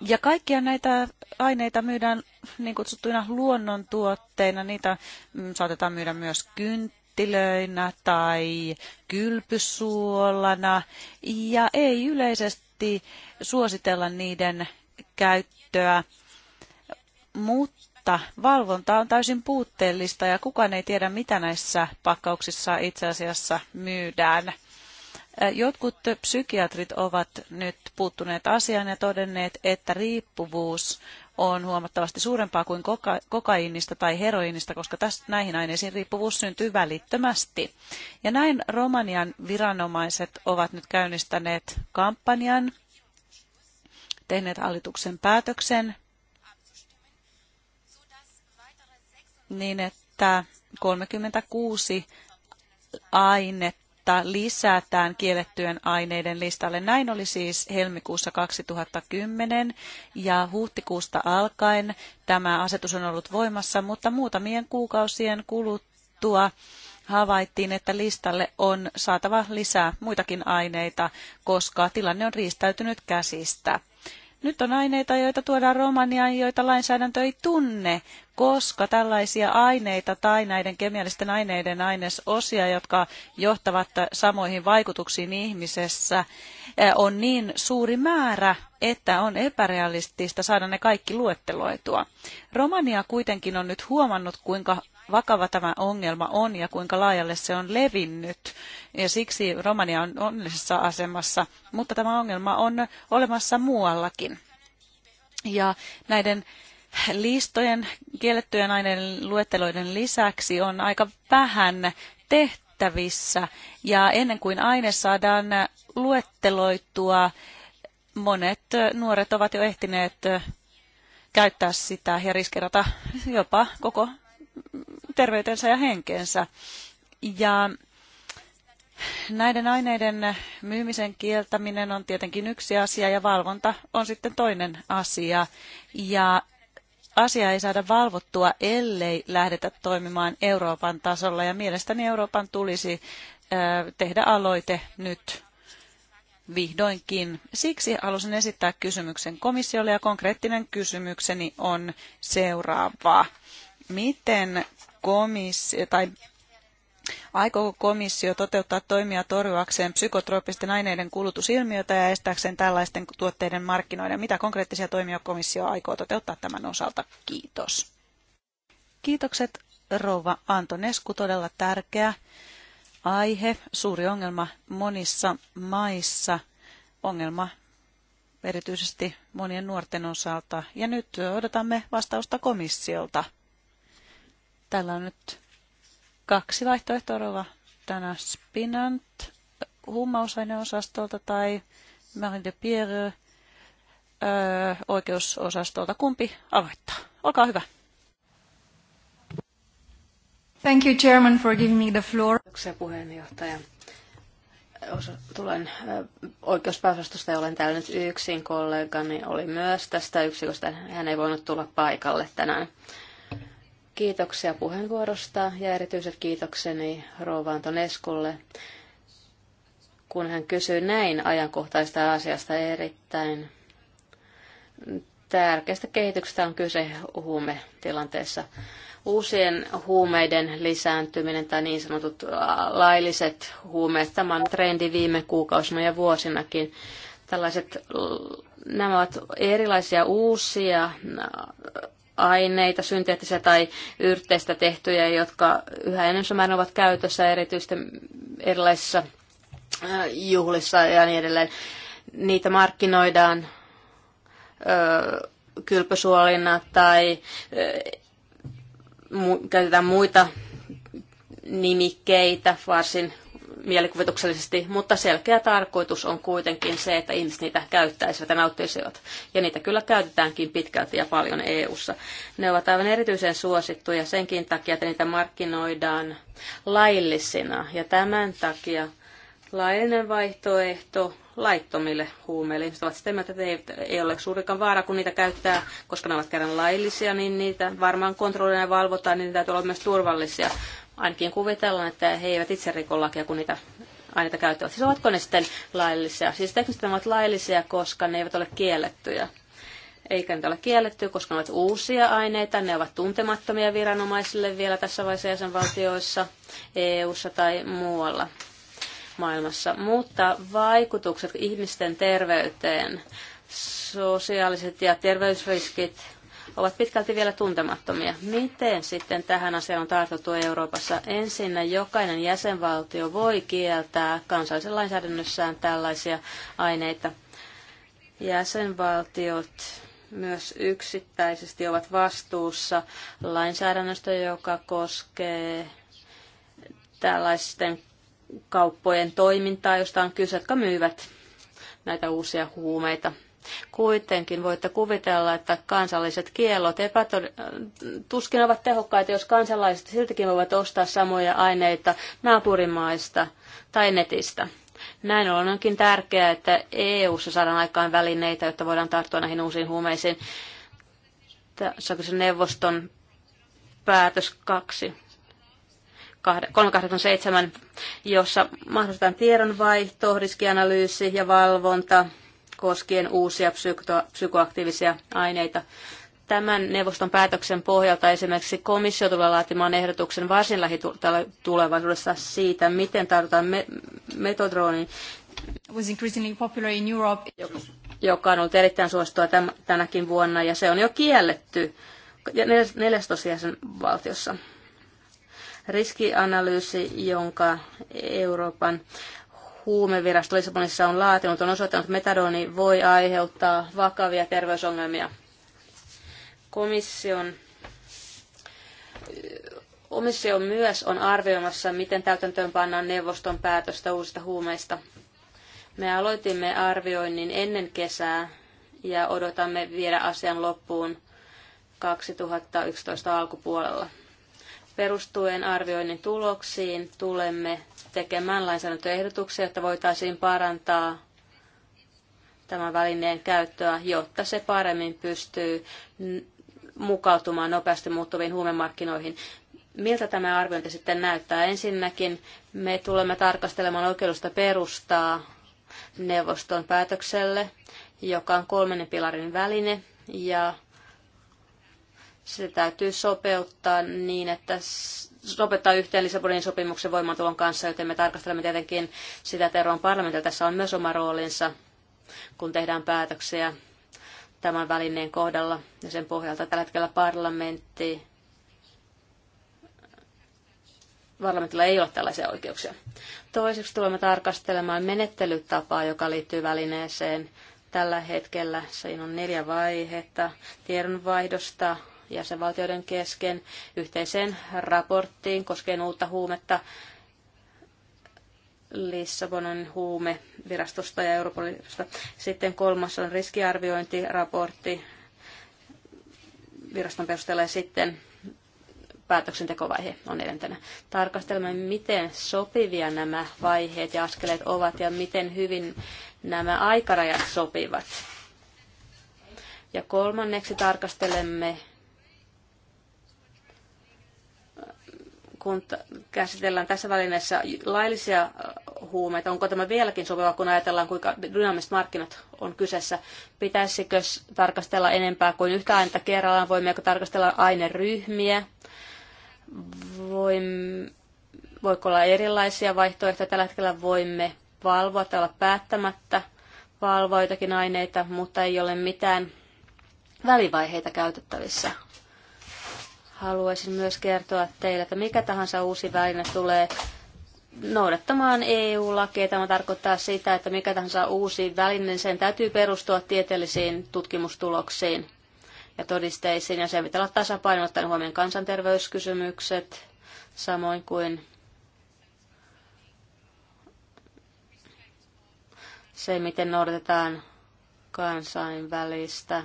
Ja kaikkia näitä aineita myydään niin kutsuttuina luonnontuotteina. Niitä mm, saatetaan myydä myös kynttilöinä tai kylpysuolana. Ja ei yleisesti suositella niiden käyttöä, mutta mutta valvonta on täysin puutteellista ja kukaan ei tiedä, mitä näissä pakkauksissa itse asiassa myydään. Jotkut psykiatrit ovat nyt puuttuneet asiaan ja todenneet, että riippuvuus on huomattavasti suurempaa kuin koka- kokaiinista tai heroiinista, koska tästä näihin aineisiin riippuvuus syntyy välittömästi. Ja näin Romanian viranomaiset ovat nyt käynnistäneet kampanjan, tehneet hallituksen päätöksen niin että 36 ainetta lisätään kiellettyjen aineiden listalle. Näin oli siis helmikuussa 2010 ja huhtikuusta alkaen tämä asetus on ollut voimassa, mutta muutamien kuukausien kuluttua havaittiin, että listalle on saatava lisää muitakin aineita, koska tilanne on riistäytynyt käsistä. Nyt on aineita, joita tuodaan Romaniaan, joita lainsäädäntö ei tunne, koska tällaisia aineita tai näiden kemiallisten aineiden ainesosia, jotka johtavat samoihin vaikutuksiin ihmisessä, eh, on niin suuri määrä, että on epärealistista saada ne kaikki luetteloitua. Romania kuitenkin on nyt huomannut, kuinka vakava tämä ongelma on ja kuinka laajalle se on levinnyt. Ja siksi Romania on onnellisessa asemassa, mutta tämä ongelma on olemassa muuallakin. Ja näiden listojen, kiellettyjen aineiden luetteloiden lisäksi on aika vähän tehtävissä. Ja ennen kuin aine saadaan luetteloitua, monet nuoret ovat jo ehtineet käyttää sitä ja riskerata jopa koko terveytensä ja henkeensä. Ja näiden aineiden myymisen kieltäminen on tietenkin yksi asia ja valvonta on sitten toinen asia. Ja asia ei saada valvottua, ellei lähdetä toimimaan Euroopan tasolla. Ja mielestäni Euroopan tulisi tehdä aloite nyt vihdoinkin. Siksi halusin esittää kysymyksen komissiolle ja konkreettinen kysymykseni on seuraava miten komissio tai Aikooko komissio toteuttaa toimia torjuakseen psykotrooppisten aineiden kulutusilmiötä ja estääkseen tällaisten tuotteiden markkinoiden? Mitä konkreettisia toimia komissio aikoo toteuttaa tämän osalta? Kiitos. Kiitokset rouva Antonesku, todella tärkeä aihe, suuri ongelma monissa maissa, ongelma erityisesti monien nuorten osalta. Ja nyt odotamme vastausta komissiolta. Täällä on nyt kaksi vaihtoehtoa rova tänä Spinant huumausaineosastolta tai Marie de Pierre öö, oikeusosastolta. Kumpi aloittaa? Olkaa hyvä. Thank you, Chairman, for giving me the floor. Kiitoksia puheenjohtaja. Tulen oikeuspääosastosta ja olen täällä nyt yksin kollegani. Oli myös tästä yksiköstä. Hän ei voinut tulla paikalle tänään. Kiitoksia puheenvuorosta ja erityiset kiitokseni Rouva Antoneskulle, kun hän kysyi näin ajankohtaista asiasta erittäin tärkeästä kehityksestä on kyse huumetilanteessa. Uusien huumeiden lisääntyminen tai niin sanotut lailliset huumeet, tämä on trendi viime kuukausina ja vuosinakin. Tällaiset, nämä ovat erilaisia uusia aineita, synteettisiä tai yrteistä tehtyjä, jotka yhä enemmän ovat käytössä erityisesti erilaisissa juhlissa ja niin edelleen. Niitä markkinoidaan ö, kylpysuolina tai ö, mu- käytetään muita nimikkeitä varsin mielikuvituksellisesti, mutta selkeä tarkoitus on kuitenkin se, että ihmiset niitä käyttäisivät ja nauttisivat. Ja niitä kyllä käytetäänkin pitkälti ja paljon EU-ssa. Ne ovat aivan erityisen suosittuja senkin takia, että niitä markkinoidaan laillisina. Ja tämän takia laillinen vaihtoehto laittomille huumeille. Ihmiset ovat sitä mieltä, että ei, ole suurikaan vaara, kun niitä käyttää, koska ne ovat kerran laillisia, niin niitä varmaan kontrolloidaan ja valvotaan, niin niitä täytyy olla myös turvallisia ainakin kuvitellaan, että he eivät itse rikollakia, kun niitä aineita käyttävät. Siis ovatko ne sitten laillisia? Siis teknisesti ne ovat laillisia, koska ne eivät ole kiellettyjä. Eikä niitä ole kiellettyä, koska ne ovat uusia aineita, ne ovat tuntemattomia viranomaisille vielä tässä vaiheessa jäsenvaltioissa, EU-ssa tai muualla maailmassa. Mutta vaikutukset ihmisten terveyteen, sosiaaliset ja terveysriskit – ovat pitkälti vielä tuntemattomia. Miten sitten tähän asiaan on tartuttu Euroopassa? Ensinnä jokainen jäsenvaltio voi kieltää kansallisen lainsäädännössään tällaisia aineita. Jäsenvaltiot myös yksittäisesti ovat vastuussa lainsäädännöstä, joka koskee tällaisten kauppojen toimintaa, josta on kyse, jotka myyvät näitä uusia huumeita Kuitenkin voitte kuvitella, että kansalliset kielot epätod- tuskin ovat tehokkaita, jos kansalaiset siltikin voivat ostaa samoja aineita naapurimaista tai netistä. Näin on onkin tärkeää, että EU-ssa saadaan aikaan välineitä, jotta voidaan tarttua näihin uusiin huumeisiin. Tässä on se neuvoston päätös 2. 387, jossa mahdollistetaan tiedonvaihto, riskianalyysi ja valvonta koskien uusia psyko- psykoaktiivisia aineita. Tämän neuvoston päätöksen pohjalta esimerkiksi komissio tulee laatimaan ehdotuksen varsin lähitulevaisuudessa siitä, miten tartutaan me- metodronin, joka on ollut erittäin suosittua täm- tänäkin vuonna, ja se on jo kielletty 14 jäsenvaltiossa. Riskianalyysi, jonka Euroopan huumevirasto Lissabonissa on laatinut, on osoittanut, että metadoni voi aiheuttaa vakavia terveysongelmia. Komission Komissio myös on arvioimassa, miten täytäntöön pannaan neuvoston päätöstä uusista huumeista. Me aloitimme arvioinnin ennen kesää ja odotamme viedä asian loppuun 2011 alkupuolella. Perustuen arvioinnin tuloksiin tulemme tekemään lainsäädäntöehdotuksia, että voitaisiin parantaa tämän välineen käyttöä, jotta se paremmin pystyy mukautumaan nopeasti muuttuviin huumemarkkinoihin. Miltä tämä arviointi sitten näyttää? Ensinnäkin me tulemme tarkastelemaan oikeudusta perustaa neuvoston päätökselle, joka on kolmannen pilarin väline, ja se täytyy sopeuttaa niin, että sopeuttaa yhteen Lissabonin sopimuksen voimantulon kanssa, joten me tarkastelemme tietenkin sitä, että Euroopan parlamentilla tässä on myös oma roolinsa, kun tehdään päätöksiä tämän välineen kohdalla ja sen pohjalta. Tällä hetkellä parlamentti, parlamentilla ei ole tällaisia oikeuksia. Toiseksi tulemme tarkastelemaan menettelytapaa, joka liittyy välineeseen. Tällä hetkellä siinä on neljä vaihetta tiedonvaihdosta, jäsenvaltioiden kesken yhteiseen raporttiin koskien uutta huumetta Lissabonin huumevirastosta ja Europolista. Sitten kolmas on riskiarviointiraportti viraston perusteella ja sitten päätöksentekovaihe on neljäntenä. Tarkastelemme, miten sopivia nämä vaiheet ja askeleet ovat ja miten hyvin nämä aikarajat sopivat. Ja kolmanneksi tarkastelemme kun käsitellään tässä välineessä laillisia huumeita, onko tämä vieläkin sopiva, kun ajatellaan, kuinka dynaamiset markkinat on kyseessä? Pitäisikö tarkastella enempää kuin yhtä ainetta kerrallaan? Voimmeko tarkastella aineryhmiä? Voim, voiko olla erilaisia vaihtoehtoja? Tällä hetkellä voimme valvoa tai olla päättämättä valvoa jotakin aineita, mutta ei ole mitään välivaiheita käytettävissä Haluaisin myös kertoa teille, että mikä tahansa uusi väline tulee noudattamaan EU-lakia. Tämä tarkoittaa sitä, että mikä tahansa uusi väline, sen täytyy perustua tieteellisiin tutkimustuloksiin ja todisteisiin, ja sen pitää olla tasapaino ottaen huomioon kansanterveyskysymykset, samoin kuin se, miten noudatetaan kansainvälistä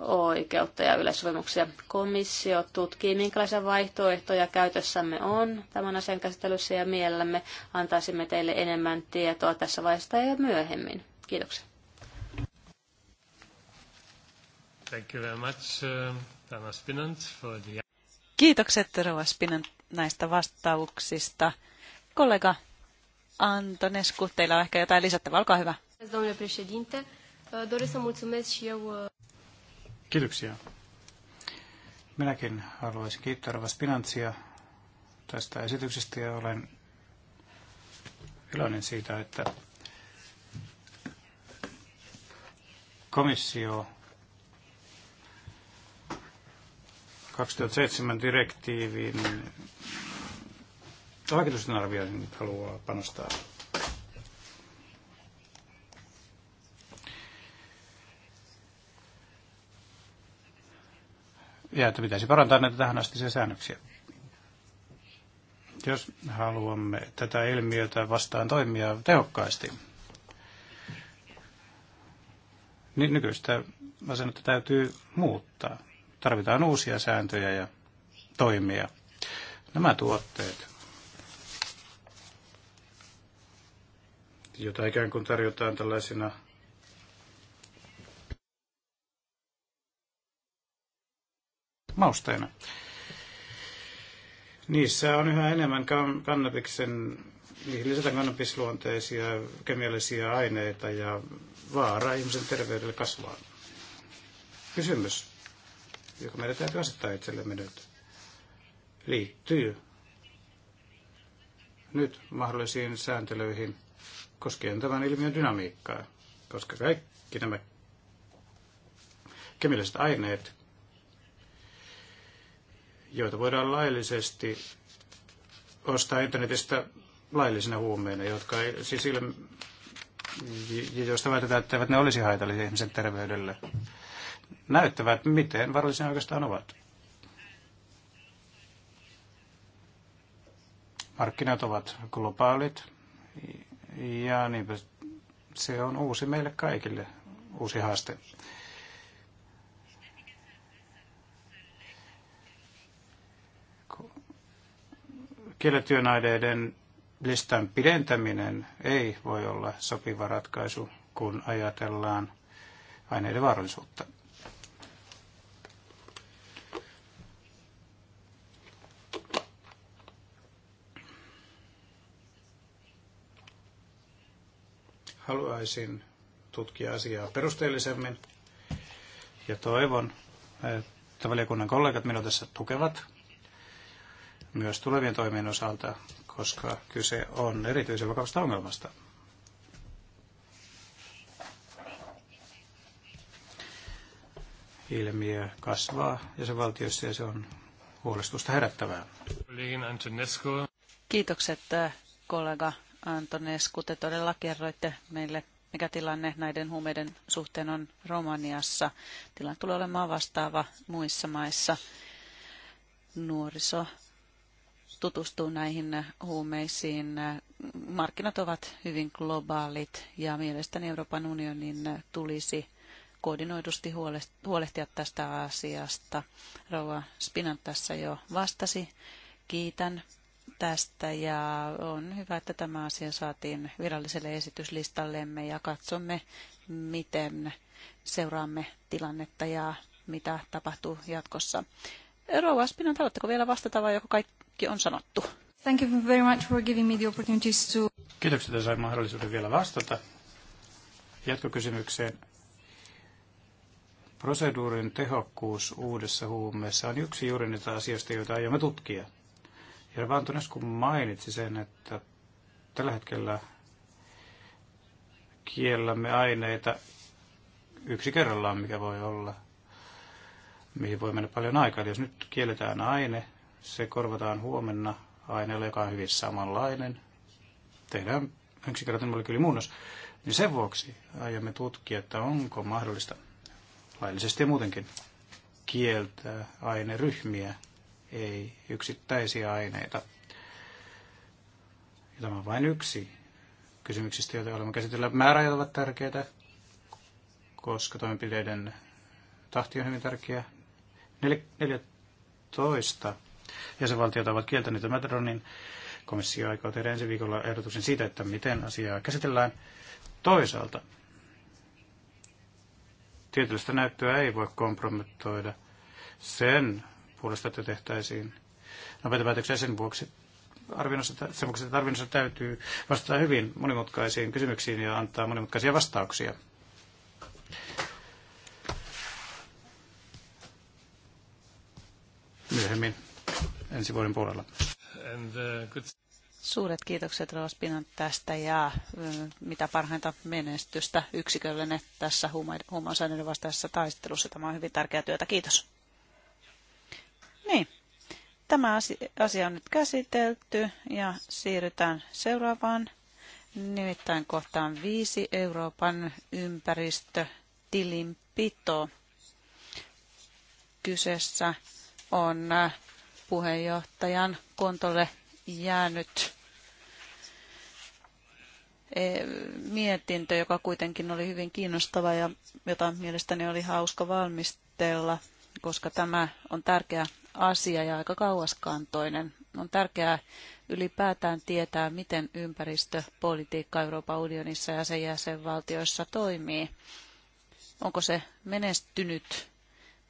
oikeutta ja yleissopimuksia. Komissio tutkii, minkälaisia vaihtoehtoja käytössämme on tämän asian käsittelyssä ja mielellämme antaisimme teille enemmän tietoa tässä vaiheessa ja myöhemmin. Kiitoksia. Thank you very much, uh, for the... Kiitokset Rova Spinant näistä vastauksista. Kollega Antonescu, teillä on ehkä jotain lisättävää, olkaa hyvä. Uh, doresc să mulțumesc și eu uh, Kiitoksia. Minäkin haluaisin kiittää Rovas Pinantsia tästä esityksestä ja olen iloinen siitä, että komissio 2007 direktiivin vaikutusten arvioinnin haluaa panostaa ja että pitäisi parantaa näitä tähän asti säännöksiä. Jos haluamme tätä ilmiötä vastaan toimia tehokkaasti, niin nykyistä asennetta täytyy muuttaa. Tarvitaan uusia sääntöjä ja toimia. Nämä tuotteet, joita ikään kuin tarjotaan tällaisina mausteena. Niissä on yhä enemmän kannabiksen, niihin lisätään kannabisluonteisia kemiallisia aineita ja vaara ihmisen terveydelle kasvaa. Kysymys, joka meidän täytyy asettaa itsellemme nyt, liittyy nyt mahdollisiin sääntelyihin koskien tämän ilmiön dynamiikkaa, koska kaikki nämä kemialliset aineet joita voidaan laillisesti ostaa internetistä laillisina huumeina, jotka ei, siis ilme, joista väitetään, että ne olisi haitallisia ihmisen terveydelle, näyttävät, miten varallisia oikeastaan ovat. Markkinat ovat globaalit ja niinpä se on uusi meille kaikille, uusi haaste. Kiellettyjen listan pidentäminen ei voi olla sopiva ratkaisu, kun ajatellaan aineiden vaarallisuutta. haluaisin tutkia asiaa perusteellisemmin ja toivon, että valiokunnan kollegat minua tässä tukevat myös tulevien toimien osalta, koska kyse on erityisen vakavasta ongelmasta. Ilmiö kasvaa jäsenvaltiossa ja se on huolestusta herättävää. Kiitokset äh, kollega Antonescu. Te todella kerroitte meille, mikä tilanne näiden huumeiden suhteen on Romaniassa. Tilanne tulee olemaan vastaava muissa maissa. Nuoriso tutustuu näihin huumeisiin. Markkinat ovat hyvin globaalit ja mielestäni Euroopan unionin tulisi koordinoidusti huolehtia tästä asiasta. Rouva Spinan tässä jo vastasi. Kiitän tästä ja on hyvä, että tämä asia saatiin viralliselle esityslistallemme ja katsomme, miten seuraamme tilannetta ja mitä tapahtuu jatkossa. Rouva Spinan, haluatteko vielä vastata vai joko kaikki kaikki on sanottu. Thank you very much for giving me the opportunities to... Kiitoksia, että sain mahdollisuuden vielä vastata jatkokysymykseen. Proseduurin tehokkuus uudessa huumeessa on yksi juuri niitä asioista, joita aiomme tutkia. Ja kun mainitsi sen, että tällä hetkellä kiellämme aineita yksi kerrallaan, mikä voi olla, mihin voi mennä paljon aikaa. Eli jos nyt kielletään aine, se korvataan huomenna aineella, joka on hyvin samanlainen. Tehdään yksinkertainen molekyylimuunnos. Niin sen vuoksi aiomme tutkia, että onko mahdollista laillisesti ja muutenkin kieltää aineryhmiä, ei yksittäisiä aineita. Ja tämä on vain yksi kysymyksistä, joita olemme käsitellä. Määräajat ovat tärkeitä, koska toimenpiteiden tahti on hyvin tärkeä. 14 jäsenvaltiot ovat kieltäneet Matronin. Komissio aikoo tehdä ensi viikolla ehdotuksen siitä, että miten asiaa käsitellään. Toisaalta tieteellistä näyttöä ei voi kompromittoida sen puolesta, että tehtäisiin nopeita päätöksiä sen vuoksi. sen vuoksi, että arvinnossa täytyy vastata hyvin monimutkaisiin kysymyksiin ja antaa monimutkaisia vastauksia. myöhemmin ensi vuoden puolella. And, uh, good... Suuret kiitokset Rospinan tästä ja mitä parhainta menestystä yksikölle tässä huumausaineiden vastaisessa taistelussa. Tämä on hyvin tärkeää työtä. Kiitos. Niin. Tämä asia on nyt käsitelty ja siirrytään seuraavaan, nimittäin kohtaan viisi Euroopan ympäristötilinpito. Kyseessä on puheenjohtajan kontolle jäänyt e, mietintö, joka kuitenkin oli hyvin kiinnostava ja jota mielestäni oli hauska valmistella, koska tämä on tärkeä asia ja aika kauaskantoinen. On tärkeää ylipäätään tietää, miten ympäristöpolitiikka Euroopan unionissa ja sen jäsenvaltioissa toimii. Onko se menestynyt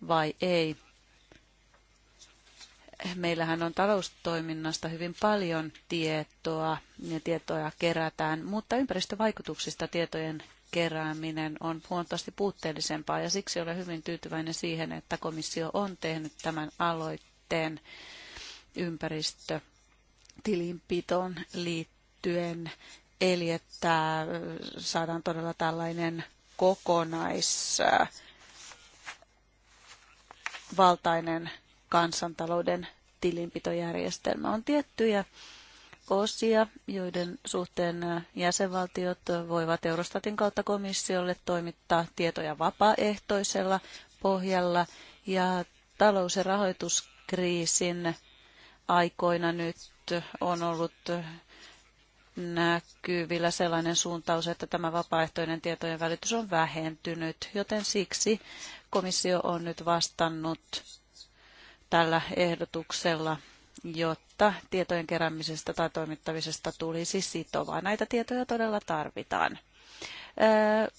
vai ei? meillähän on taloustoiminnasta hyvin paljon tietoa ja tietoja kerätään, mutta ympäristövaikutuksista tietojen kerääminen on huomattavasti puutteellisempaa ja siksi olen hyvin tyytyväinen siihen, että komissio on tehnyt tämän aloitteen ympäristötilinpitoon liittyen. Eli että saadaan todella tällainen kokonaisvaltainen kansantalouden tilinpitojärjestelmä. On tiettyjä osia, joiden suhteen jäsenvaltiot voivat Eurostatin kautta komissiolle toimittaa tietoja vapaaehtoisella pohjalla ja talous- ja rahoituskriisin aikoina nyt on ollut näkyvillä sellainen suuntaus, että tämä vapaaehtoinen tietojen välitys on vähentynyt, joten siksi komissio on nyt vastannut tällä ehdotuksella, jotta tietojen keräämisestä tai toimittamisesta tulisi sitovaa. Näitä tietoja todella tarvitaan.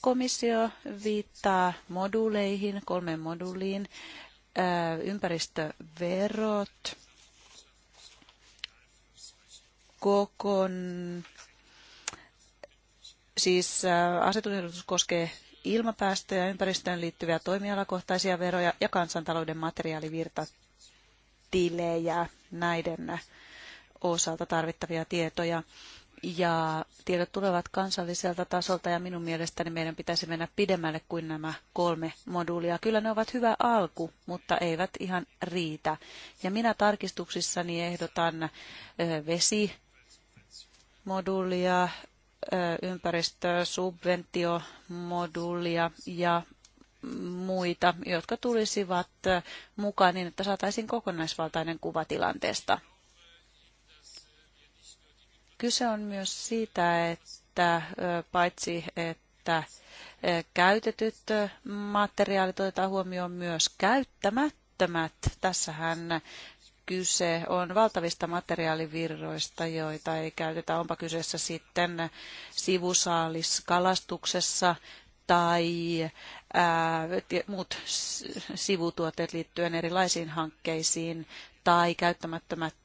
Komissio viittaa moduleihin, kolmen moduliin, ympäristöverot, kokon, siis asetusehdotus koskee ilmapäästöjä, ympäristöön liittyviä toimialakohtaisia veroja ja kansantalouden materiaalivirta tilejä näiden osalta tarvittavia tietoja. Ja tiedot tulevat kansalliselta tasolta ja minun mielestäni meidän pitäisi mennä pidemmälle kuin nämä kolme moduulia. Kyllä ne ovat hyvä alku, mutta eivät ihan riitä. Ja minä tarkistuksissani ehdotan vesimoduulia, ympäristösubventiomoduulia ja muita, jotka tulisivat mukaan niin, että saataisiin kokonaisvaltainen kuva tilanteesta. Kyse on myös siitä, että paitsi että käytetyt materiaalit otetaan huomioon myös käyttämättömät. Tässähän kyse on valtavista materiaalivirroista, joita ei käytetä. Onpa kyseessä sitten sivusaaliskalastuksessa tai muut sivutuotteet liittyen erilaisiin hankkeisiin tai käyttämättömät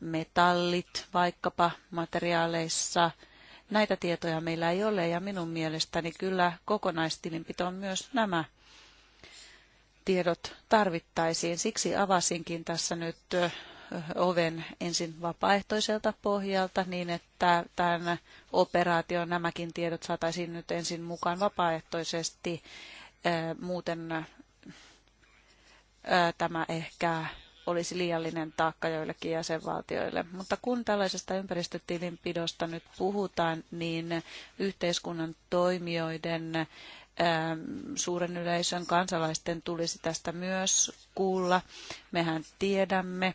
metallit vaikkapa materiaaleissa. Näitä tietoja meillä ei ole ja minun mielestäni kyllä on myös nämä tiedot tarvittaisiin. Siksi avasinkin tässä nyt oven ensin vapaaehtoiselta pohjalta niin, että tämän operaation nämäkin tiedot saataisiin nyt ensin mukaan vapaaehtoisesti. Muuten tämä ehkä olisi liiallinen taakka joillekin jäsenvaltioille. Mutta kun tällaisesta ympäristötilinpidosta nyt puhutaan, niin yhteiskunnan toimijoiden suuren yleisön kansalaisten tulisi tästä myös kuulla. Mehän tiedämme,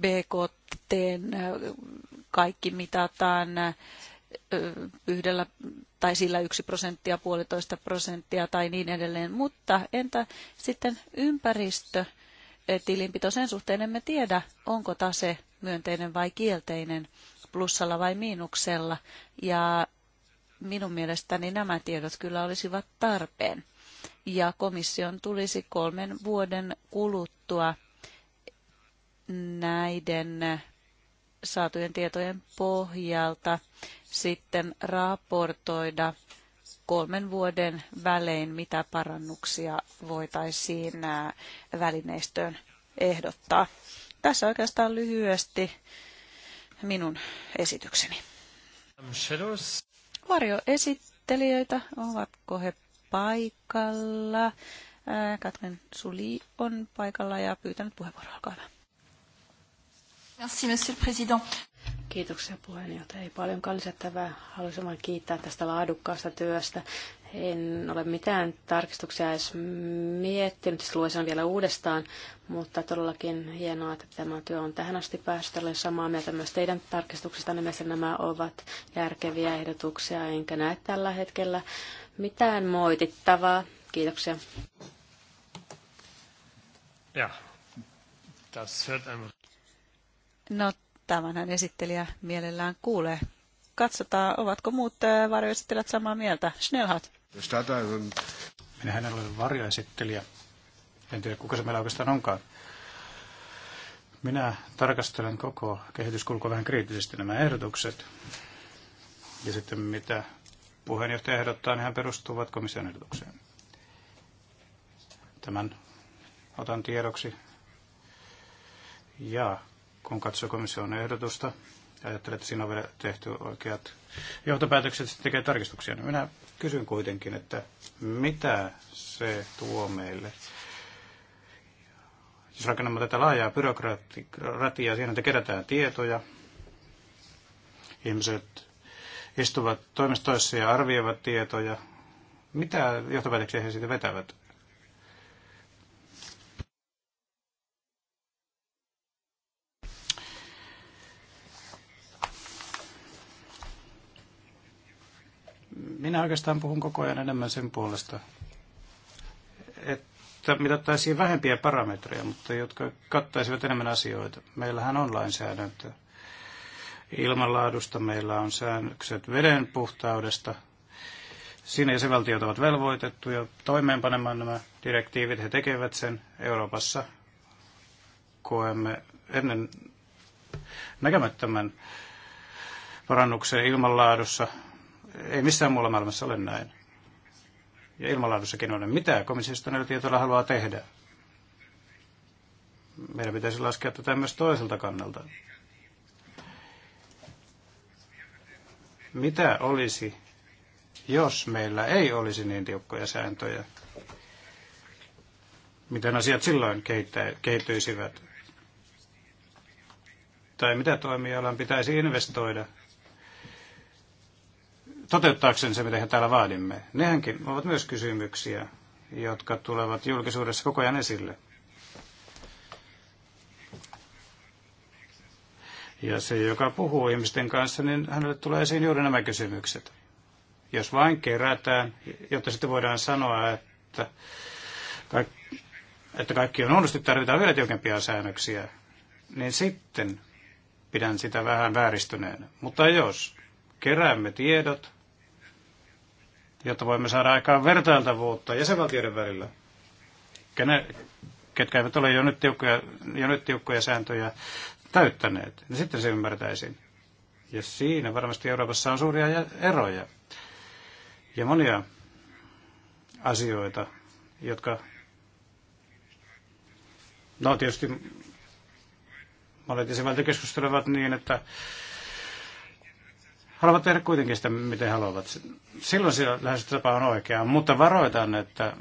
BKT kaikki mitataan yhdellä tai sillä yksi prosenttia, puolitoista prosenttia tai niin edelleen. Mutta entä sitten ympäristö? Tilinpito sen suhteen emme tiedä, onko tase myönteinen vai kielteinen, plussalla vai miinuksella. Ja minun mielestäni nämä tiedot kyllä olisivat tarpeen. Ja komission tulisi kolmen vuoden kuluttua näiden saatujen tietojen pohjalta sitten raportoida kolmen vuoden välein, mitä parannuksia voitaisiin välineistöön ehdottaa. Tässä oikeastaan lyhyesti minun esitykseni. Varjoesittelijöitä, ovatko he paikalla? Katrin Suli on paikalla ja pyytänyt puheenvuoroa. Olkaa hyvä. Merci, monsieur le président. Kiitoksia puheenjohtaja. Ei paljonkaan lisättävää. Haluaisin vain kiittää tästä laadukkaasta työstä. En ole mitään tarkistuksia edes miettinyt, siis luen sen vielä uudestaan, mutta todellakin hienoa, että tämä työ on tähän asti päässyt. Olen samaa mieltä myös teidän tarkistuksista, nimessä nämä ovat järkeviä ehdotuksia, enkä näe tällä hetkellä mitään moitittavaa. Kiitoksia. Ja, das hört ein No, tämänhän esittelijä mielellään kuulee. Katsotaan, ovatko muut varjoesittelijät samaa mieltä. Schnellhat. Minä hänellä olen varjoesittelijä. En tiedä, kuka se meillä oikeastaan onkaan. Minä tarkastelen koko kehityskulku vähän kriittisesti nämä ehdotukset. Ja sitten mitä puheenjohtaja ehdottaa, niin hän perustuvat komission ehdotukseen. Tämän otan tiedoksi. Ja kun katsoo komission ehdotusta, ajattelee, että siinä on vielä tehty oikeat johtopäätökset, sitten tekee tarkistuksia. Niin minä kysyn kuitenkin, että mitä se tuo meille? Jos siis rakennamme tätä laajaa byrokratiaa siinä, että kerätään tietoja, ihmiset istuvat toimistoissa ja arvioivat tietoja, mitä johtopäätöksiä he siitä vetävät? Minä oikeastaan puhun koko ajan enemmän sen puolesta, että mitattaisiin vähempiä parametreja, mutta jotka kattaisivat enemmän asioita. Meillähän on lainsäädäntö ilmanlaadusta, meillä on säännökset veden puhtaudesta. Siinä jäsenvaltiot ovat velvoitettuja toimeenpanemaan nämä direktiivit. He tekevät sen Euroopassa. Koemme ennen näkemättömän parannuksen ilmanlaadussa ei missään muualla maailmassa ole näin. Ja ilmanlaadussakin on. Mitä komissiosta näillä tietoilla haluaa tehdä? Meidän pitäisi laskea tätä myös toiselta kannalta. Mitä olisi, jos meillä ei olisi niin tiukkoja sääntöjä? Miten asiat silloin kehittyisivät? Tai mitä toimialan pitäisi investoida – toteuttaakseen se, mitä he täällä vaadimme. Nehänkin ovat myös kysymyksiä, jotka tulevat julkisuudessa koko ajan esille. Ja se, joka puhuu ihmisten kanssa, niin hänelle tulee esiin juuri nämä kysymykset. Jos vain kerätään, jotta sitten voidaan sanoa, että, kaikki, että kaikki on onnistunut tarvitaan vielä tiukempia säännöksiä, niin sitten pidän sitä vähän vääristyneenä. Mutta jos keräämme tiedot jotta voimme saada aikaan vertailtavuutta jäsenvaltioiden välillä, Kene, ketkä eivät ole jo nyt tiukkoja, jo nyt tiukkoja sääntöjä täyttäneet. Niin sitten se ymmärtäisin. Ja siinä varmasti Euroopassa on suuria eroja ja monia asioita, jotka, no tietysti monet jäsenvaltiokeskustelevat niin, että haluavat tehdä kuitenkin sitä, miten haluavat. Silloin se lähestytapa on oikea, mutta varoitan, että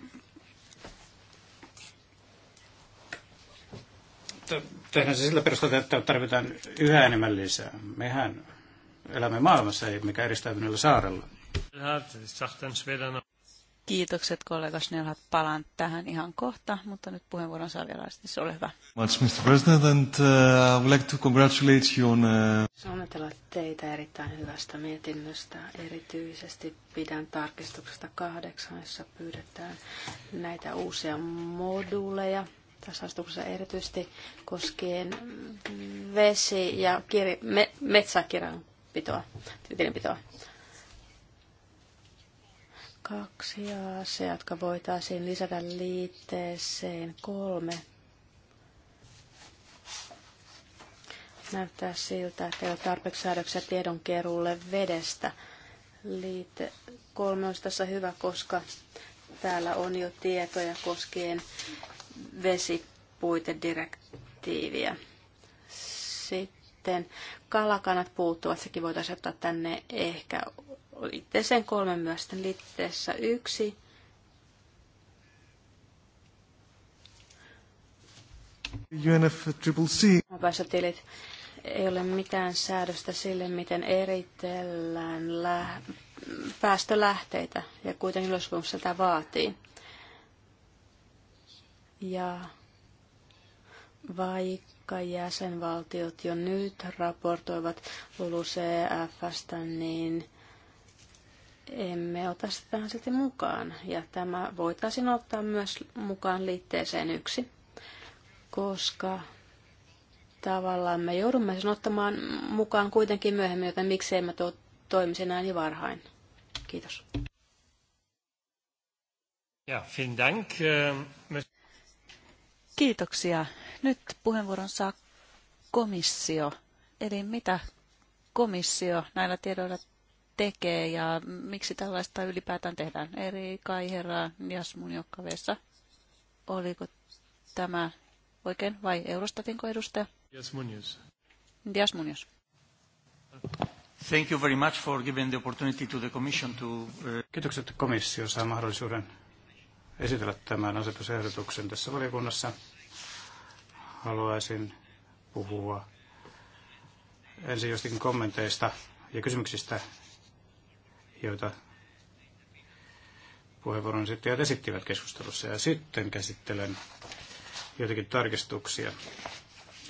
tehdään se sillä perusteella, että tarvitaan yhä enemmän lisää. Mehän elämme maailmassa, mikä eristäytyneellä saarella. Kiitokset kollega Snellhat. Palaan tähän ihan kohta, mutta nyt puheenvuoron saa vielä sitten. Se ole hyvä. Much, Mr. President, and uh, I would like to congratulate you on... Uh... Onnitella teitä erittäin hyvästä mietinnöstä. Erityisesti pidän tarkistuksesta kahdeksan, jossa pyydetään näitä uusia moduuleja tässä astuksessa erityisesti koskien vesi- ja kir- me- metsäkirjanpitoa, tilinpitoa kaksi asiaa, jotka voitaisiin lisätä liitteeseen kolme. Näyttää siltä, että ei ole tarpeeksi säädöksiä tiedonkeruulle vedestä. Liite kolme on tässä hyvä, koska täällä on jo tietoja koskien vesipuitedirektiiviä. Sitten kalakanat puuttuvat, sekin voitaisiin ottaa tänne ehkä liitteeseen kolme myös liitteessä yksi. UNFCCC. Pääsötilit ei ole mitään säädöstä sille, miten eritellään lä- päästölähteitä, ja kuitenkin yleissopimus sitä vaatii. Ja vaikka jäsenvaltiot jo nyt raportoivat LULUCFstä, niin emme ota sitä silti mukaan. Ja tämä voitaisiin ottaa myös mukaan liitteeseen yksi, koska tavallaan me joudumme sen ottamaan mukaan kuitenkin myöhemmin, joten miksei mä tuo toimisi näin niin varhain. Kiitos. Ja, vielen dank. Ähm, Kiitoksia. Nyt puheenvuoron saa komissio. Eli mitä komissio näillä tiedoilla tekee ja miksi tällaista ylipäätään tehdään. Eri Kai, Herra, Jasmun, Jokkavessa. Oliko tämä oikein vai Eurostatinko edustaja? Jasmunius. Jasmunius. Thank you very much for giving the opportunity to the commission to... Uh, Kiitokset komissio saa mahdollisuuden esitellä tämän asetusehdotuksen tässä valiokunnassa. Haluaisin puhua ensin jostakin kommenteista ja kysymyksistä, joita puheenvuoron esittäjät esittivät keskustelussa. Ja sitten käsittelen joitakin tarkistuksia,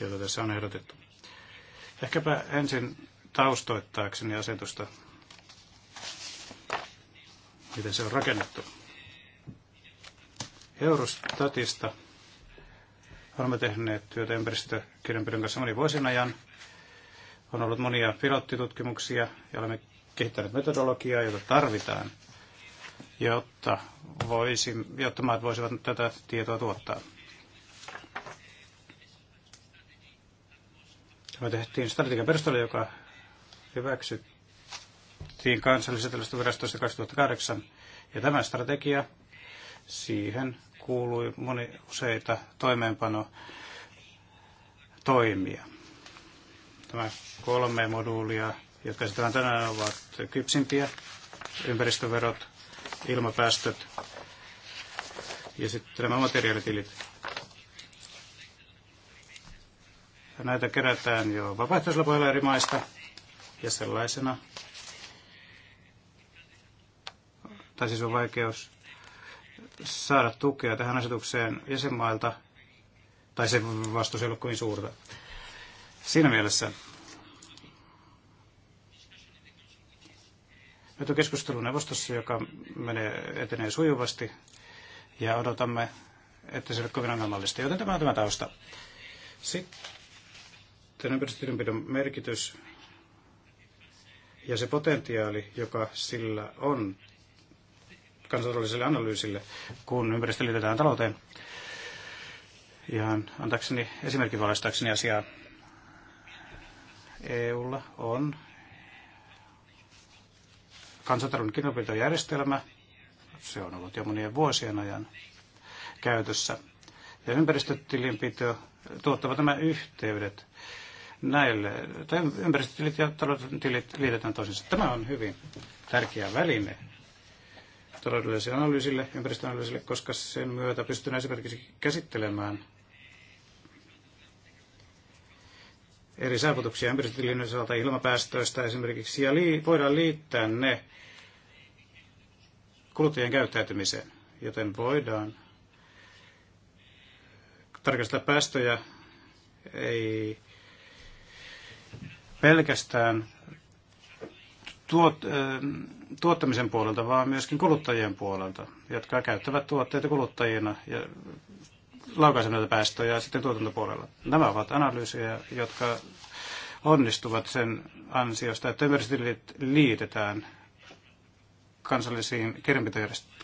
joita tässä on ehdotettu. Ehkäpä ensin taustoittaakseni asetusta, miten se on rakennettu. Eurostatista olemme tehneet työtä ympäristökirjanpidon kanssa monin vuosien ajan. On ollut monia pilottitutkimuksia ja olemme kehittänyt metodologiaa, jota tarvitaan, jotta, voisi, jotta maat voisivat tätä tietoa tuottaa. Me tehtiin strategian perusteella, joka hyväksyttiin kansallisesta virastosta 2008. Ja tämä strategia, siihen kuului moni useita toimeenpano toimia. Tämä kolme moduulia jotka esitetään tänään, ovat kypsimpiä, ympäristöverot, ilmapäästöt ja sitten nämä materiaalitilit. Ja näitä kerätään jo vapaaehtoisella pohjalla eri maista ja sellaisena, tai siis on vaikeus saada tukea tähän asetukseen jäsenmailta, tai se vastus ei ollut kovin suurta. Siinä mielessä Nyt on keskustelu neuvostossa, joka menee, etenee sujuvasti ja odotamme, että se ei ole kovin ongelmallista. Joten tämä on tämä tausta. Sitten ympäristötilinpidon merkitys ja se potentiaali, joka sillä on kansantaloudelliselle analyysille, kun ympäristö liitetään talouteen. Ihan antaakseni esimerkin valistaakseni asiaa. EUlla on kansantalouden kirjanpitojärjestelmä, se on ollut jo monien vuosien ajan käytössä. Ja ympäristötilinpito tuottavat nämä yhteydet näille, tai ympäristötilit ja taloustilit liitetään toisiinsa. Tämä on hyvin tärkeä väline taloudelliselle analyysille, ympäristöanalyysille, koska sen myötä pystytään esimerkiksi käsittelemään eri saavutuksia ympäristötilin osalta ilmapäästöistä esimerkiksi, ja lii, voidaan liittää ne kuluttajien käyttäytymiseen, joten voidaan tarkastaa päästöjä ei pelkästään tuot, ähm, tuottamisen puolelta, vaan myöskin kuluttajien puolelta, jotka käyttävät tuotteita kuluttajina ja laukaisemmilta päästöjä sitten tuotantopuolella. Nämä ovat analyysejä, jotka onnistuvat sen ansiosta, että ympäristötilit liitetään kansallisiin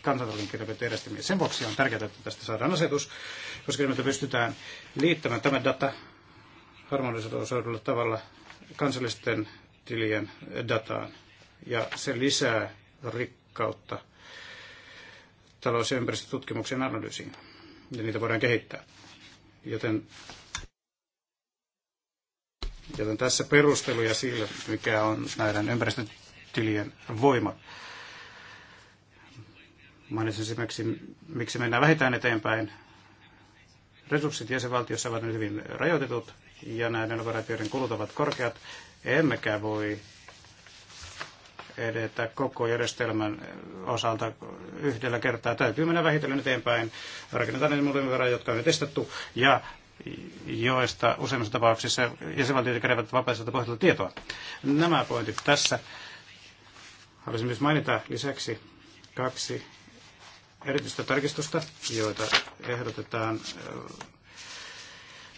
kansallisiin kirjanpitojärjestelmiin. Sen vuoksi on tärkeää, että tästä saadaan asetus, koska me pystytään liittämään tämä data harmonisoidulla tavalla kansallisten tilien dataan. Ja se lisää rikkautta talous- ja ympäristötutkimuksen analyysiin ja niitä voidaan kehittää. Joten, joten tässä perusteluja sille, mikä on näiden ympäristötilien voima. Mainitsin esimerkiksi, miksi mennään vähitään eteenpäin. Resurssit jäsenvaltiossa ovat nyt hyvin rajoitetut ja näiden operaatioiden kulut ovat korkeat. Emmekä voi edetä koko järjestelmän osalta yhdellä kertaa. Täytyy mennä vähitellen eteenpäin. Rakennetaan ne muutamia verran, jotka on jo testattu ja joista useimmissa tapauksissa jäsenvaltiot kerävät vapaaehtoiselta pohjalta tietoa. Nämä pointit tässä. Haluaisin myös mainita lisäksi kaksi erityistä tarkistusta, joita ehdotetaan äh,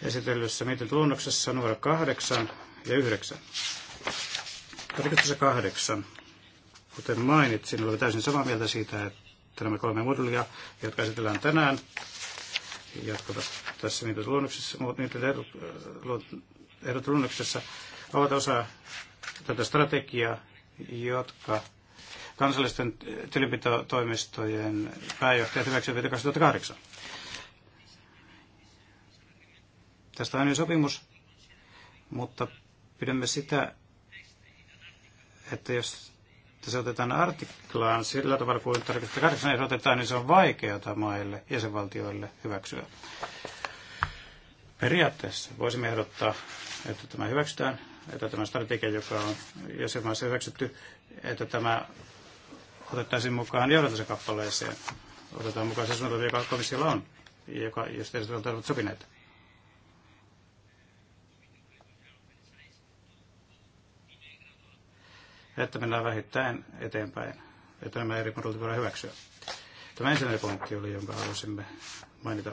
esitellyssä mietintöluonnoksessa numero kahdeksan ja yhdeksän. tarkistus kahdeksan Kuten mainitsin, olen täysin samaa mieltä siitä, että nämä kolme modulia, jotka esitellään tänään, jotka tässä luonnoksessa ovat osa tätä strategiaa, jotka kansallisten tilinpitotoimistojen pääjohtajat hyväksyivät 2008. Tästä on jo sopimus, mutta pidämme sitä, että jos että se otetaan artiklaan sillä tavalla kuin tarkastus 8 jos otetaan, niin se on vaikeata maille, jäsenvaltioille hyväksyä. Periaatteessa voisimme ehdottaa, että tämä hyväksytään, että tämä strategia, joka on jäsenmaassa hyväksytty, että tämä otettaisiin mukaan johdantaisen kappaleeseen. Otetaan mukaan se suunnitelma, joka komissiolla on, joka, jos teistä olette sopineet. että mennään vähittäin eteenpäin, että nämä eri moduulit voidaan hyväksyä. Tämä ensimmäinen pointti oli, jonka haluaisimme mainita.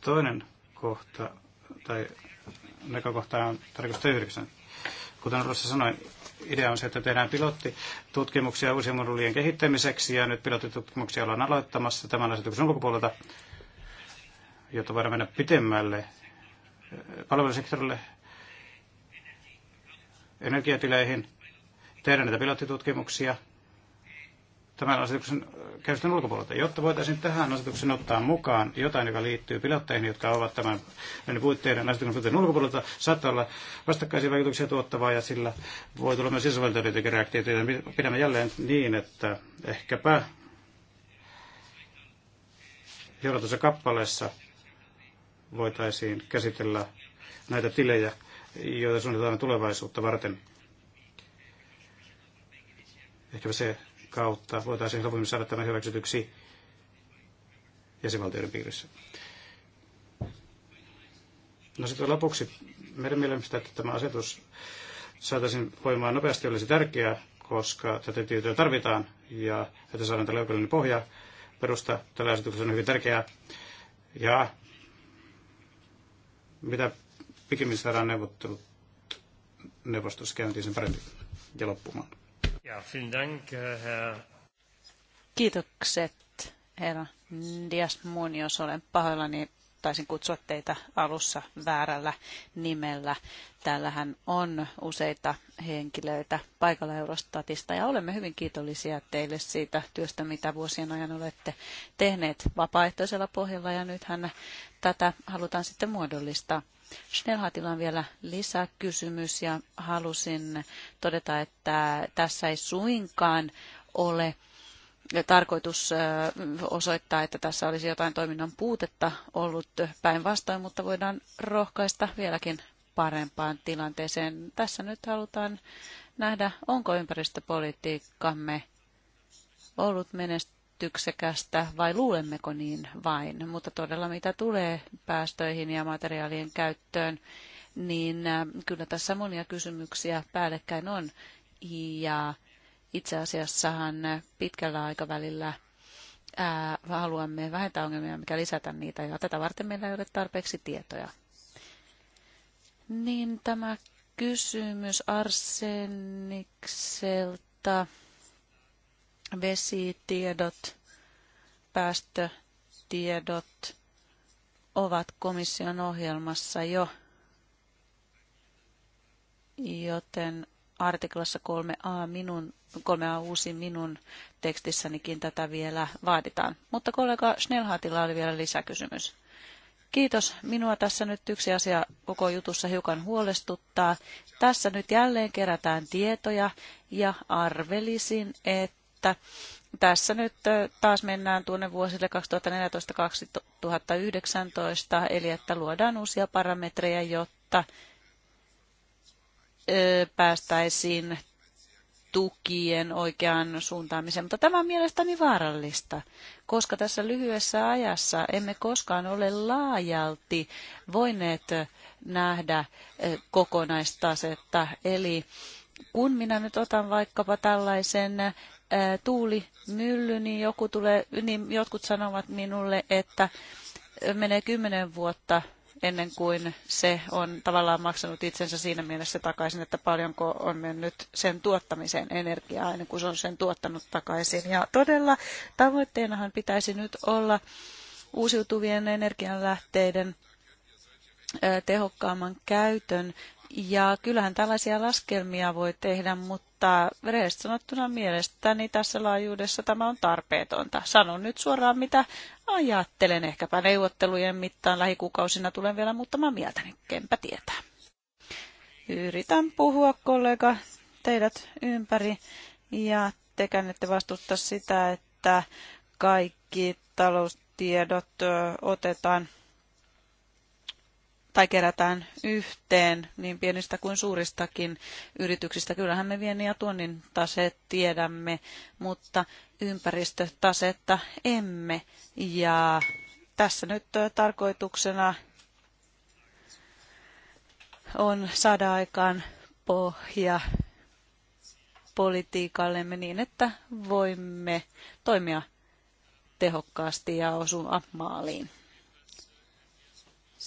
Toinen kohta, tai näkökohta on tarkoitus 9. Kuten Rossa sanoin, idea on se, että tehdään pilottitutkimuksia uusien modulien kehittämiseksi, ja nyt pilottitutkimuksia ollaan aloittamassa tämän asetuksen ulkopuolelta, jotta voidaan mennä pitemmälle äh, palvelusektorille energiatileihin, tehdä näitä pilottitutkimuksia tämän asetuksen käytön ulkopuolelta, jotta voitaisiin tähän asetuksen ottaa mukaan jotain, joka liittyy pilotteihin, jotka ovat tämän puitteiden asetuksen puitteiden ulkopuolelta, saattaa olla vastakkaisia vaikutuksia tuottavaa ja sillä voi tulla myös sisävaltioiden reaktioita. Pidämme jälleen niin, että ehkäpä johdatussa kappaleessa voitaisiin käsitellä näitä tilejä, joita suunnitellaan tulevaisuutta varten. Ehkäpä se kautta voitaisiin helpommin saada tämä hyväksytyksi jäsenvaltioiden piirissä. No sitten lopuksi meidän mielestä, että tämä asetus saataisiin voimaan nopeasti olisi tärkeää, koska tätä tietoa tarvitaan ja että saadaan tällä oikeudellinen pohja perusta tällä asetuksella on hyvin tärkeää. Ja mitä pikemmin saadaan neuvottelut neuvostossa käyntiin sen parempi ja loppumaan. Ja, vielen Dank, äh, Herr. Kiitokset, herra Dias Munios. Olen pahoillani, taisin kutsua teitä alussa väärällä nimellä. Täällähän on useita henkilöitä paikalla Eurostatista ja olemme hyvin kiitollisia teille siitä työstä, mitä vuosien ajan olette tehneet vapaaehtoisella pohjalla ja nythän tätä halutaan sitten muodollistaa. Schnellhatilla on vielä lisäkysymys ja halusin todeta, että tässä ei suinkaan ole tarkoitus osoittaa, että tässä olisi jotain toiminnan puutetta ollut päinvastoin, mutta voidaan rohkaista vieläkin parempaan tilanteeseen. Tässä nyt halutaan nähdä, onko ympäristöpolitiikkamme ollut menestynyt menestyksekästä vai luulemmeko niin vain, mutta todella mitä tulee päästöihin ja materiaalien käyttöön, niin äh, kyllä tässä monia kysymyksiä päällekkäin on. Ja itse asiassahan pitkällä aikavälillä ää, äh, haluamme vähentää ongelmia, mikä lisätä niitä, ja tätä varten meillä ei ole tarpeeksi tietoja. Niin tämä kysymys arsenikselta vesitiedot, päästötiedot ovat komission ohjelmassa jo, joten artiklassa 3a, minun, 3a uusi minun tekstissänikin tätä vielä vaaditaan. Mutta kollega Schnellhaatilla oli vielä lisäkysymys. Kiitos. Minua tässä nyt yksi asia koko jutussa hiukan huolestuttaa. Tässä nyt jälleen kerätään tietoja ja arvelisin, että että tässä nyt taas mennään tuonne vuosille 2014-2019, eli että luodaan uusia parametreja, jotta päästäisiin tukien oikeaan suuntaamiseen. Mutta tämä on mielestäni vaarallista, koska tässä lyhyessä ajassa emme koskaan ole laajalti voineet nähdä kokonaistasetta. Eli kun minä nyt otan vaikkapa tällaisen tuulimylly, niin, joku tulee, niin jotkut sanovat minulle, että menee kymmenen vuotta ennen kuin se on tavallaan maksanut itsensä siinä mielessä takaisin, että paljonko on mennyt sen tuottamiseen energiaa ennen kuin se on sen tuottanut takaisin. Ja todella tavoitteenahan pitäisi nyt olla uusiutuvien energianlähteiden tehokkaamman käytön ja kyllähän tällaisia laskelmia voi tehdä, mutta rehellisesti sanottuna mielestäni tässä laajuudessa tämä on tarpeetonta. Sanon nyt suoraan, mitä ajattelen. Ehkäpä neuvottelujen mittaan lähikuukausina tulen vielä muuttamaan niin kenpä tietää. Yritän puhua, kollega, teidät ympäri ja tekään ette vastusta sitä, että kaikki taloustiedot otetaan tai kerätään yhteen niin pienistä kuin suuristakin yrityksistä. Kyllähän me viennin ja tuonnin taseet tiedämme, mutta ympäristötasetta emme. Ja tässä nyt tarkoituksena on saada aikaan pohja politiikallemme niin, että voimme toimia tehokkaasti ja osua maaliin.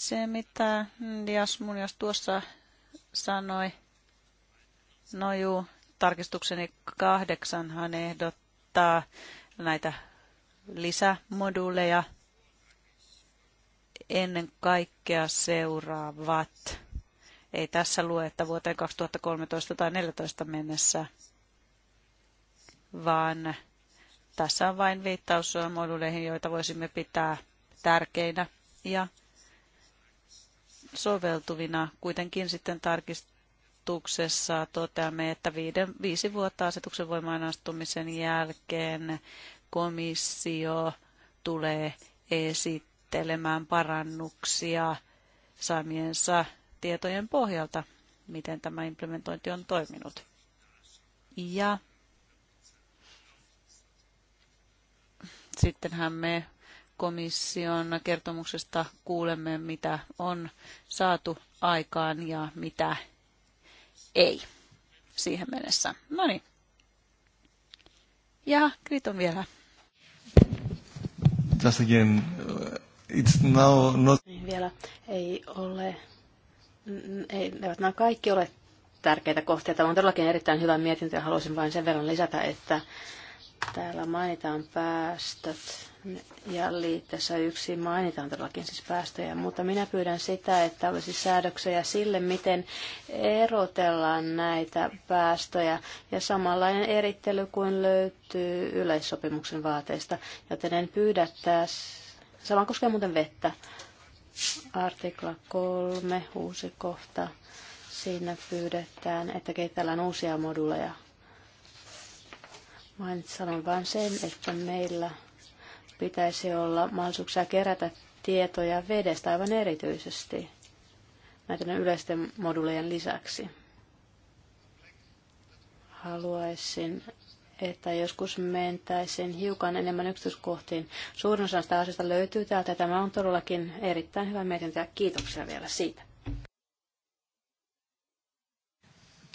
Se, mitä diasmunias tuossa sanoi, no juu, tarkistukseni kahdeksanhan ehdottaa näitä lisämoduuleja ennen kaikkea seuraavat. Ei tässä lue, että vuoteen 2013 tai 2014 mennessä, vaan tässä on vain viittaus moduuleihin, joita voisimme pitää tärkeinä ja soveltuvina. Kuitenkin sitten tarkistuksessa toteamme, että viiden, viisi vuotta asetuksen voimaan astumisen jälkeen komissio tulee esittelemään parannuksia saamiensa tietojen pohjalta, miten tämä implementointi on toiminut. Ja sittenhän me komission kertomuksesta kuulemme, mitä on saatu aikaan ja mitä ei siihen mennessä. No niin. Ja on vielä. Just again, uh, it's now not... Niin vielä ei ole, ei, ne ovat nämä kaikki ole tärkeitä kohteita. Tämä on todellakin erittäin hyvä mietintö ja haluaisin vain sen verran lisätä, että Täällä mainitaan päästöt ja liitteessä yksi mainitaan todellakin siis päästöjä, mutta minä pyydän sitä, että olisi säädöksiä sille, miten erotellaan näitä päästöjä ja samanlainen erittely kuin löytyy yleissopimuksen vaateista, joten en pyydä tässä, sama koskee muuten vettä, artikla kolme, uusi kohta, siinä pyydetään, että kehitellään uusia moduleja sanon vain sen, että meillä pitäisi olla mahdollisuuksia kerätä tietoja vedestä aivan erityisesti näiden yleisten modulejen lisäksi. Haluaisin, että joskus mentäisiin hiukan enemmän yksityiskohtiin. Suurin osa sitä asiasta löytyy täältä. Tämä on todellakin erittäin hyvä mietintö ja kiitoksia vielä siitä.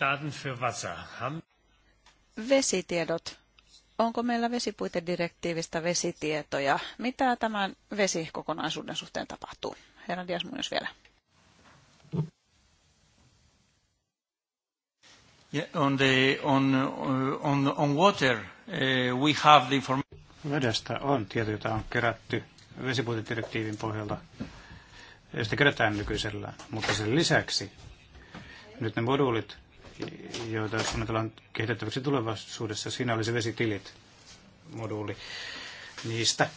Daten für Wasser. Vesitiedot Onko meillä vesipuitedirektiivistä vesitietoja? Mitä tämän vesikokonaisuuden suhteen tapahtuu? Herra Dias myös vielä. Yeah, on, the, on, on, on water, uh, we have the information. Vedestä on tieto, jota on kerätty vesipuitedirektiivin pohjalta, josta kerätään nykyisellään. Mutta sen lisäksi nyt ne moduulit, joita suunnitellaan kehitettäväksi tulevaisuudessa. Siinä oli se vesitilit moduuli niistä.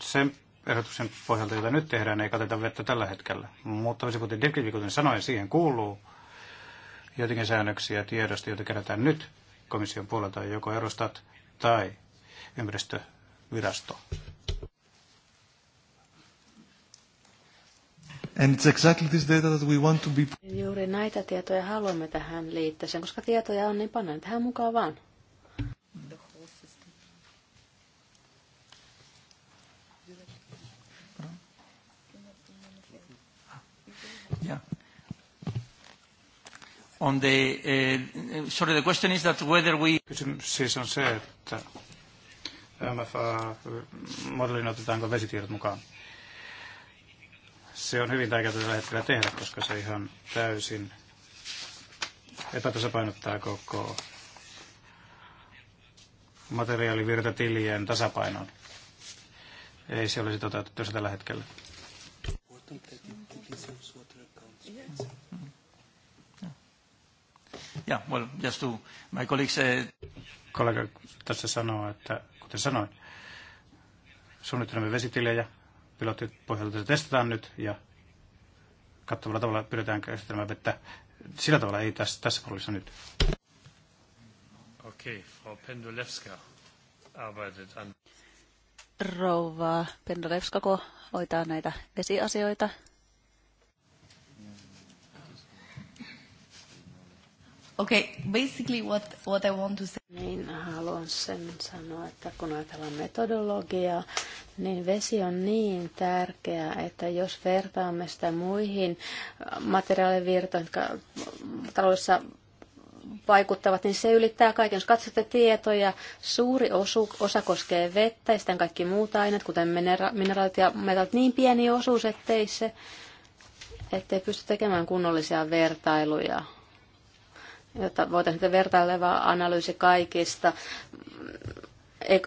Sen erotuksen pohjalta, jota nyt tehdään, ei kateta vettä tällä hetkellä. Mutta kuten direktiivi, kuten sanoin, siihen kuuluu jotenkin säännöksiä tiedosta, joita kerätään nyt komission puolelta, joko erostat tai ympäristövirasto. And it's exactly this data that we want to be... Juuri näitä tietoja haluamme tähän liittää, koska tietoja on, niin pannaan tähän mukaan vaan. On the, uh, sorry, the question is that whether we... Kysymys siis on se, että MFA-modelin otetaanko vesitiedot mukaan se on hyvin vaikeaa tällä hetkellä tehdä, koska se ihan täysin epätasapainottaa koko materiaalivirtatilien tasapainon. Ei se olisi toteutettu se tällä hetkellä. Yeah, well, just to, my colleague said... Uh, Kollega tässä sanoo, että kuten sanoin, suunnittelemme vesitilejä, pilottipohjalta se testataan nyt ja kattavalla tavalla pyritään käsittelemään vettä. Sillä tavalla ei tässä, tässä mallissa nyt. Okei, okay, Frau Pendolevska arbeitet an. Rouva Pendolevskako hoitaa näitä vesiasioita Okay, basically what, what I want to say. Niin haluan sen sanoa, että kun ajatellaan metodologiaa, niin vesi on niin tärkeä, että jos vertaamme sitä muihin äh, materiaalivirtoihin, jotka taloudessa vaikuttavat, niin se ylittää kaiken. Jos katsotte tietoja, suuri osu, osa koskee vettä ja sitten kaikki muut aineet, kuten minera- mineraalit ja metallit, niin pieni osuus, ettei se ettei pysty tekemään kunnollisia vertailuja jotta voitaisiin tehdä vertaileva analyysi kaikista mm,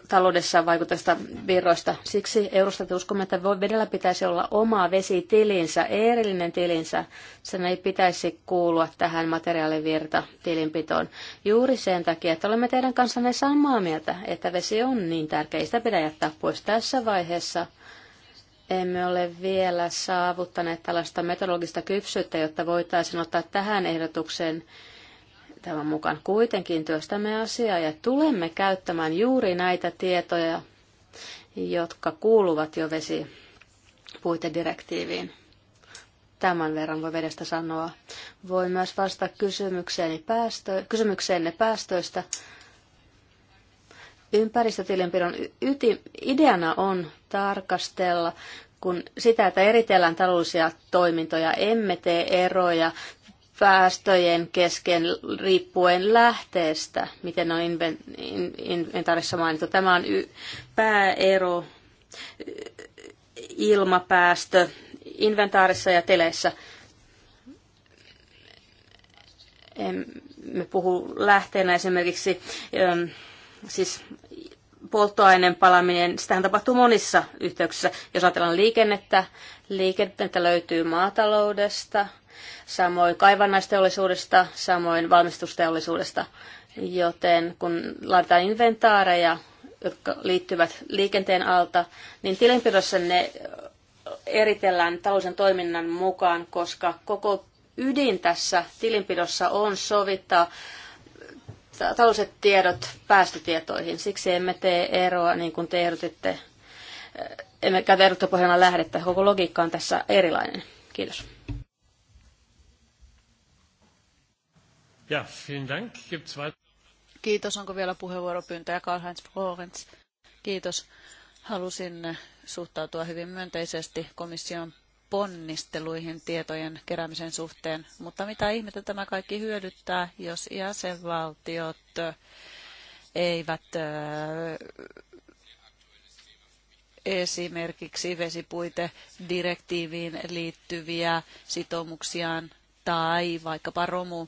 taloudessa vaikuttavista virroista. Siksi eurosta uskomme, että vedellä pitäisi olla oma vesitilinsä, erillinen tilinsä. Sen ei pitäisi kuulua tähän materiaalivirta tilinpitoon. Juuri sen takia, että olemme teidän kanssanne samaa mieltä, että vesi on niin tärkeä. Sitä pidä jättää pois tässä vaiheessa. Emme ole vielä saavuttaneet tällaista metodologista kypsyyttä, jotta voitaisiin ottaa tähän ehdotukseen tämän mukaan. Kuitenkin työstämme asiaa ja tulemme käyttämään juuri näitä tietoja, jotka kuuluvat jo vesipuitedirektiiviin. Tämän verran voi vedestä sanoa. Voin myös vastata kysymykseeni päästö, kysymykseenne päästöistä. Ympäristötilinpidon yti, ideana on tarkastella kun sitä, että eritellään taloudellisia toimintoja, emme tee eroja päästöjen kesken riippuen lähteestä, miten on inventaarissa mainittu. Tämä on y- pääero ilmapäästö inventaarissa ja teleissä. Me puhu lähteenä esimerkiksi siis polttoaineen palaminen, sitähän tapahtuu monissa yhteyksissä. Jos ajatellaan liikennettä, liikennettä löytyy maataloudesta – samoin kaivannaisteollisuudesta, samoin valmistusteollisuudesta. Joten kun laitetaan inventaareja, jotka liittyvät liikenteen alta, niin tilinpidossa ne eritellään talousen toiminnan mukaan, koska koko ydin tässä tilinpidossa on sovittaa taloudelliset tiedot päästötietoihin. Siksi emme tee eroa, niin kuin te ehdotitte, emme käytä lähdettä. Koko logiikka on tässä erilainen. Kiitos. Ja, vielen Dank. Gibt's Kiitos. Onko vielä puheenvuoropyyntöjä Karl-Heinz Florenz. Kiitos. Halusin suhtautua hyvin myönteisesti komission ponnisteluihin tietojen keräämisen suhteen, mutta mitä ihmettä tämä kaikki hyödyttää, jos jäsenvaltiot eivät esimerkiksi vesipuitedirektiiviin liittyviä sitoumuksiaan tai vaikkapa romu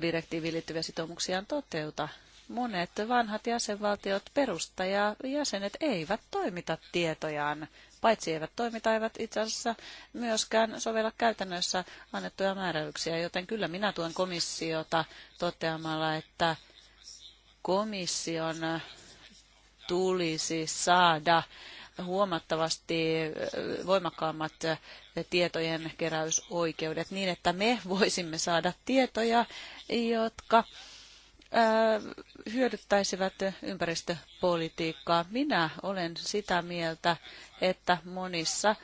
direktiiviin liittyviä sitoumuksiaan toteuta. Monet vanhat jäsenvaltiot perustajajäsenet jäsenet eivät toimita tietojaan. Paitsi eivät toimita, eivät itse asiassa myöskään sovella käytännössä annettuja määräyksiä, joten kyllä minä tuen komissiota toteamalla, että komission tulisi saada huomattavasti voimakkaammat tietojen keräysoikeudet niin, että me voisimme saada tietoja, jotka hyödyttäisivät ympäristöpolitiikkaa. Minä olen sitä mieltä, että monissa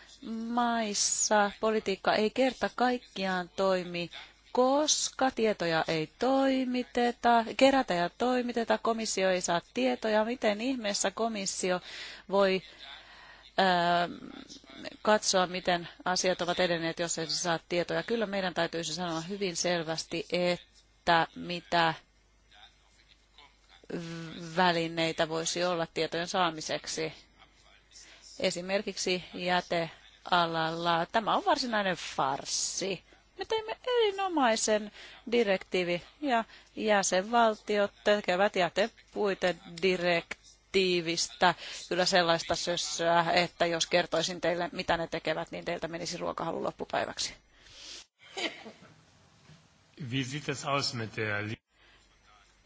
maissa politiikka ei kerta kaikkiaan toimi, koska tietoja ei toimiteta, kerätä ja toimiteta, komissio ei saa tietoja. Miten ihmeessä komissio voi katsoa, miten asiat ovat edenneet, jos ei saa tietoja. Kyllä meidän täytyisi sanoa hyvin selvästi, että mitä välineitä voisi olla tietojen saamiseksi. Esimerkiksi jätealalla. Tämä on varsinainen farsi. Me teimme erinomaisen direktiivi ja jäsenvaltiot tekevät jätepuitedirektiivin tiivistä, kyllä sellaista sössöä, että jos kertoisin teille, mitä ne tekevät, niin teiltä menisi ruokahalu loppupäiväksi.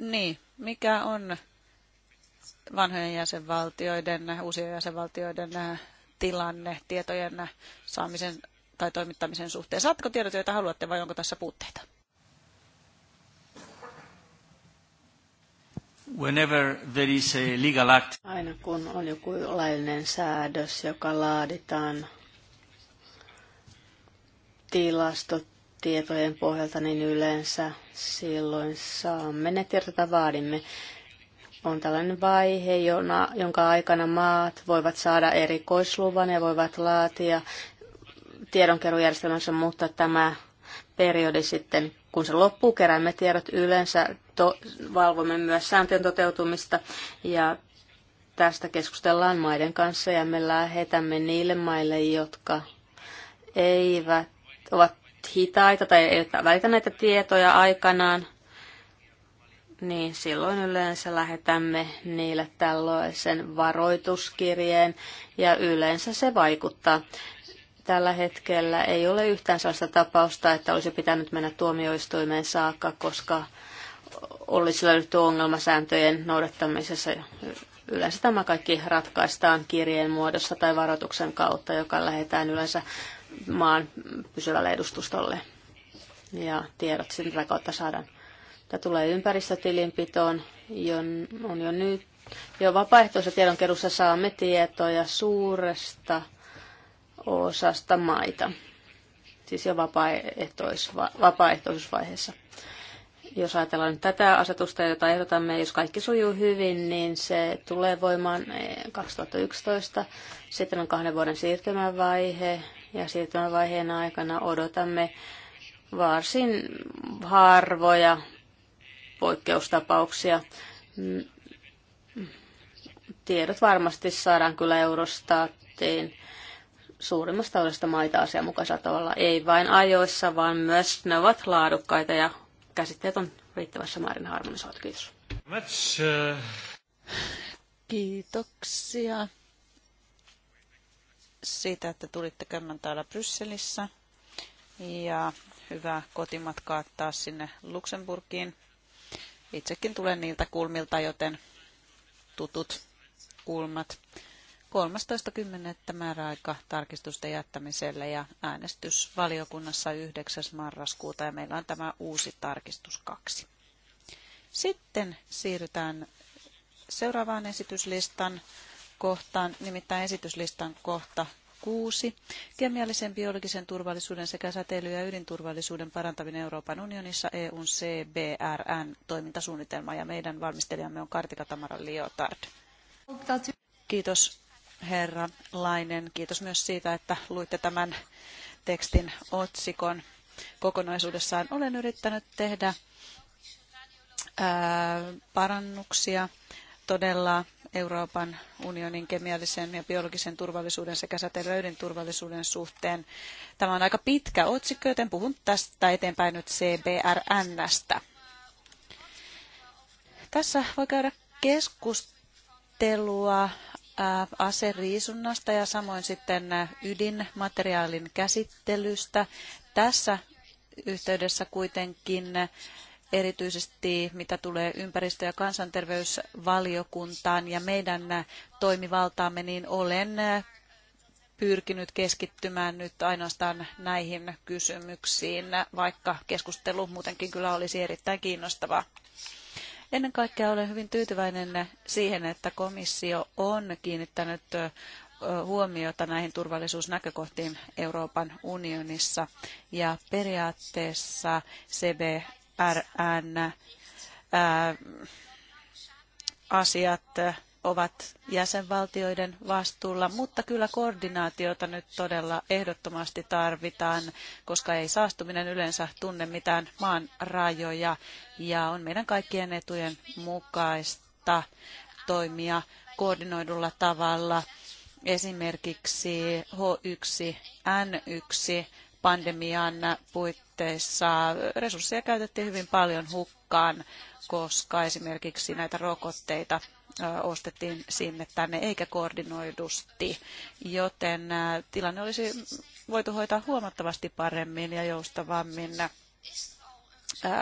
niin, mikä on vanhojen jäsenvaltioiden, uusien jäsenvaltioiden äh, tilanne tietojen saamisen tai toimittamisen suhteen? Saatko tiedot, joita haluatte vai onko tässä puutteita? Whenever there is a legal act. Aina kun on joku laillinen säädös, joka laaditaan tilastotietojen pohjalta, niin yleensä silloin saamme ne tiedot, joita vaadimme. On tällainen vaihe, jona, jonka aikana maat voivat saada erikoisluvan ja voivat laatia tiedonkerujärjestelmänsä, mutta tämä periodi sitten kun se loppuu, keräämme tiedot yleensä, to- valvomme myös sääntöjen toteutumista ja tästä keskustellaan maiden kanssa ja me lähetämme niille maille, jotka eivät, ovat hitaita tai eivät välitä näitä tietoja aikanaan, niin silloin yleensä lähetämme niille tällaisen varoituskirjeen ja yleensä se vaikuttaa. Tällä hetkellä ei ole yhtään sellaista tapausta, että olisi pitänyt mennä tuomioistuimeen saakka, koska olisi löydetty ongelmasääntöjen noudattamisessa. Yleensä tämä kaikki ratkaistaan kirjeen muodossa tai varoituksen kautta, joka lähetään yleensä maan pysyvälle edustustolle. Ja tiedot sen kautta saadaan. Tämä tulee ympäristötilinpitoon, jon, on jo nyt. Jo vapaaehtoisessa tiedonkeruussa saamme tietoja suuresta osasta maita, siis jo vapaaehtois, vapaaehtoisuusvaiheessa. Jos ajatellaan nyt tätä asetusta, jota ehdotamme, jos kaikki sujuu hyvin, niin se tulee voimaan 2011. Eh, Sitten on kahden vuoden siirtymävaihe, ja siirtymävaiheen aikana odotamme varsin harvoja poikkeustapauksia. Mm, tiedot varmasti saadaan kyllä Eurostatiin suurimmasta osasta maita asianmukaisella tavalla. Ei vain ajoissa, vaan myös ne ovat laadukkaita ja käsitteet on riittävässä määrin harmonisoitu. Kiitos. Kiitoksia siitä, että tulitte käymään täällä Brysselissä. Ja hyvää kotimatkaa taas sinne Luxemburgiin. Itsekin tulen niiltä kulmilta, joten tutut kulmat. 13.10. määräaika tarkistusten jättämiselle ja äänestys valiokunnassa 9. marraskuuta ja meillä on tämä uusi tarkistus 2. Sitten siirrytään seuraavaan esityslistan kohtaan, nimittäin esityslistan kohta 6. Kemiallisen biologisen turvallisuuden sekä säteily- ja ydinturvallisuuden parantaminen Euroopan unionissa EUn CBRN toimintasuunnitelma ja meidän valmistelijamme on Kartika Tamara Liotard. Kiitos herra Lainen. Kiitos myös siitä, että luitte tämän tekstin otsikon kokonaisuudessaan. Olen yrittänyt tehdä ää, parannuksia todella Euroopan unionin kemiallisen ja biologisen turvallisuuden sekä säteilyn turvallisuuden suhteen. Tämä on aika pitkä otsikko, joten puhun tästä eteenpäin nyt CBRNstä. Tässä voi käydä keskustelua aseriisunnasta ja samoin sitten ydinmateriaalin käsittelystä. Tässä yhteydessä kuitenkin erityisesti mitä tulee ympäristö- ja kansanterveysvaliokuntaan ja meidän toimivaltaamme, niin olen pyrkinyt keskittymään nyt ainoastaan näihin kysymyksiin, vaikka keskustelu muutenkin kyllä olisi erittäin kiinnostavaa. Ennen kaikkea olen hyvin tyytyväinen siihen, että komissio on kiinnittänyt huomiota näihin turvallisuusnäkökohtiin Euroopan unionissa ja periaatteessa CBRN ää, asiat ovat jäsenvaltioiden vastuulla, mutta kyllä koordinaatiota nyt todella ehdottomasti tarvitaan, koska ei saastuminen yleensä tunne mitään maan rajoja ja on meidän kaikkien etujen mukaista toimia koordinoidulla tavalla esimerkiksi H1N1 pandemian puitteissa resursseja käytettiin hyvin paljon hukkaan, koska esimerkiksi näitä rokotteita ostettiin sinne tänne eikä koordinoidusti, joten tilanne olisi voitu hoitaa huomattavasti paremmin ja joustavammin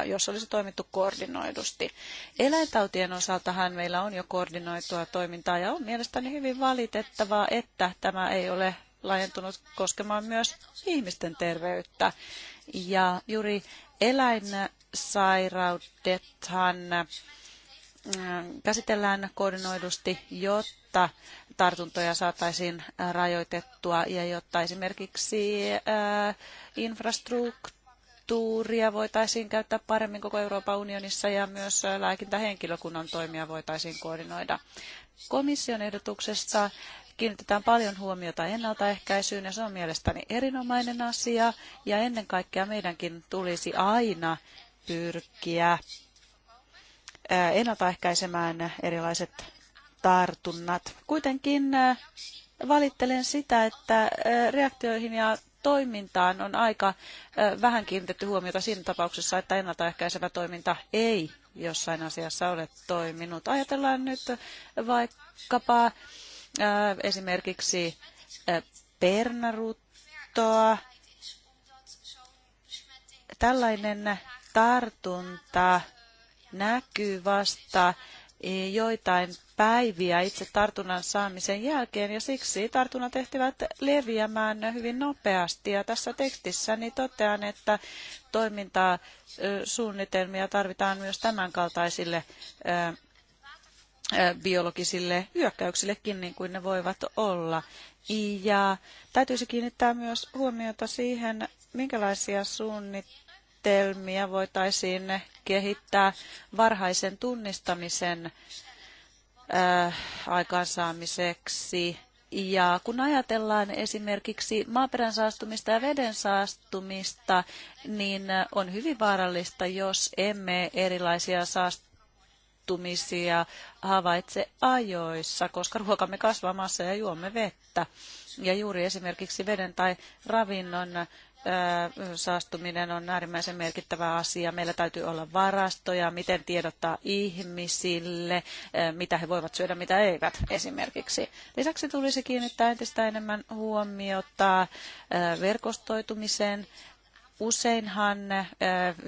jos olisi toimittu koordinoidusti. Eläintautien osaltahan meillä on jo koordinoitua toimintaa ja on mielestäni hyvin valitettavaa, että tämä ei ole laajentunut koskemaan myös ihmisten terveyttä. Ja juuri eläinsairaudethan Äh, käsitellään koordinoidusti, jotta tartuntoja saataisiin rajoitettua ja jotta esimerkiksi äh, infrastruktuuria voitaisiin käyttää paremmin koko Euroopan unionissa ja myös äh, lääkintähenkilökunnan toimia voitaisiin koordinoida. Komission ehdotuksessa kiinnitetään paljon huomiota ennaltaehkäisyyn ja se on mielestäni erinomainen asia ja ennen kaikkea meidänkin tulisi aina pyrkiä Äh, ennaltaehkäisemään erilaiset tartunnat. Kuitenkin äh, valittelen sitä, että äh, reaktioihin ja toimintaan on aika vähän kiinnitetty huomiota siinä tapauksessa, että ennaltaehkäisevä toiminta ei jossain asiassa ole toiminut. Ajatellaan nyt vaikkapa esimerkiksi pernaruttoa. Tällainen tartunta näkyy vasta e, joitain päiviä itse tartunnan saamisen jälkeen ja siksi tartunnat ehtivät leviämään hyvin nopeasti. Ja tässä niin totean, että toimintaa e, suunnitelmia tarvitaan myös tämänkaltaisille e, biologisille hyökkäyksillekin, niin kuin ne voivat olla. Ja täytyisi kiinnittää myös huomiota siihen, minkälaisia suunnitelmia menetelmiä voitaisiin kehittää varhaisen tunnistamisen äh, aikaansaamiseksi. Ja kun ajatellaan esimerkiksi maaperän saastumista ja veden saastumista, niin on hyvin vaarallista, jos emme erilaisia saastumisia havaitse ajoissa, koska ruokamme kasvaa maassa ja juomme vettä. Ja juuri esimerkiksi veden tai ravinnon saastuminen on äärimmäisen merkittävä asia. Meillä täytyy olla varastoja, miten tiedottaa ihmisille, mitä he voivat syödä, mitä eivät esimerkiksi. Lisäksi tulisi kiinnittää entistä enemmän huomiota verkostoitumiseen. Useinhan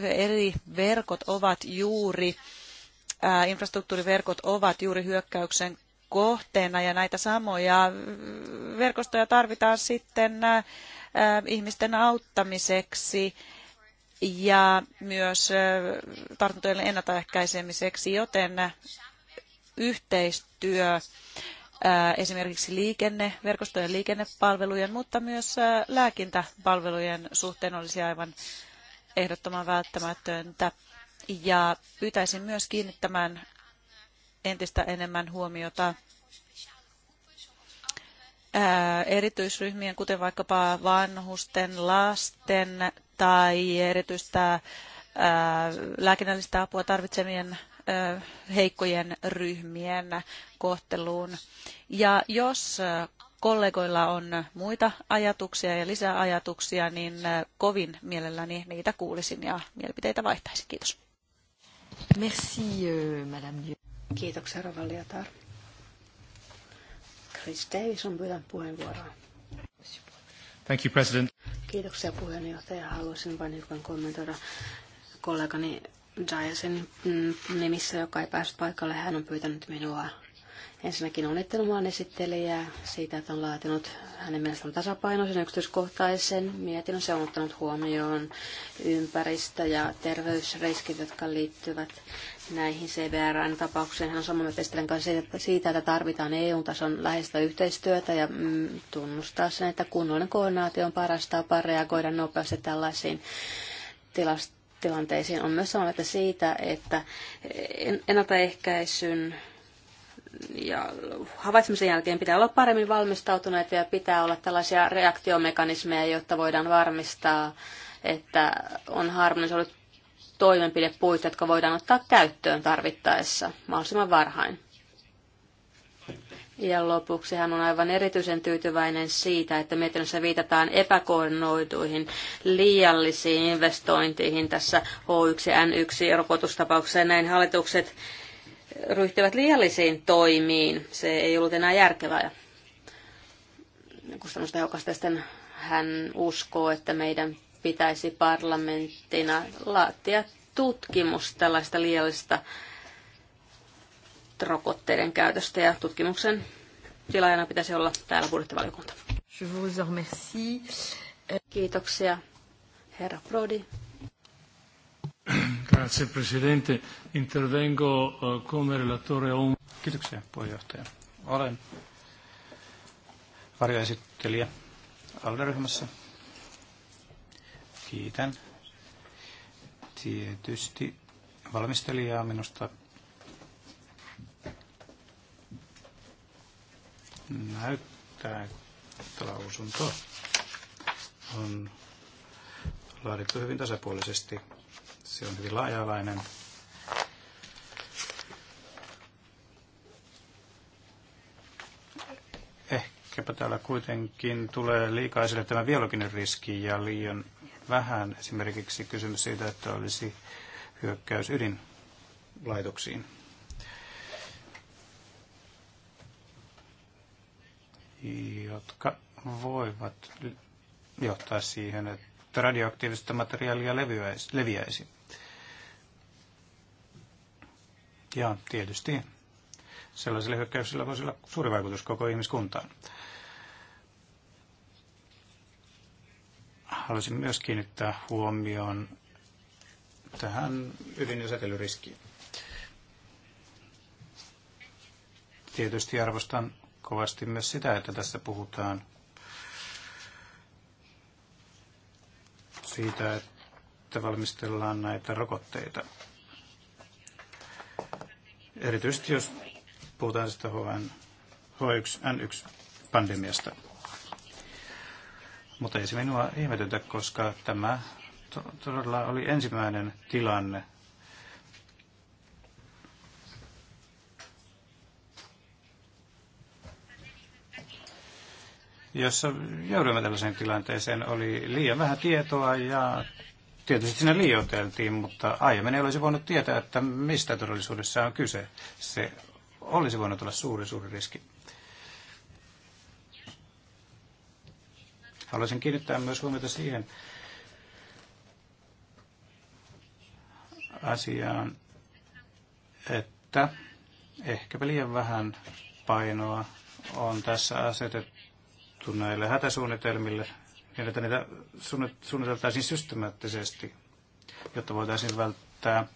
eri verkot ovat juuri infrastruktuuriverkot ovat juuri hyökkäyksen kohteena ja näitä samoja verkostoja tarvitaan sitten ihmisten auttamiseksi ja myös tartuntojen ennaltaehkäisemiseksi, joten yhteistyö esimerkiksi liikenneverkostojen, liikennepalvelujen, mutta myös lääkintäpalvelujen suhteen olisi aivan ehdottoman välttämätöntä. Ja pyytäisin myös kiinnittämään entistä enemmän huomiota erityisryhmien, kuten vaikkapa vanhusten, lasten tai erityistä lääkinnällistä apua tarvitsemien heikkojen ryhmien kohteluun. Ja jos kollegoilla on muita ajatuksia ja lisää ajatuksia, niin kovin mielelläni niitä kuulisin ja mielipiteitä vaihtaisin. Kiitos. Merci, euh, madame. Kiitoksia, Rova Liotar. Chris Davis on pyytänyt puheenvuoroa. Thank you, President. Kiitoksia puheenjohtaja. Haluaisin vain hiukan kommentoida kollegani Jaisen mm, nimissä, joka ei päässyt paikalle. Hän on pyytänyt minua ensinnäkin onnittelemaan esittelijää siitä, että on laatinut hänen mielestään tasapainoisen yksityiskohtaisen mietinnön. Se on ottanut huomioon ympäristö- ja terveysriskit, jotka liittyvät näihin CBRn tapauksiin on samaa mieltä kanssa siitä, että tarvitaan EU-tason läheistä yhteistyötä ja mm, tunnustaa sen, että kunnollinen koordinaatio on paras tapa reagoida nopeasti tällaisiin tilanteisiin. On myös samaa mieltä siitä, että ennaltaehkäisyn ja havaitsemisen jälkeen pitää olla paremmin valmistautuneita ja pitää olla tällaisia reaktiomekanismeja, jotta voidaan varmistaa, että on harmonisoitu toimenpidepuita, jotka voidaan ottaa käyttöön tarvittaessa mahdollisimman varhain. Ja lopuksi hän on aivan erityisen tyytyväinen siitä, että mietinnössä viitataan epäkoordinoituihin liiallisiin investointeihin tässä H1N1-rokotustapauksessa. Näin hallitukset ryhtyvät liiallisiin toimiin. Se ei ollut enää järkevää kustannustehokasta. Sitten hän uskoo, että meidän pitäisi parlamenttina laatia tutkimus tällaista liiallista rokotteiden käytöstä ja tutkimuksen tilaajana pitäisi olla täällä budjettivaliokunta. Je vous remercie. Kiitoksia, herra Prodi. Grazie Presidente. Intervengo eh, come relatore on... Kiitoksia puheenjohtaja. Olen varjoesittelijä ALDE-ryhmässä Kiitän. Tietysti valmistelijaa minusta näyttää, että lausunto on laadittu hyvin tasapuolisesti. Se on hyvin laaja-alainen. Ehkäpä täällä kuitenkin tulee liikaa esille tämä biologinen riski ja liian vähän. Esimerkiksi kysymys siitä, että olisi hyökkäys ydinlaitoksiin. jotka voivat johtaa siihen, että radioaktiivista materiaalia leviäisi. Ja tietysti sellaisilla hyökkäyksillä voisi olla suuri vaikutus koko ihmiskuntaan. halusin myös kiinnittää huomioon tähän ydin- ja Tietysti arvostan kovasti myös sitä, että tässä puhutaan siitä, että valmistellaan näitä rokotteita. Erityisesti jos puhutaan sitä H1N1-pandemiasta. Mutta ei se minua ihmetytä, koska tämä todella oli ensimmäinen tilanne. jossa joudumme tällaiseen tilanteeseen, oli liian vähän tietoa ja tietysti siinä liioiteltiin, mutta aiemmin ei olisi voinut tietää, että mistä todellisuudessa on kyse. Se olisi voinut olla suuri, suuri riski. Haluaisin kiinnittää myös huomiota siihen asiaan, että ehkäpä liian vähän painoa on tässä asetettu näille hätäsuunnitelmille, niin että niitä suunniteltaisiin systemaattisesti, jotta voitaisiin välttää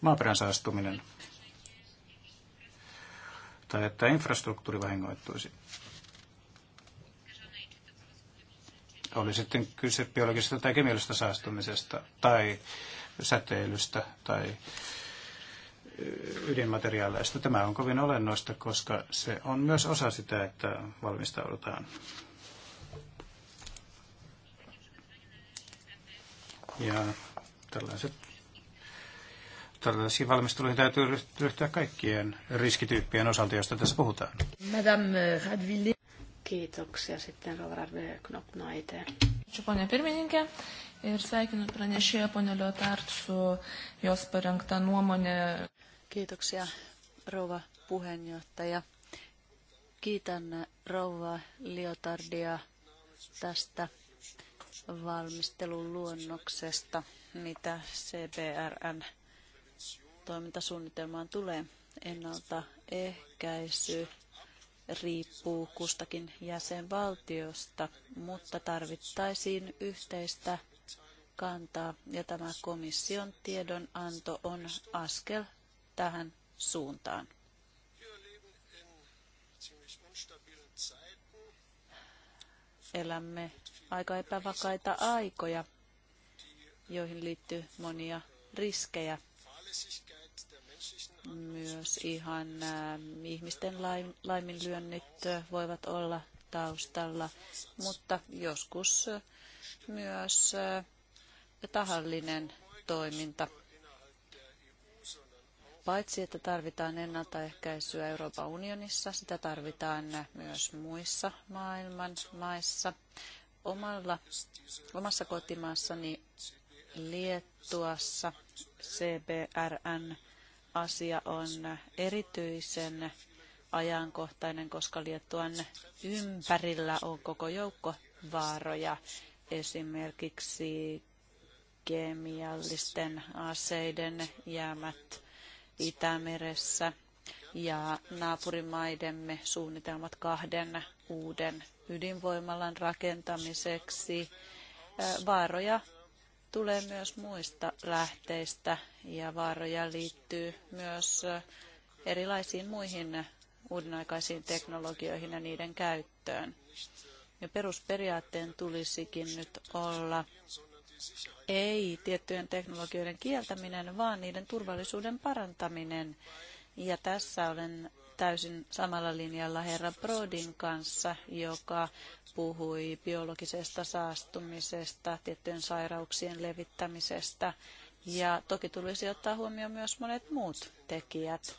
maaperän saastuminen tai että infrastruktuuri vahingoittuisi. Oli sitten kyse biologisesta tai kemiallisesta saastumisesta tai säteilystä tai ydinmateriaaleista. Tämä on kovin olennoista, koska se on myös osa sitä, että valmistaudutaan. Ja tällaiset, tällaisiin valmisteluihin täytyy ryhtyä kaikkien riskityyppien osalta, joista tässä puhutaan. Madame Radville. Kiitoksia sitten Rova Rööknop Naite. Ponia pirmininkė ir sveikinu pranešėją ponia Liotard su jos parengta nuomonė. Kiitoksia rouva puheenjohtaja. Kiitän rouva Liotardia tästä valmistelun luonnoksesta, mitä CBRN toimintasuunnitelmaan tulee ennaltaehkäisy riippuu kustakin jäsenvaltiosta, mutta tarvittaisiin yhteistä kantaa ja tämä komission tiedonanto on askel tähän suuntaan. Elämme aika epävakaita aikoja, joihin liittyy monia riskejä myös ihan ähm, ihmisten laiminlyönnit äh, voivat olla taustalla, mutta joskus äh, myös äh, tahallinen toiminta. Paitsi, että tarvitaan ennaltaehkäisyä Euroopan unionissa, sitä tarvitaan myös muissa maailman maissa. Omalla, omassa kotimaassani Liettuassa CBRN asia on erityisen ajankohtainen, koska Liettuan ympärillä on koko joukko vaaroja, esimerkiksi kemiallisten aseiden jäämät Itämeressä ja naapurimaidemme suunnitelmat kahden uuden ydinvoimalan rakentamiseksi. Vaaroja tulee myös muista lähteistä ja vaaroja liittyy myös erilaisiin muihin uudenaikaisiin teknologioihin ja niiden käyttöön. Ja perusperiaatteen tulisikin nyt olla ei tiettyjen teknologioiden kieltäminen, vaan niiden turvallisuuden parantaminen. Ja tässä olen täysin samalla linjalla herra Brodin kanssa, joka puhui biologisesta saastumisesta, tiettyjen sairauksien levittämisestä. Ja toki tulisi ottaa huomioon myös monet muut tekijät.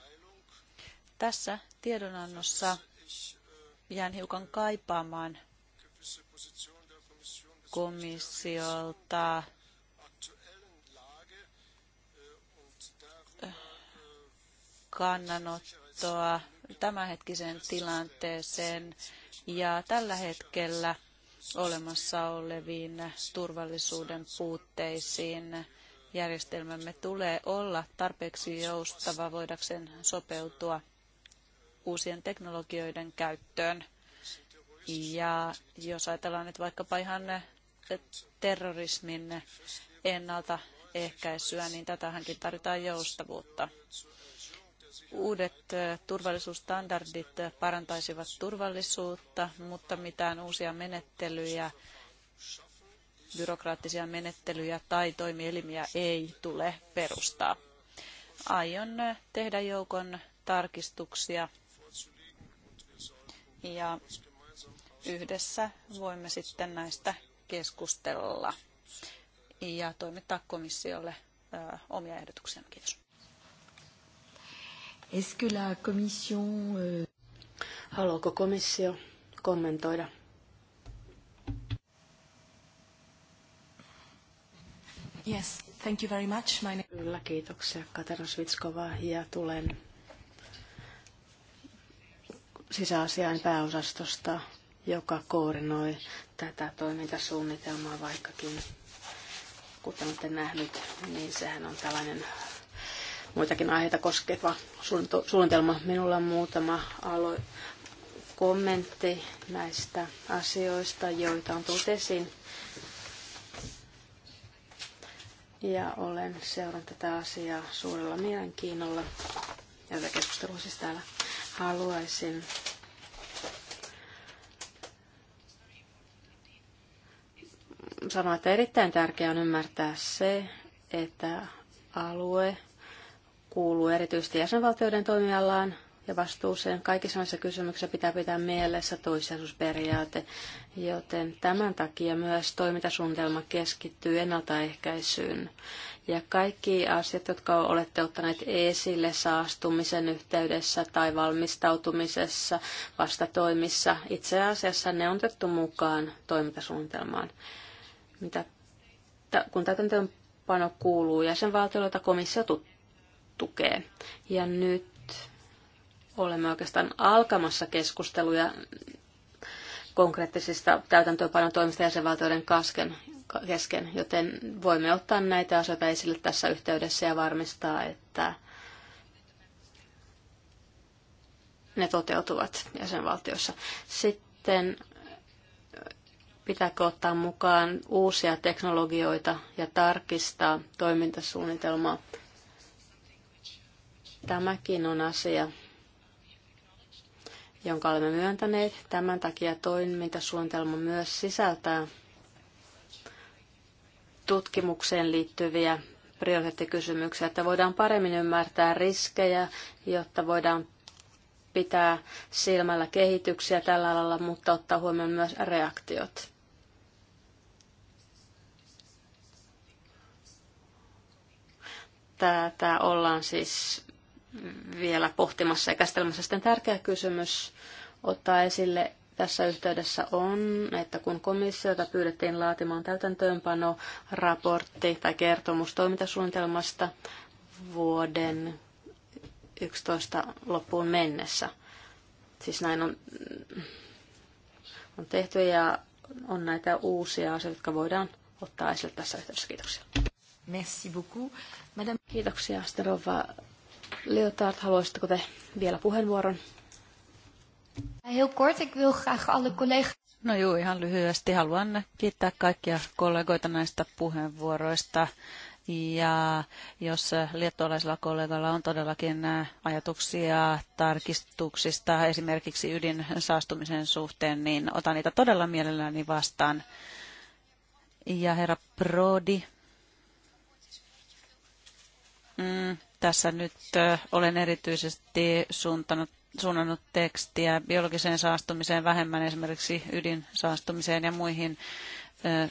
Tässä tiedonannossa jään hiukan kaipaamaan komissiolta eh, kannanottoa tietoa tämänhetkiseen tilanteeseen ja tällä hetkellä olemassa oleviin turvallisuuden puutteisiin. Järjestelmämme tulee olla tarpeeksi joustava voidakseen sopeutua uusien teknologioiden käyttöön. Ja jos ajatellaan nyt vaikkapa ihan terrorismin ennaltaehkäisyä, niin tätähänkin tarvitaan joustavuutta. Uudet turvallisuusstandardit parantaisivat turvallisuutta, mutta mitään uusia menettelyjä, byrokraattisia menettelyjä tai toimielimiä ei tule perustaa. Aion tehdä joukon tarkistuksia ja yhdessä voimme sitten näistä keskustella ja toimittaa komissiolle omia ehdotuksiamme. Kiitos. Est-ce que la commission... Euh, Haluaako komissio kommentoida? Yes, thank you very much. My name... Kyllä, kiitoksia. Katerina Svitskova ja tulen sisäasiain pääosastosta, joka koordinoi tätä toimintasuunnitelmaa, vaikkakin kuten olette nähneet, niin sehän on tällainen muitakin aiheita koskeva suunnitelma. Minulla on muutama alo- kommentti näistä asioista, joita on tullut esiin. Ja olen seurannut tätä asiaa suurella mielenkiinnolla. Ja tätä keskustelua siis täällä haluaisin sanoa, että erittäin tärkeää on ymmärtää se, että alue kuuluu erityisesti jäsenvaltioiden toimialaan ja vastuuseen. Kaikissa näissä kysymyksissä pitää pitää mielessä toissijaisuusperiaate, joten tämän takia myös toimintasuunnitelma keskittyy ennaltaehkäisyyn. Ja kaikki asiat, jotka olette ottaneet esille saastumisen yhteydessä tai valmistautumisessa, vastatoimissa, itse asiassa ne on otettu mukaan toimintasuunnitelmaan. Mitä, kun täytäntöönpano kuuluu jäsenvaltioilta, komissio tuttuu tukee. Ja nyt olemme oikeastaan alkamassa keskusteluja konkreettisista toimista jäsenvaltioiden kasken, kesken, joten voimme ottaa näitä asioita esille tässä yhteydessä ja varmistaa, että ne toteutuvat jäsenvaltiossa. Sitten pitääkö ottaa mukaan uusia teknologioita ja tarkistaa toimintasuunnitelmaa Tämäkin on asia, jonka olemme myöntäneet. Tämän takia toimintasuunnitelma myös sisältää tutkimukseen liittyviä prioriteettikysymyksiä, että voidaan paremmin ymmärtää riskejä, jotta voidaan pitää silmällä kehityksiä tällä alalla, mutta ottaa huomioon myös reaktiot. Tätä ollaan siis vielä pohtimassa ja käsittelemässä. Sitten tärkeä kysymys ottaa esille tässä yhteydessä on, että kun komissiota pyydettiin laatimaan täytäntöönpano raportti tai kertomus toimintasuunnitelmasta vuoden 11 loppuun mennessä. Siis näin on, on tehty ja on näitä uusia asioita, jotka voidaan ottaa esille tässä yhteydessä. Kiitoksia. Merci beaucoup. Madame... Kiitoksia, Sterova Leotard, haluaisitteko te vielä puheenvuoron? Heel kort, ik wil graag alle collega's... No juu, ihan lyhyesti. Haluan kiittää kaikkia kollegoita näistä puheenvuoroista. Ja jos liettualaisella kollegalla on todellakin äh, ajatuksia tarkistuksista esimerkiksi ydin saastumisen suhteen, niin otan niitä todella mielelläni vastaan. Ja herra Prodi, mm, tässä nyt olen erityisesti suuntanut, suunnannut tekstiä biologiseen saastumiseen vähemmän esimerkiksi ydinsaastumiseen ja muihin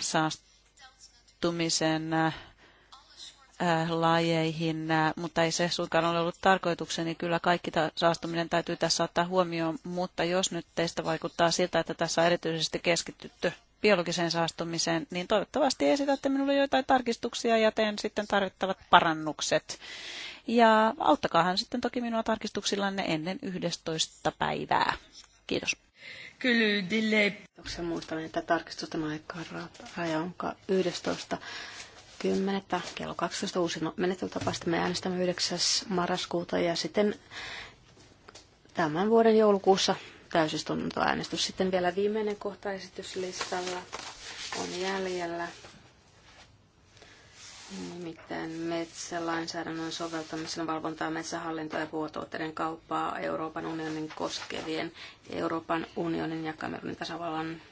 saastumisen lajeihin, mutta ei se suinkaan ole ollut tarkoitukseni. Kyllä kaikki saastuminen täytyy tässä ottaa huomioon, mutta jos nyt teistä vaikuttaa siltä, että tässä on erityisesti keskitytty biologiseen saastumiseen, niin toivottavasti esitätte minulle joitain tarkistuksia ja teen sitten tarvittavat parannukset. Ja auttakaahan sitten toki minua tarkistuksillanne ennen 11. päivää. Kiitos. Kyllä, delay. Onko muistan, että tarkistusten aikaa raja on 11. 10. kello 12 uusi menettelytapa. Sitten me äänestämme 9. marraskuuta ja sitten tämän vuoden joulukuussa täysistuntoäänestys. Sitten vielä viimeinen kohta esityslistalla on jäljellä nimittäin metsälainsäädännön soveltamisen valvontaa metsähallintoa ja puutuotteiden kauppaa Euroopan unionin koskevien Euroopan unionin ja Kamerunin tasavallan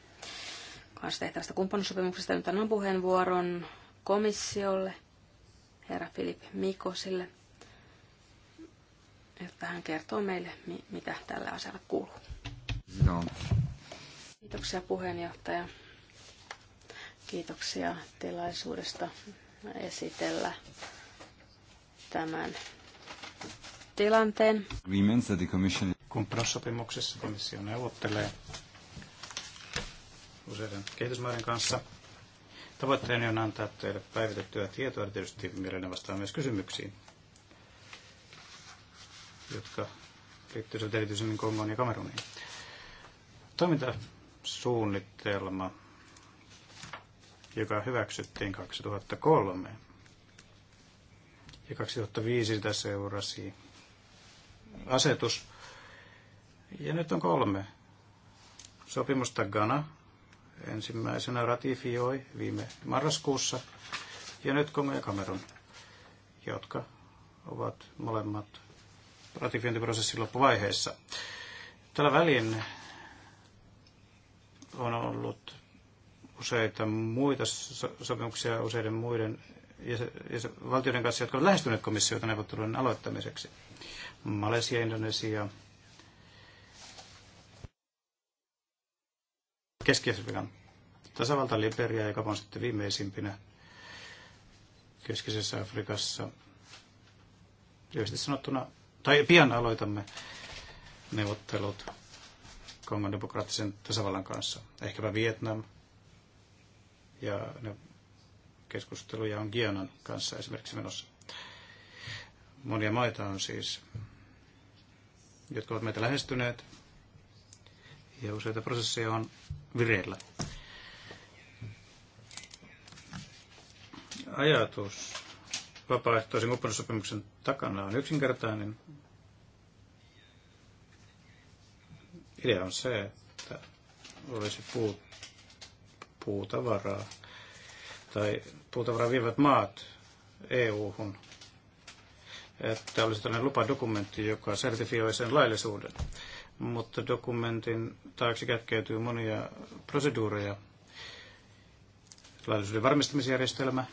kanssa tehtävästä kumppanussopimuksesta. Nyt annan puheenvuoron komissiolle, herra Filip Mikosille, että hän kertoo meille, mitä tällä asialla kuuluu. No. Kiitoksia puheenjohtaja. Kiitoksia tilaisuudesta esitellä tämän tilanteen. Kumppanuussopimuksessa komissio neuvottelee useiden kehitysmaiden kanssa. Tavoitteeni on antaa teille päivitettyä tietoa, tietysti mielelläni vastaa myös kysymyksiin, jotka liittyvät erityisemmin Kongoon ja Kameruniin. Toimintasuunnitelma joka hyväksyttiin 2003. Ja 2005 sitä seurasi asetus. Ja nyt on kolme sopimusta Ghana ensimmäisenä ratifioi viime marraskuussa ja nyt Kongo ja Kamerun, jotka ovat molemmat ratifiointiprosessin loppuvaiheessa. Tällä välin on ollut useita muita sopimuksia useiden muiden valtioiden kanssa, jotka ovat lähestyneet komissiota neuvottelujen aloittamiseksi. Malesia, Indonesia, Keski-Afrikan tasavalta, Liberia, joka on sitten viimeisimpinä Keskisessä Afrikassa. Lyhyesti sanottuna, tai pian aloitamme neuvottelut Kongon demokraattisen tasavallan kanssa. Ehkäpä Vietnam, ja ne keskusteluja on Gianan kanssa esimerkiksi menossa. Monia maita on siis, jotka ovat meitä lähestyneet, ja useita prosesseja on vireillä. Ajatus vapaaehtoisen kumppanuussopimuksen takana on yksinkertainen. Idea on se, että olisi puuttu puutavaraa tai puutavaraa vievät maat EU-hun, että olisi tällainen lupadokumentti, joka sertifioi sen laillisuuden. Mutta dokumentin taakse kätkeytyy monia proseduureja. Laillisuuden varmistamisjärjestelmä,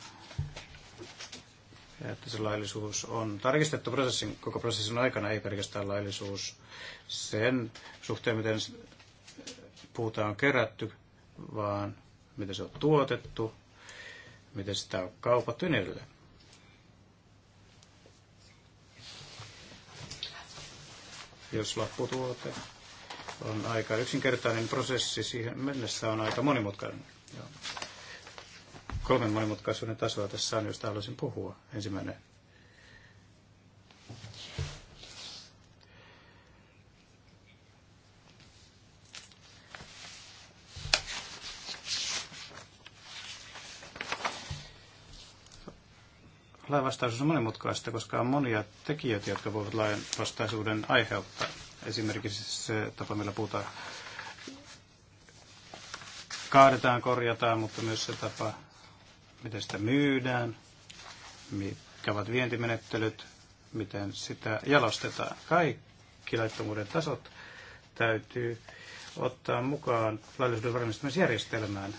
että se laillisuus on tarkistettu prosessin, koko prosessin aikana, ei pelkästään laillisuus sen suhteen, miten puuta on kerätty, vaan miten se on tuotettu, miten sitä on kaupattu niin edelleen. Jos lopputuote on aika yksinkertainen prosessi, siihen mennessä on aika monimutkainen. Kolmen monimutkaisuuden tasoa tässä on, josta haluaisin puhua. Ensimmäinen lainvastaisuus on monimutkaista, koska on monia tekijöitä, jotka voivat lainvastaisuuden aiheuttaa. Esimerkiksi se tapa, millä puhutaan kaadetaan, korjataan, mutta myös se tapa, miten sitä myydään, mitkä ovat vientimenettelyt, miten sitä jalostetaan. Kaikki laittomuuden tasot täytyy ottaa mukaan laillisuuden varmistamisjärjestelmään,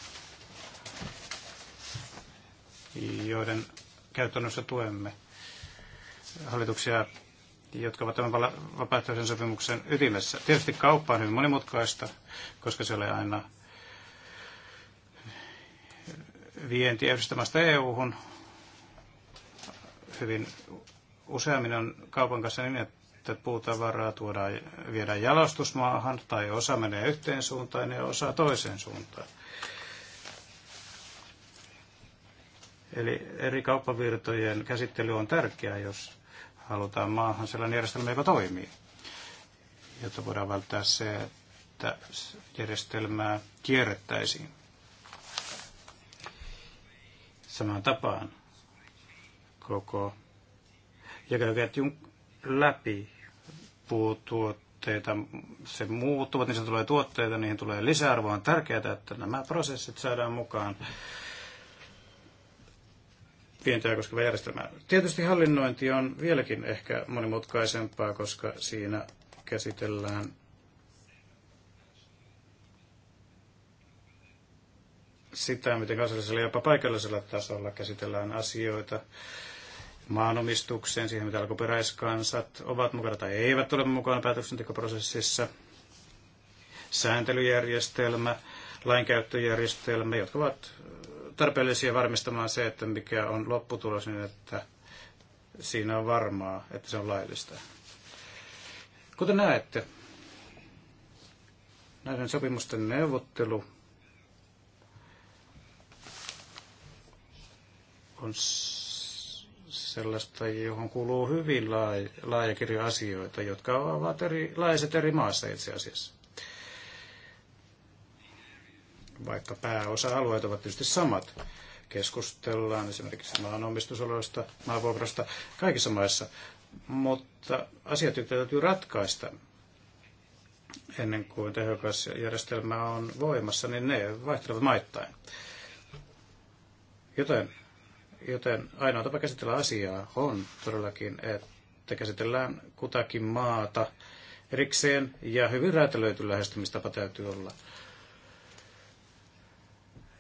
joiden käytännössä tuemme hallituksia, jotka ovat tämän vapaaehtoisen sopimuksen ytimessä. Tietysti kauppa on hyvin monimutkaista, koska se oli aina vienti yhdistämästä EU-hun. Hyvin useammin on kaupan kanssa niin, että puutavaraa tuodaan, viedään jalostusmaahan tai osa menee yhteen suuntaan ja osa toiseen suuntaan. Eli eri kauppavirtojen käsittely on tärkeää, jos halutaan maahan sellainen järjestelmä, joka toimii, jotta voidaan välttää se, että järjestelmää kierrettäisiin. Samaan tapaan koko jakaketjun läpi puutuotteita, se muuttuvat, niin, se tulee tuotteita, niihin tulee lisäarvoa. On tärkeää, että nämä prosessit saadaan mukaan vientiä koskeva järjestelmä. Tietysti hallinnointi on vieläkin ehkä monimutkaisempaa, koska siinä käsitellään sitä, miten kansallisella ja jopa paikallisella tasolla käsitellään asioita maanomistukseen, siihen mitä alkuperäiskansat ovat mukana tai eivät ole mukana päätöksentekoprosessissa, sääntelyjärjestelmä, lainkäyttöjärjestelmä, jotka ovat tarpeellisia varmistamaan se, että mikä on lopputulos, niin että siinä on varmaa, että se on laillista. Kuten näette, näiden sopimusten neuvottelu on sellaista, johon kuuluu hyvin laaja, laaja kirjo asioita, jotka ovat erilaiset eri maassa itse asiassa vaikka pääosa-alueet ovat tietysti samat. Keskustellaan esimerkiksi maanomistusoloista, maanvuokrasta, kaikissa maissa, mutta asiat, joita täytyy ratkaista ennen kuin tehokas järjestelmä on voimassa, niin ne vaihtelevat maittain. Joten, joten ainoa tapa käsitellä asiaa on todellakin, että käsitellään kutakin maata erikseen ja hyvin räätälöity lähestymistapa täytyy olla.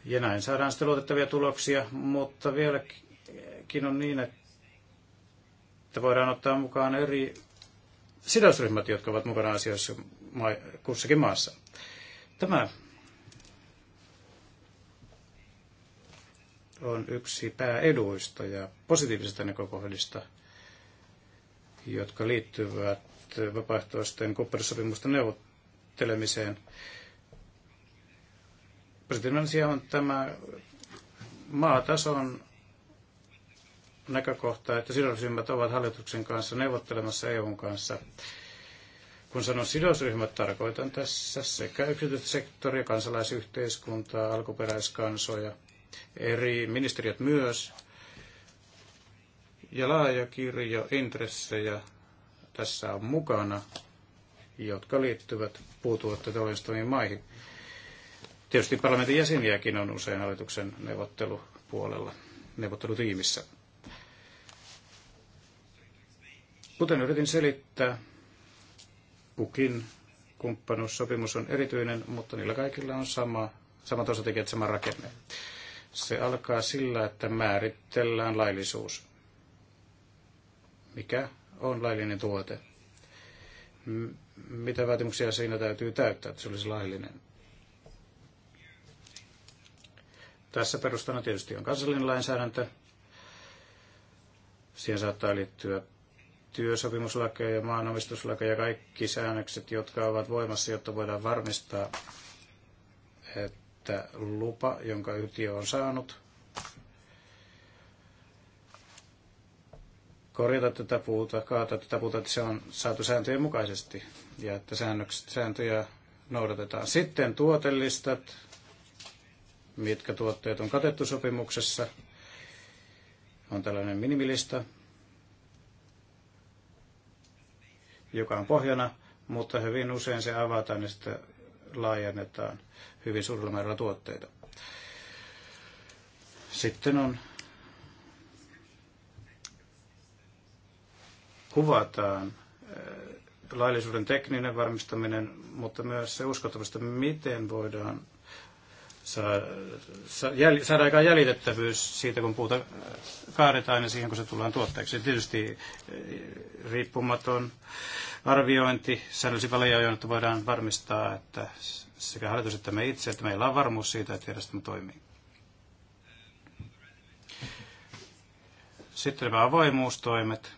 Ja näin saadaan sitten luotettavia tuloksia, mutta vieläkin on niin, että voidaan ottaa mukaan eri sidosryhmät, jotka ovat mukana asioissa kussakin maassa. Tämä on yksi pääeduista ja positiivisista näkökohdista, jotka liittyvät vapaaehtoisten kumppanussopimusten neuvottelemiseen Positiivinen asia on tämä maatason näkökohta, että sidosryhmät ovat hallituksen kanssa neuvottelemassa EUn kanssa. Kun sanon sidosryhmät, tarkoitan tässä sekä yksityistä sektoria, kansalaisyhteiskuntaa, alkuperäiskansoja, eri ministeriöt myös, ja laaja kirjo intressejä tässä on mukana, jotka liittyvät puutuotteiden maihin. Tietysti parlamentin jäseniäkin on usein hallituksen neuvottelupuolella, neuvottelutiimissä. Kuten yritin selittää, kukin kumppanuussopimus on erityinen, mutta niillä kaikilla on sama, samat osatekijät, sama rakenne. Se alkaa sillä, että määritellään laillisuus. Mikä on laillinen tuote? mitä vaatimuksia siinä täytyy täyttää, että se olisi laillinen? Tässä perustana tietysti on kansallinen lainsäädäntö. Siihen saattaa liittyä työsopimuslakeja ja maanomistuslakeja ja kaikki säännökset, jotka ovat voimassa, jotta voidaan varmistaa, että lupa, jonka yhtiö on saanut, korjata tätä puuta, kaataa tätä puuta, että se on saatu sääntöjen mukaisesti ja että säännökset, sääntöjä noudatetaan. Sitten tuotelistat, mitkä tuotteet on katettu sopimuksessa. On tällainen minimilista, joka on pohjana, mutta hyvin usein se avataan ja sitten laajennetaan hyvin suurella määrällä tuotteita. Sitten on kuvataan eh, laillisuuden tekninen varmistaminen, mutta myös se uskottavasti, miten voidaan saada aikaan jäljitettävyys siitä, kun puuta äh, kaadetaan ja siihen, kun se tullaan tuotteeksi. Tietysti äh, riippumaton arviointi säännöllisin väliajoin, että voidaan varmistaa, että sekä hallitus että me itse, että meillä on varmuus siitä, että järjestelmä toimii. Sitten nämä avoimuustoimet,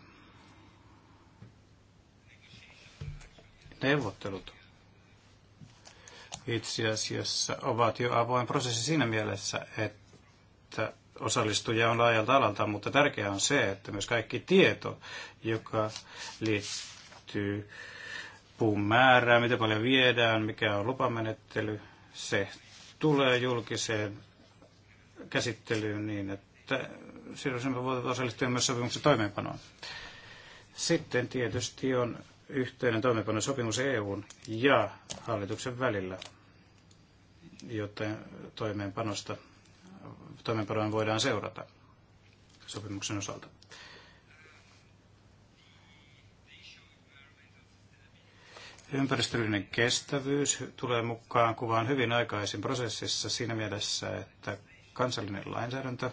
neuvottelut itse asiassa ovat jo avoin prosessi siinä mielessä, että osallistujia on laajalta alalta, mutta tärkeää on se, että myös kaikki tieto, joka liittyy puun määrään, miten paljon viedään, mikä on lupamenettely, se tulee julkiseen käsittelyyn niin, että silloin me voivat osallistua myös sopimuksen toimeenpanoon. Sitten tietysti on yhteinen toimeenpanosopimus EUn ja hallituksen välillä, jotta toimeenpanosta, toimeenpanoa voidaan seurata sopimuksen osalta. Ympäristöllinen kestävyys tulee mukaan kuvaan hyvin aikaisin prosessissa siinä mielessä, että kansallinen lainsäädäntö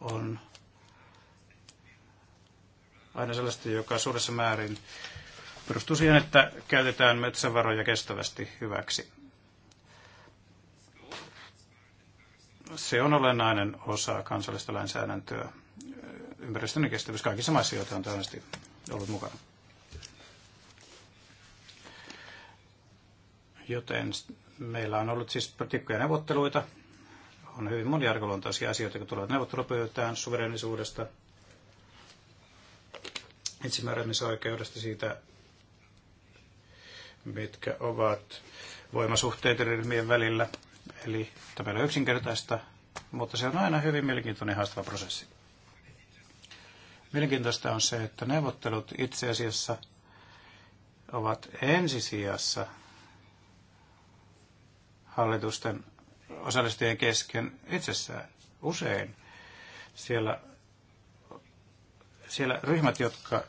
on aina sellaista, joka suuressa määrin perustuu siihen, että käytetään metsävaroja kestävästi hyväksi. Se on olennainen osa kansallista lainsäädäntöä. Ympäristön kestävyys kaikissa maissa, joita on tällaisesti ollut mukana. Joten meillä on ollut siis tiukkoja neuvotteluita. On hyvin moniarkoluontoisia asioita, jotka tulevat neuvottelupöytään suverenisuudesta, itsemääräämisoikeudesta siitä, mitkä ovat voimasuhteet eri ryhmien välillä. Eli tämä ei ole yksinkertaista, mutta se on aina hyvin mielenkiintoinen haastava prosessi. Mielenkiintoista on se, että neuvottelut itse asiassa ovat ensisijassa hallitusten osallistujien kesken itsessään usein. Siellä, siellä ryhmät, jotka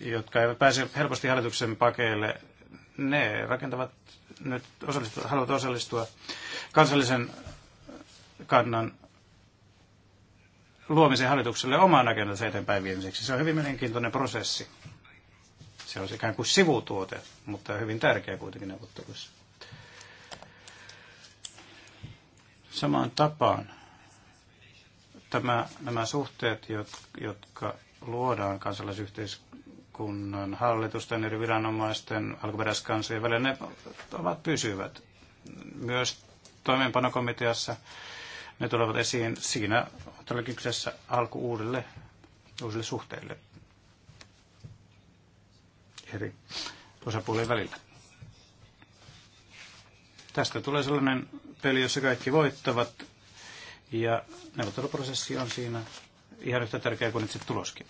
jotka eivät pääse helposti hallituksen pakeille, ne rakentavat nyt osallistua, haluavat osallistua kansallisen kannan luomisen hallitukselle oman agendansa eteenpäin viemiseksi. Se on hyvin mielenkiintoinen prosessi. Se on ikään kuin sivutuote, mutta hyvin tärkeä kuitenkin neuvotteluissa. Samaan tapaan tämä, nämä suhteet, jotka luodaan kansalaisyhteiskunnan kunnan hallitusten, eri viranomaisten, alkuperäiskansien välillä, ne ovat pysyvät. Myös toimeenpanokomiteassa ne tulevat esiin siinä todellakin kyseessä alku uudelle, uusille suhteille eri osapuolien välillä. Tästä tulee sellainen peli, jossa kaikki voittavat ja neuvotteluprosessi on siinä ihan yhtä tärkeä kuin itse tuloskin.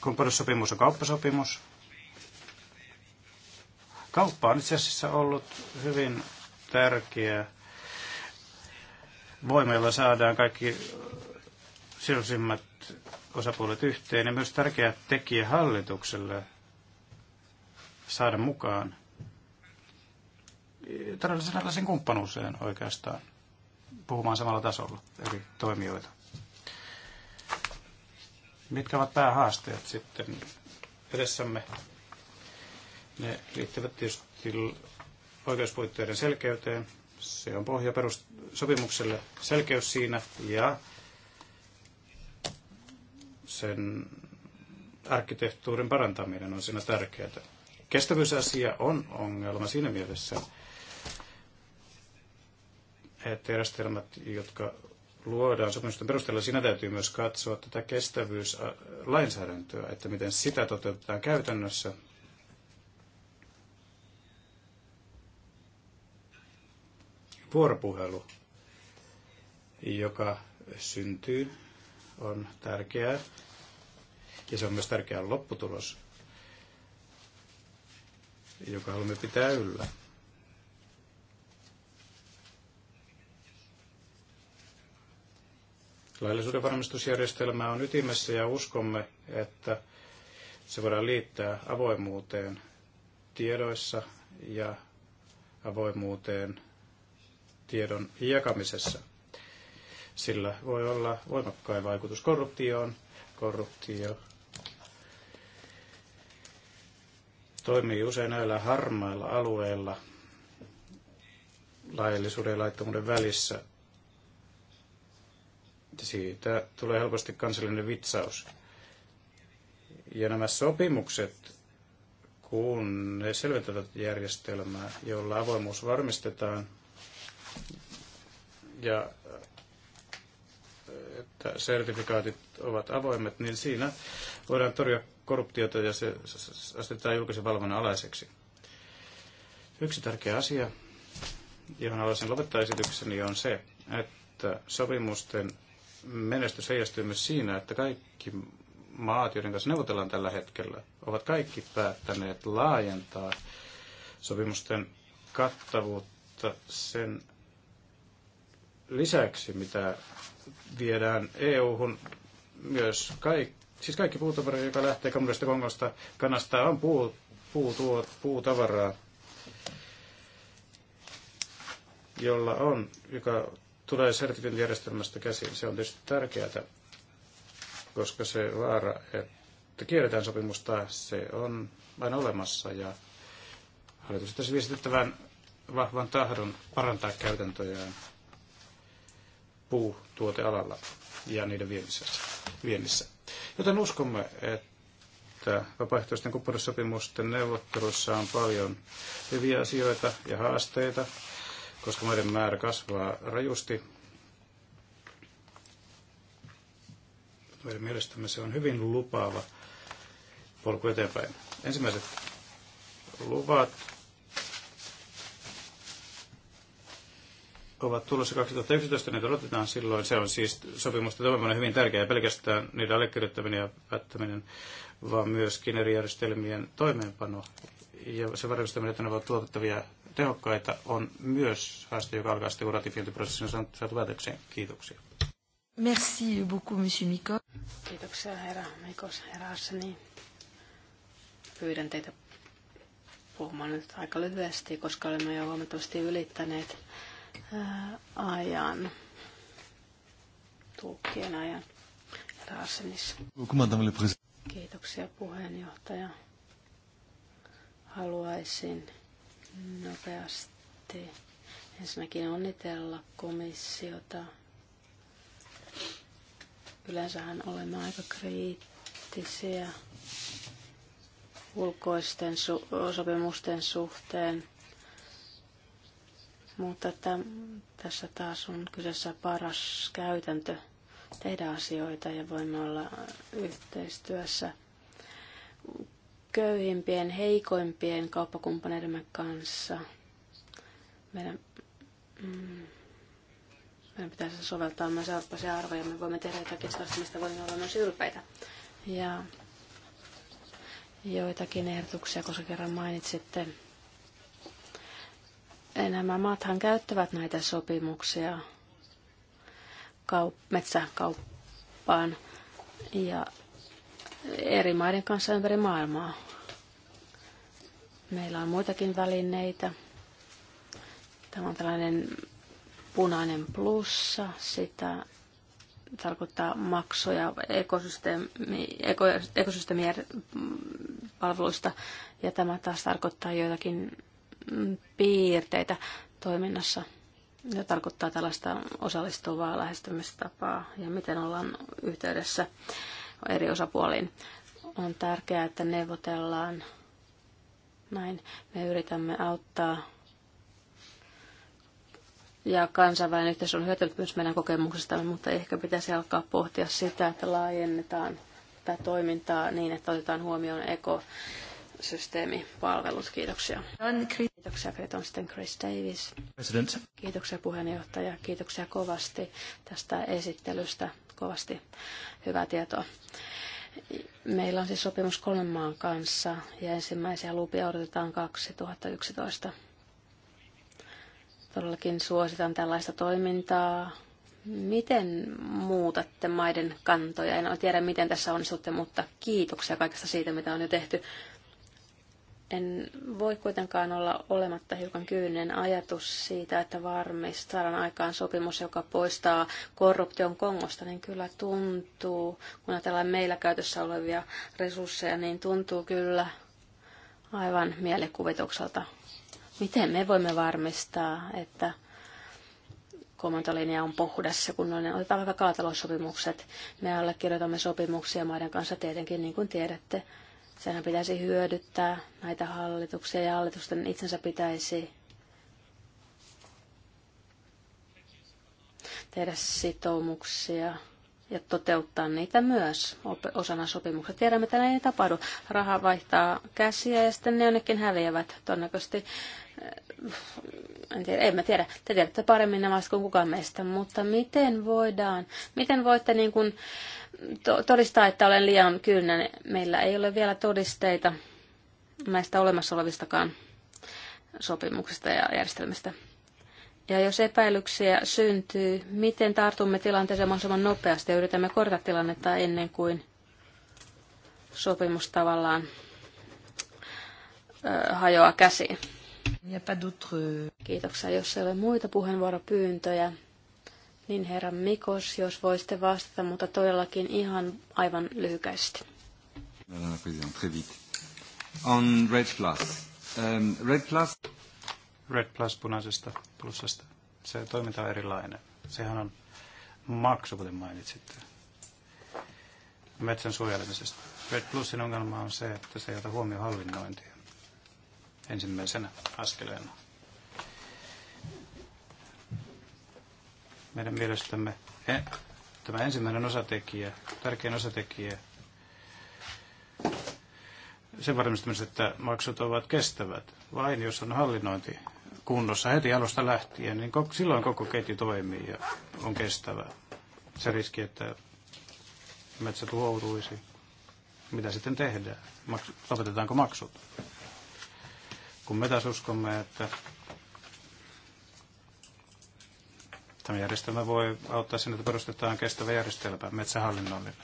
Kumppanuussopimus on kauppasopimus. Kauppa on itse asiassa ollut hyvin tärkeä voima, saadaan kaikki sidosimmat osapuolet yhteen ja myös tärkeä tekijä hallitukselle saada mukaan tällaisen kumppanuuseen oikeastaan puhumaan samalla tasolla eri toimijoita. Mitkä ovat päähaasteet sitten edessämme? Ne liittyvät tietysti oikeuspuitteiden selkeyteen. Se on pohja perussopimukselle selkeys siinä ja sen arkkitehtuurin parantaminen on siinä tärkeää. Kestävyysasia on ongelma siinä mielessä, että järjestelmät, jotka luodaan sopimusten perusteella, siinä täytyy myös katsoa tätä kestävyyslainsäädäntöä, että miten sitä toteutetaan käytännössä. Vuoropuhelu, joka syntyy, on tärkeää. Ja se on myös tärkeä lopputulos, joka haluamme pitää yllä. Laillisuuden varmistusjärjestelmä on ytimessä ja uskomme, että se voidaan liittää avoimuuteen tiedoissa ja avoimuuteen tiedon jakamisessa. Sillä voi olla voimakkain vaikutus korruptioon. Korruptio toimii usein näillä harmailla alueilla laillisuuden ja laittomuuden välissä siitä tulee helposti kansallinen vitsaus. Ja nämä sopimukset, kun ne selventävät järjestelmää, jolla avoimuus varmistetaan, ja äh, että sertifikaatit ovat avoimet, niin siinä voidaan torjua korruptiota ja se asetetaan julkisen valvonnan alaiseksi. Yksi tärkeä asia, johon haluaisin lopettaa esitykseni, on se, että sopimusten menestys heijastuu myös siinä, että kaikki maat, joiden kanssa neuvotellaan tällä hetkellä, ovat kaikki päättäneet laajentaa sopimusten kattavuutta sen lisäksi, mitä viedään EU-hun myös kaikki, siis kaikki puutavara, joka lähtee Kamerasta Kongosta, Kanasta on puu, puu, tuo, puutavaraa, jolla on, joka tulee sertifiointijärjestelmästä käsin. Se on tietysti tärkeää, koska se vaara, että kierretään sopimusta, se on aina olemassa ja hallitus tässä viestittävän vahvan tahdon parantaa käytäntöjään puutuotealalla ja niiden viennissä. Joten uskomme, että vapaaehtoisten kumppanussopimusten neuvotteluissa on paljon hyviä asioita ja haasteita, koska maiden määrä kasvaa rajusti. Meidän mielestämme se on hyvin lupaava polku eteenpäin. Ensimmäiset luvat ovat tulossa 2011, niitä odotetaan silloin. Se on siis sopimusta toimeenpano hyvin tärkeää, pelkästään niiden allekirjoittaminen ja päättäminen, vaan myöskin eri järjestelmien toimeenpano ja se varmistaminen, että ne ovat tuotettavia tehokkaita on myös haaste, joka alkaa sitten, kun on saatu päätökseen. Kiitoksia. Merci beaucoup, monsieur Miko. Kiitoksia, herra Mikos, herra Assani. Pyydän teitä puhumaan nyt aika lyhyesti, koska olemme jo huomattavasti ylittäneet ää, ajan, tuukkien ajan. Herra Assanissa. Kiitoksia, puheenjohtaja. Haluaisin nopeasti ensinnäkin onnitella komissiota. Yleensähän olemme aika kriittisiä ulkoisten su- sopimusten suhteen, mutta täm, tässä taas on kyseessä paras käytäntö tehdä asioita ja voimme olla yhteistyössä köyhimpien, heikoimpien kauppakumppaneidemme kanssa. Meidän, mm, meidän pitäisi soveltaa myös eurooppalaisia arvoja. Me voimme tehdä jotakin sellaista, mistä voimme olla myös ylpeitä. Ja joitakin ehdotuksia, koska kerran mainitsitte. Nämä maathan käyttävät näitä sopimuksia kaup- metsäkauppaan ja eri maiden kanssa ympäri maailmaa. Meillä on muitakin välineitä. Tämä on tällainen punainen plussa. Sitä tarkoittaa maksuja ekosysteemi, ekosysteemien palveluista. Ja tämä taas tarkoittaa joitakin piirteitä toiminnassa. Ja tarkoittaa tällaista osallistuvaa lähestymistapaa ja miten ollaan yhteydessä eri osapuoliin. On tärkeää, että neuvotellaan näin. Me yritämme auttaa ja kansainvälinen yhteisö on hyötynyt myös meidän kokemuksesta, mutta ehkä pitäisi alkaa pohtia sitä, että laajennetaan tätä toimintaa niin, että otetaan huomioon ekosysteemipalvelut. Kiitoksia. Kiitoksia Kreton sitten Chris Davis. President. Kiitoksia puheenjohtaja. Kiitoksia kovasti tästä esittelystä kovasti hyvää tietoa. Meillä on siis sopimus kolmen maan kanssa ja ensimmäisiä lupia odotetaan 2011. Todellakin suositan tällaista toimintaa. Miten muutatte maiden kantoja? En tiedä, miten tässä onnistutte, mutta kiitoksia kaikesta siitä, mitä on jo tehty. En voi kuitenkaan olla olematta hiukan kyyninen ajatus siitä, että varmista saadaan aikaan sopimus, joka poistaa korruption Kongosta, niin kyllä tuntuu, kun ajatellaan meillä käytössä olevia resursseja, niin tuntuu kyllä aivan mielikuvitukselta. Miten me voimme varmistaa, että komentolinja on puhdas ja kunnollinen. Otetaan vaikka kaatalossopimukset. Me allekirjoitamme sopimuksia maiden kanssa tietenkin, niin kuin tiedätte Sehän pitäisi hyödyttää näitä hallituksia ja hallitusten itsensä pitäisi tehdä sitoumuksia ja toteuttaa niitä myös osana sopimuksia. Tiedämme, että näin ei tapahdu. Raha vaihtaa käsiä ja sitten ne jonnekin häviävät. Todennäköisesti Äh, en tiedä, en mä tiedä, te tiedätte paremmin nämä kuin kukaan meistä, mutta miten voidaan, miten voitte niin kuin to- todistaa, että olen liian kyynä, meillä ei ole vielä todisteita näistä olemassa olevistakaan sopimuksista ja järjestelmistä. Ja jos epäilyksiä syntyy, miten tartumme tilanteeseen mahdollisimman nopeasti ja yritämme korjata tilannetta ennen kuin sopimus tavallaan ö, hajoaa käsiin? Kiitoksia. Jos ei ole muita puheenvuoropyyntöjä, niin herra Mikos, jos voisitte vastata, mutta todellakin ihan aivan lyhykäisesti. On Red Plus. Um, Red Plus. Red Plus punaisesta plussasta. Se toiminta on erilainen. Sehän on maksu, kuten mainitsitte. Metsän suojelemisesta. Red Plusin ongelma on se, että se ei ota huomioon hallinnointia ensimmäisenä askeleena. Meidän mielestämme e, tämä ensimmäinen osatekijä, tärkein osatekijä, sen varmistamisen, että maksut ovat kestävät. Vain jos on hallinnointi kunnossa heti alusta lähtien, niin silloin koko ketju toimii ja on kestävä. Se riski, että metsä tuhoutuisi. Mitä sitten tehdään? lopetetaanko maksut? Kun me taas uskomme, että tämä järjestelmä voi auttaa siinä, että perustetaan kestävä järjestelmä metsähallinnollinen.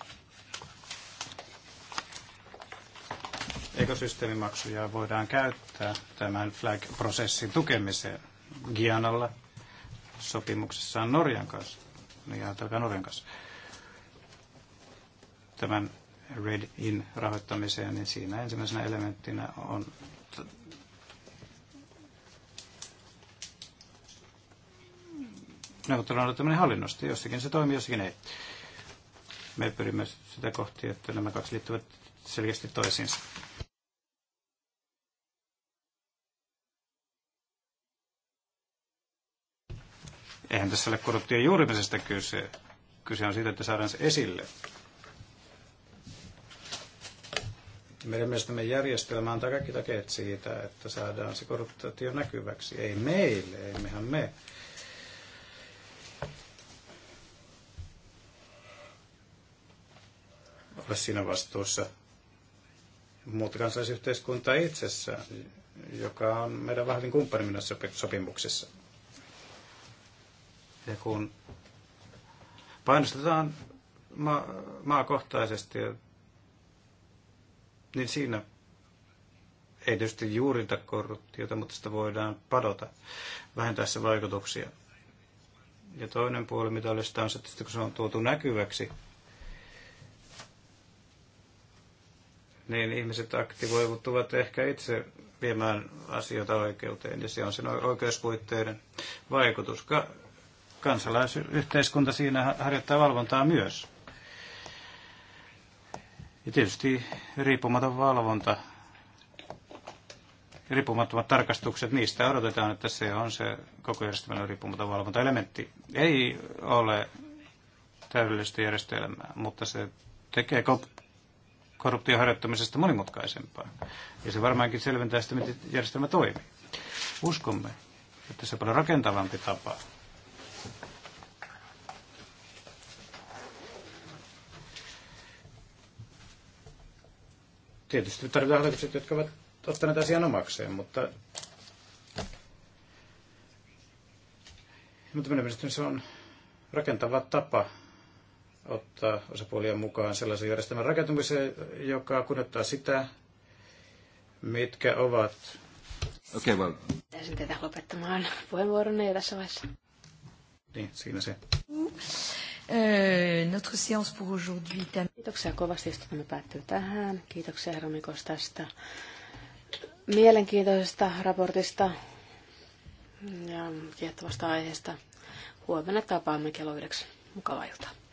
Ekosysteemimaksuja voidaan käyttää tämän FLAG-prosessin tukemiseen Gianalla sopimuksessaan Norjan kanssa. Niin ajatelkaa Norjan kanssa. Tämän Red In rahoittamiseen, niin siinä ensimmäisenä elementtinä on neuvottelun ottaminen hallinnosta. Jossakin se toimii, jossakin ei. Me pyrimme sitä kohti, että nämä kaksi liittyvät selkeästi toisiinsa. Eihän tässä ole korruptio juurimisesta kyse. Kyse on siitä, että saadaan se esille. Meidän mielestämme järjestelmä antaa kaikki takeet siitä, että saadaan se korruptio näkyväksi. Ei meille, mehän me ole siinä vastuussa, mutta kansalaisyhteiskunta itsessään, joka on meidän vahvin niin kumppanimme sopimuksessa, Ja kun painostetaan ma- maakohtaisesti, niin siinä ei tietysti juurita korruptiota, mutta sitä voidaan padota, vähentää se vaikutuksia. Ja toinen puoli mitä on se, että kun se on tuotu näkyväksi, niin ihmiset aktivoivutuvat ehkä itse viemään asioita oikeuteen, ja se on sen oikeuspuitteiden vaikutus. Ka- kansalaisyhteiskunta siinä harjoittaa valvontaa myös. Ja tietysti riippumaton valvonta, riippumattomat tarkastukset, niistä odotetaan, että se on se koko järjestelmän riippumaton valvontaelementti. Ei ole täydellistä järjestelmää, mutta se tekee korruption harjoittamisesta monimutkaisempaa. Ja se varmaankin selventää sitä, miten järjestelmä toimii. Uskomme, että se on paljon rakentavampi tapa tietysti tarvitaan hallitukset, jotka ovat ottaneet asian omakseen, mutta, mutta minun mielestäni se on rakentava tapa ottaa osapuolia mukaan sellaisen järjestelmän rakentumiseen, joka kunnioittaa sitä, mitkä ovat... Okei, okay, well. Täysin tätä lopettamaan puheenvuoronne jo tässä vaiheessa. Niin, siinä se. Euh, notre séance pour aujourd'hui. Kiitoksia kovasti, että me päättyy tähän. Kiitoksia herra Mikos tästä mielenkiintoisesta raportista ja kiehtovasta aiheesta. Huomenna tapaamme kello yhdeksän. Mukavaa iltaa.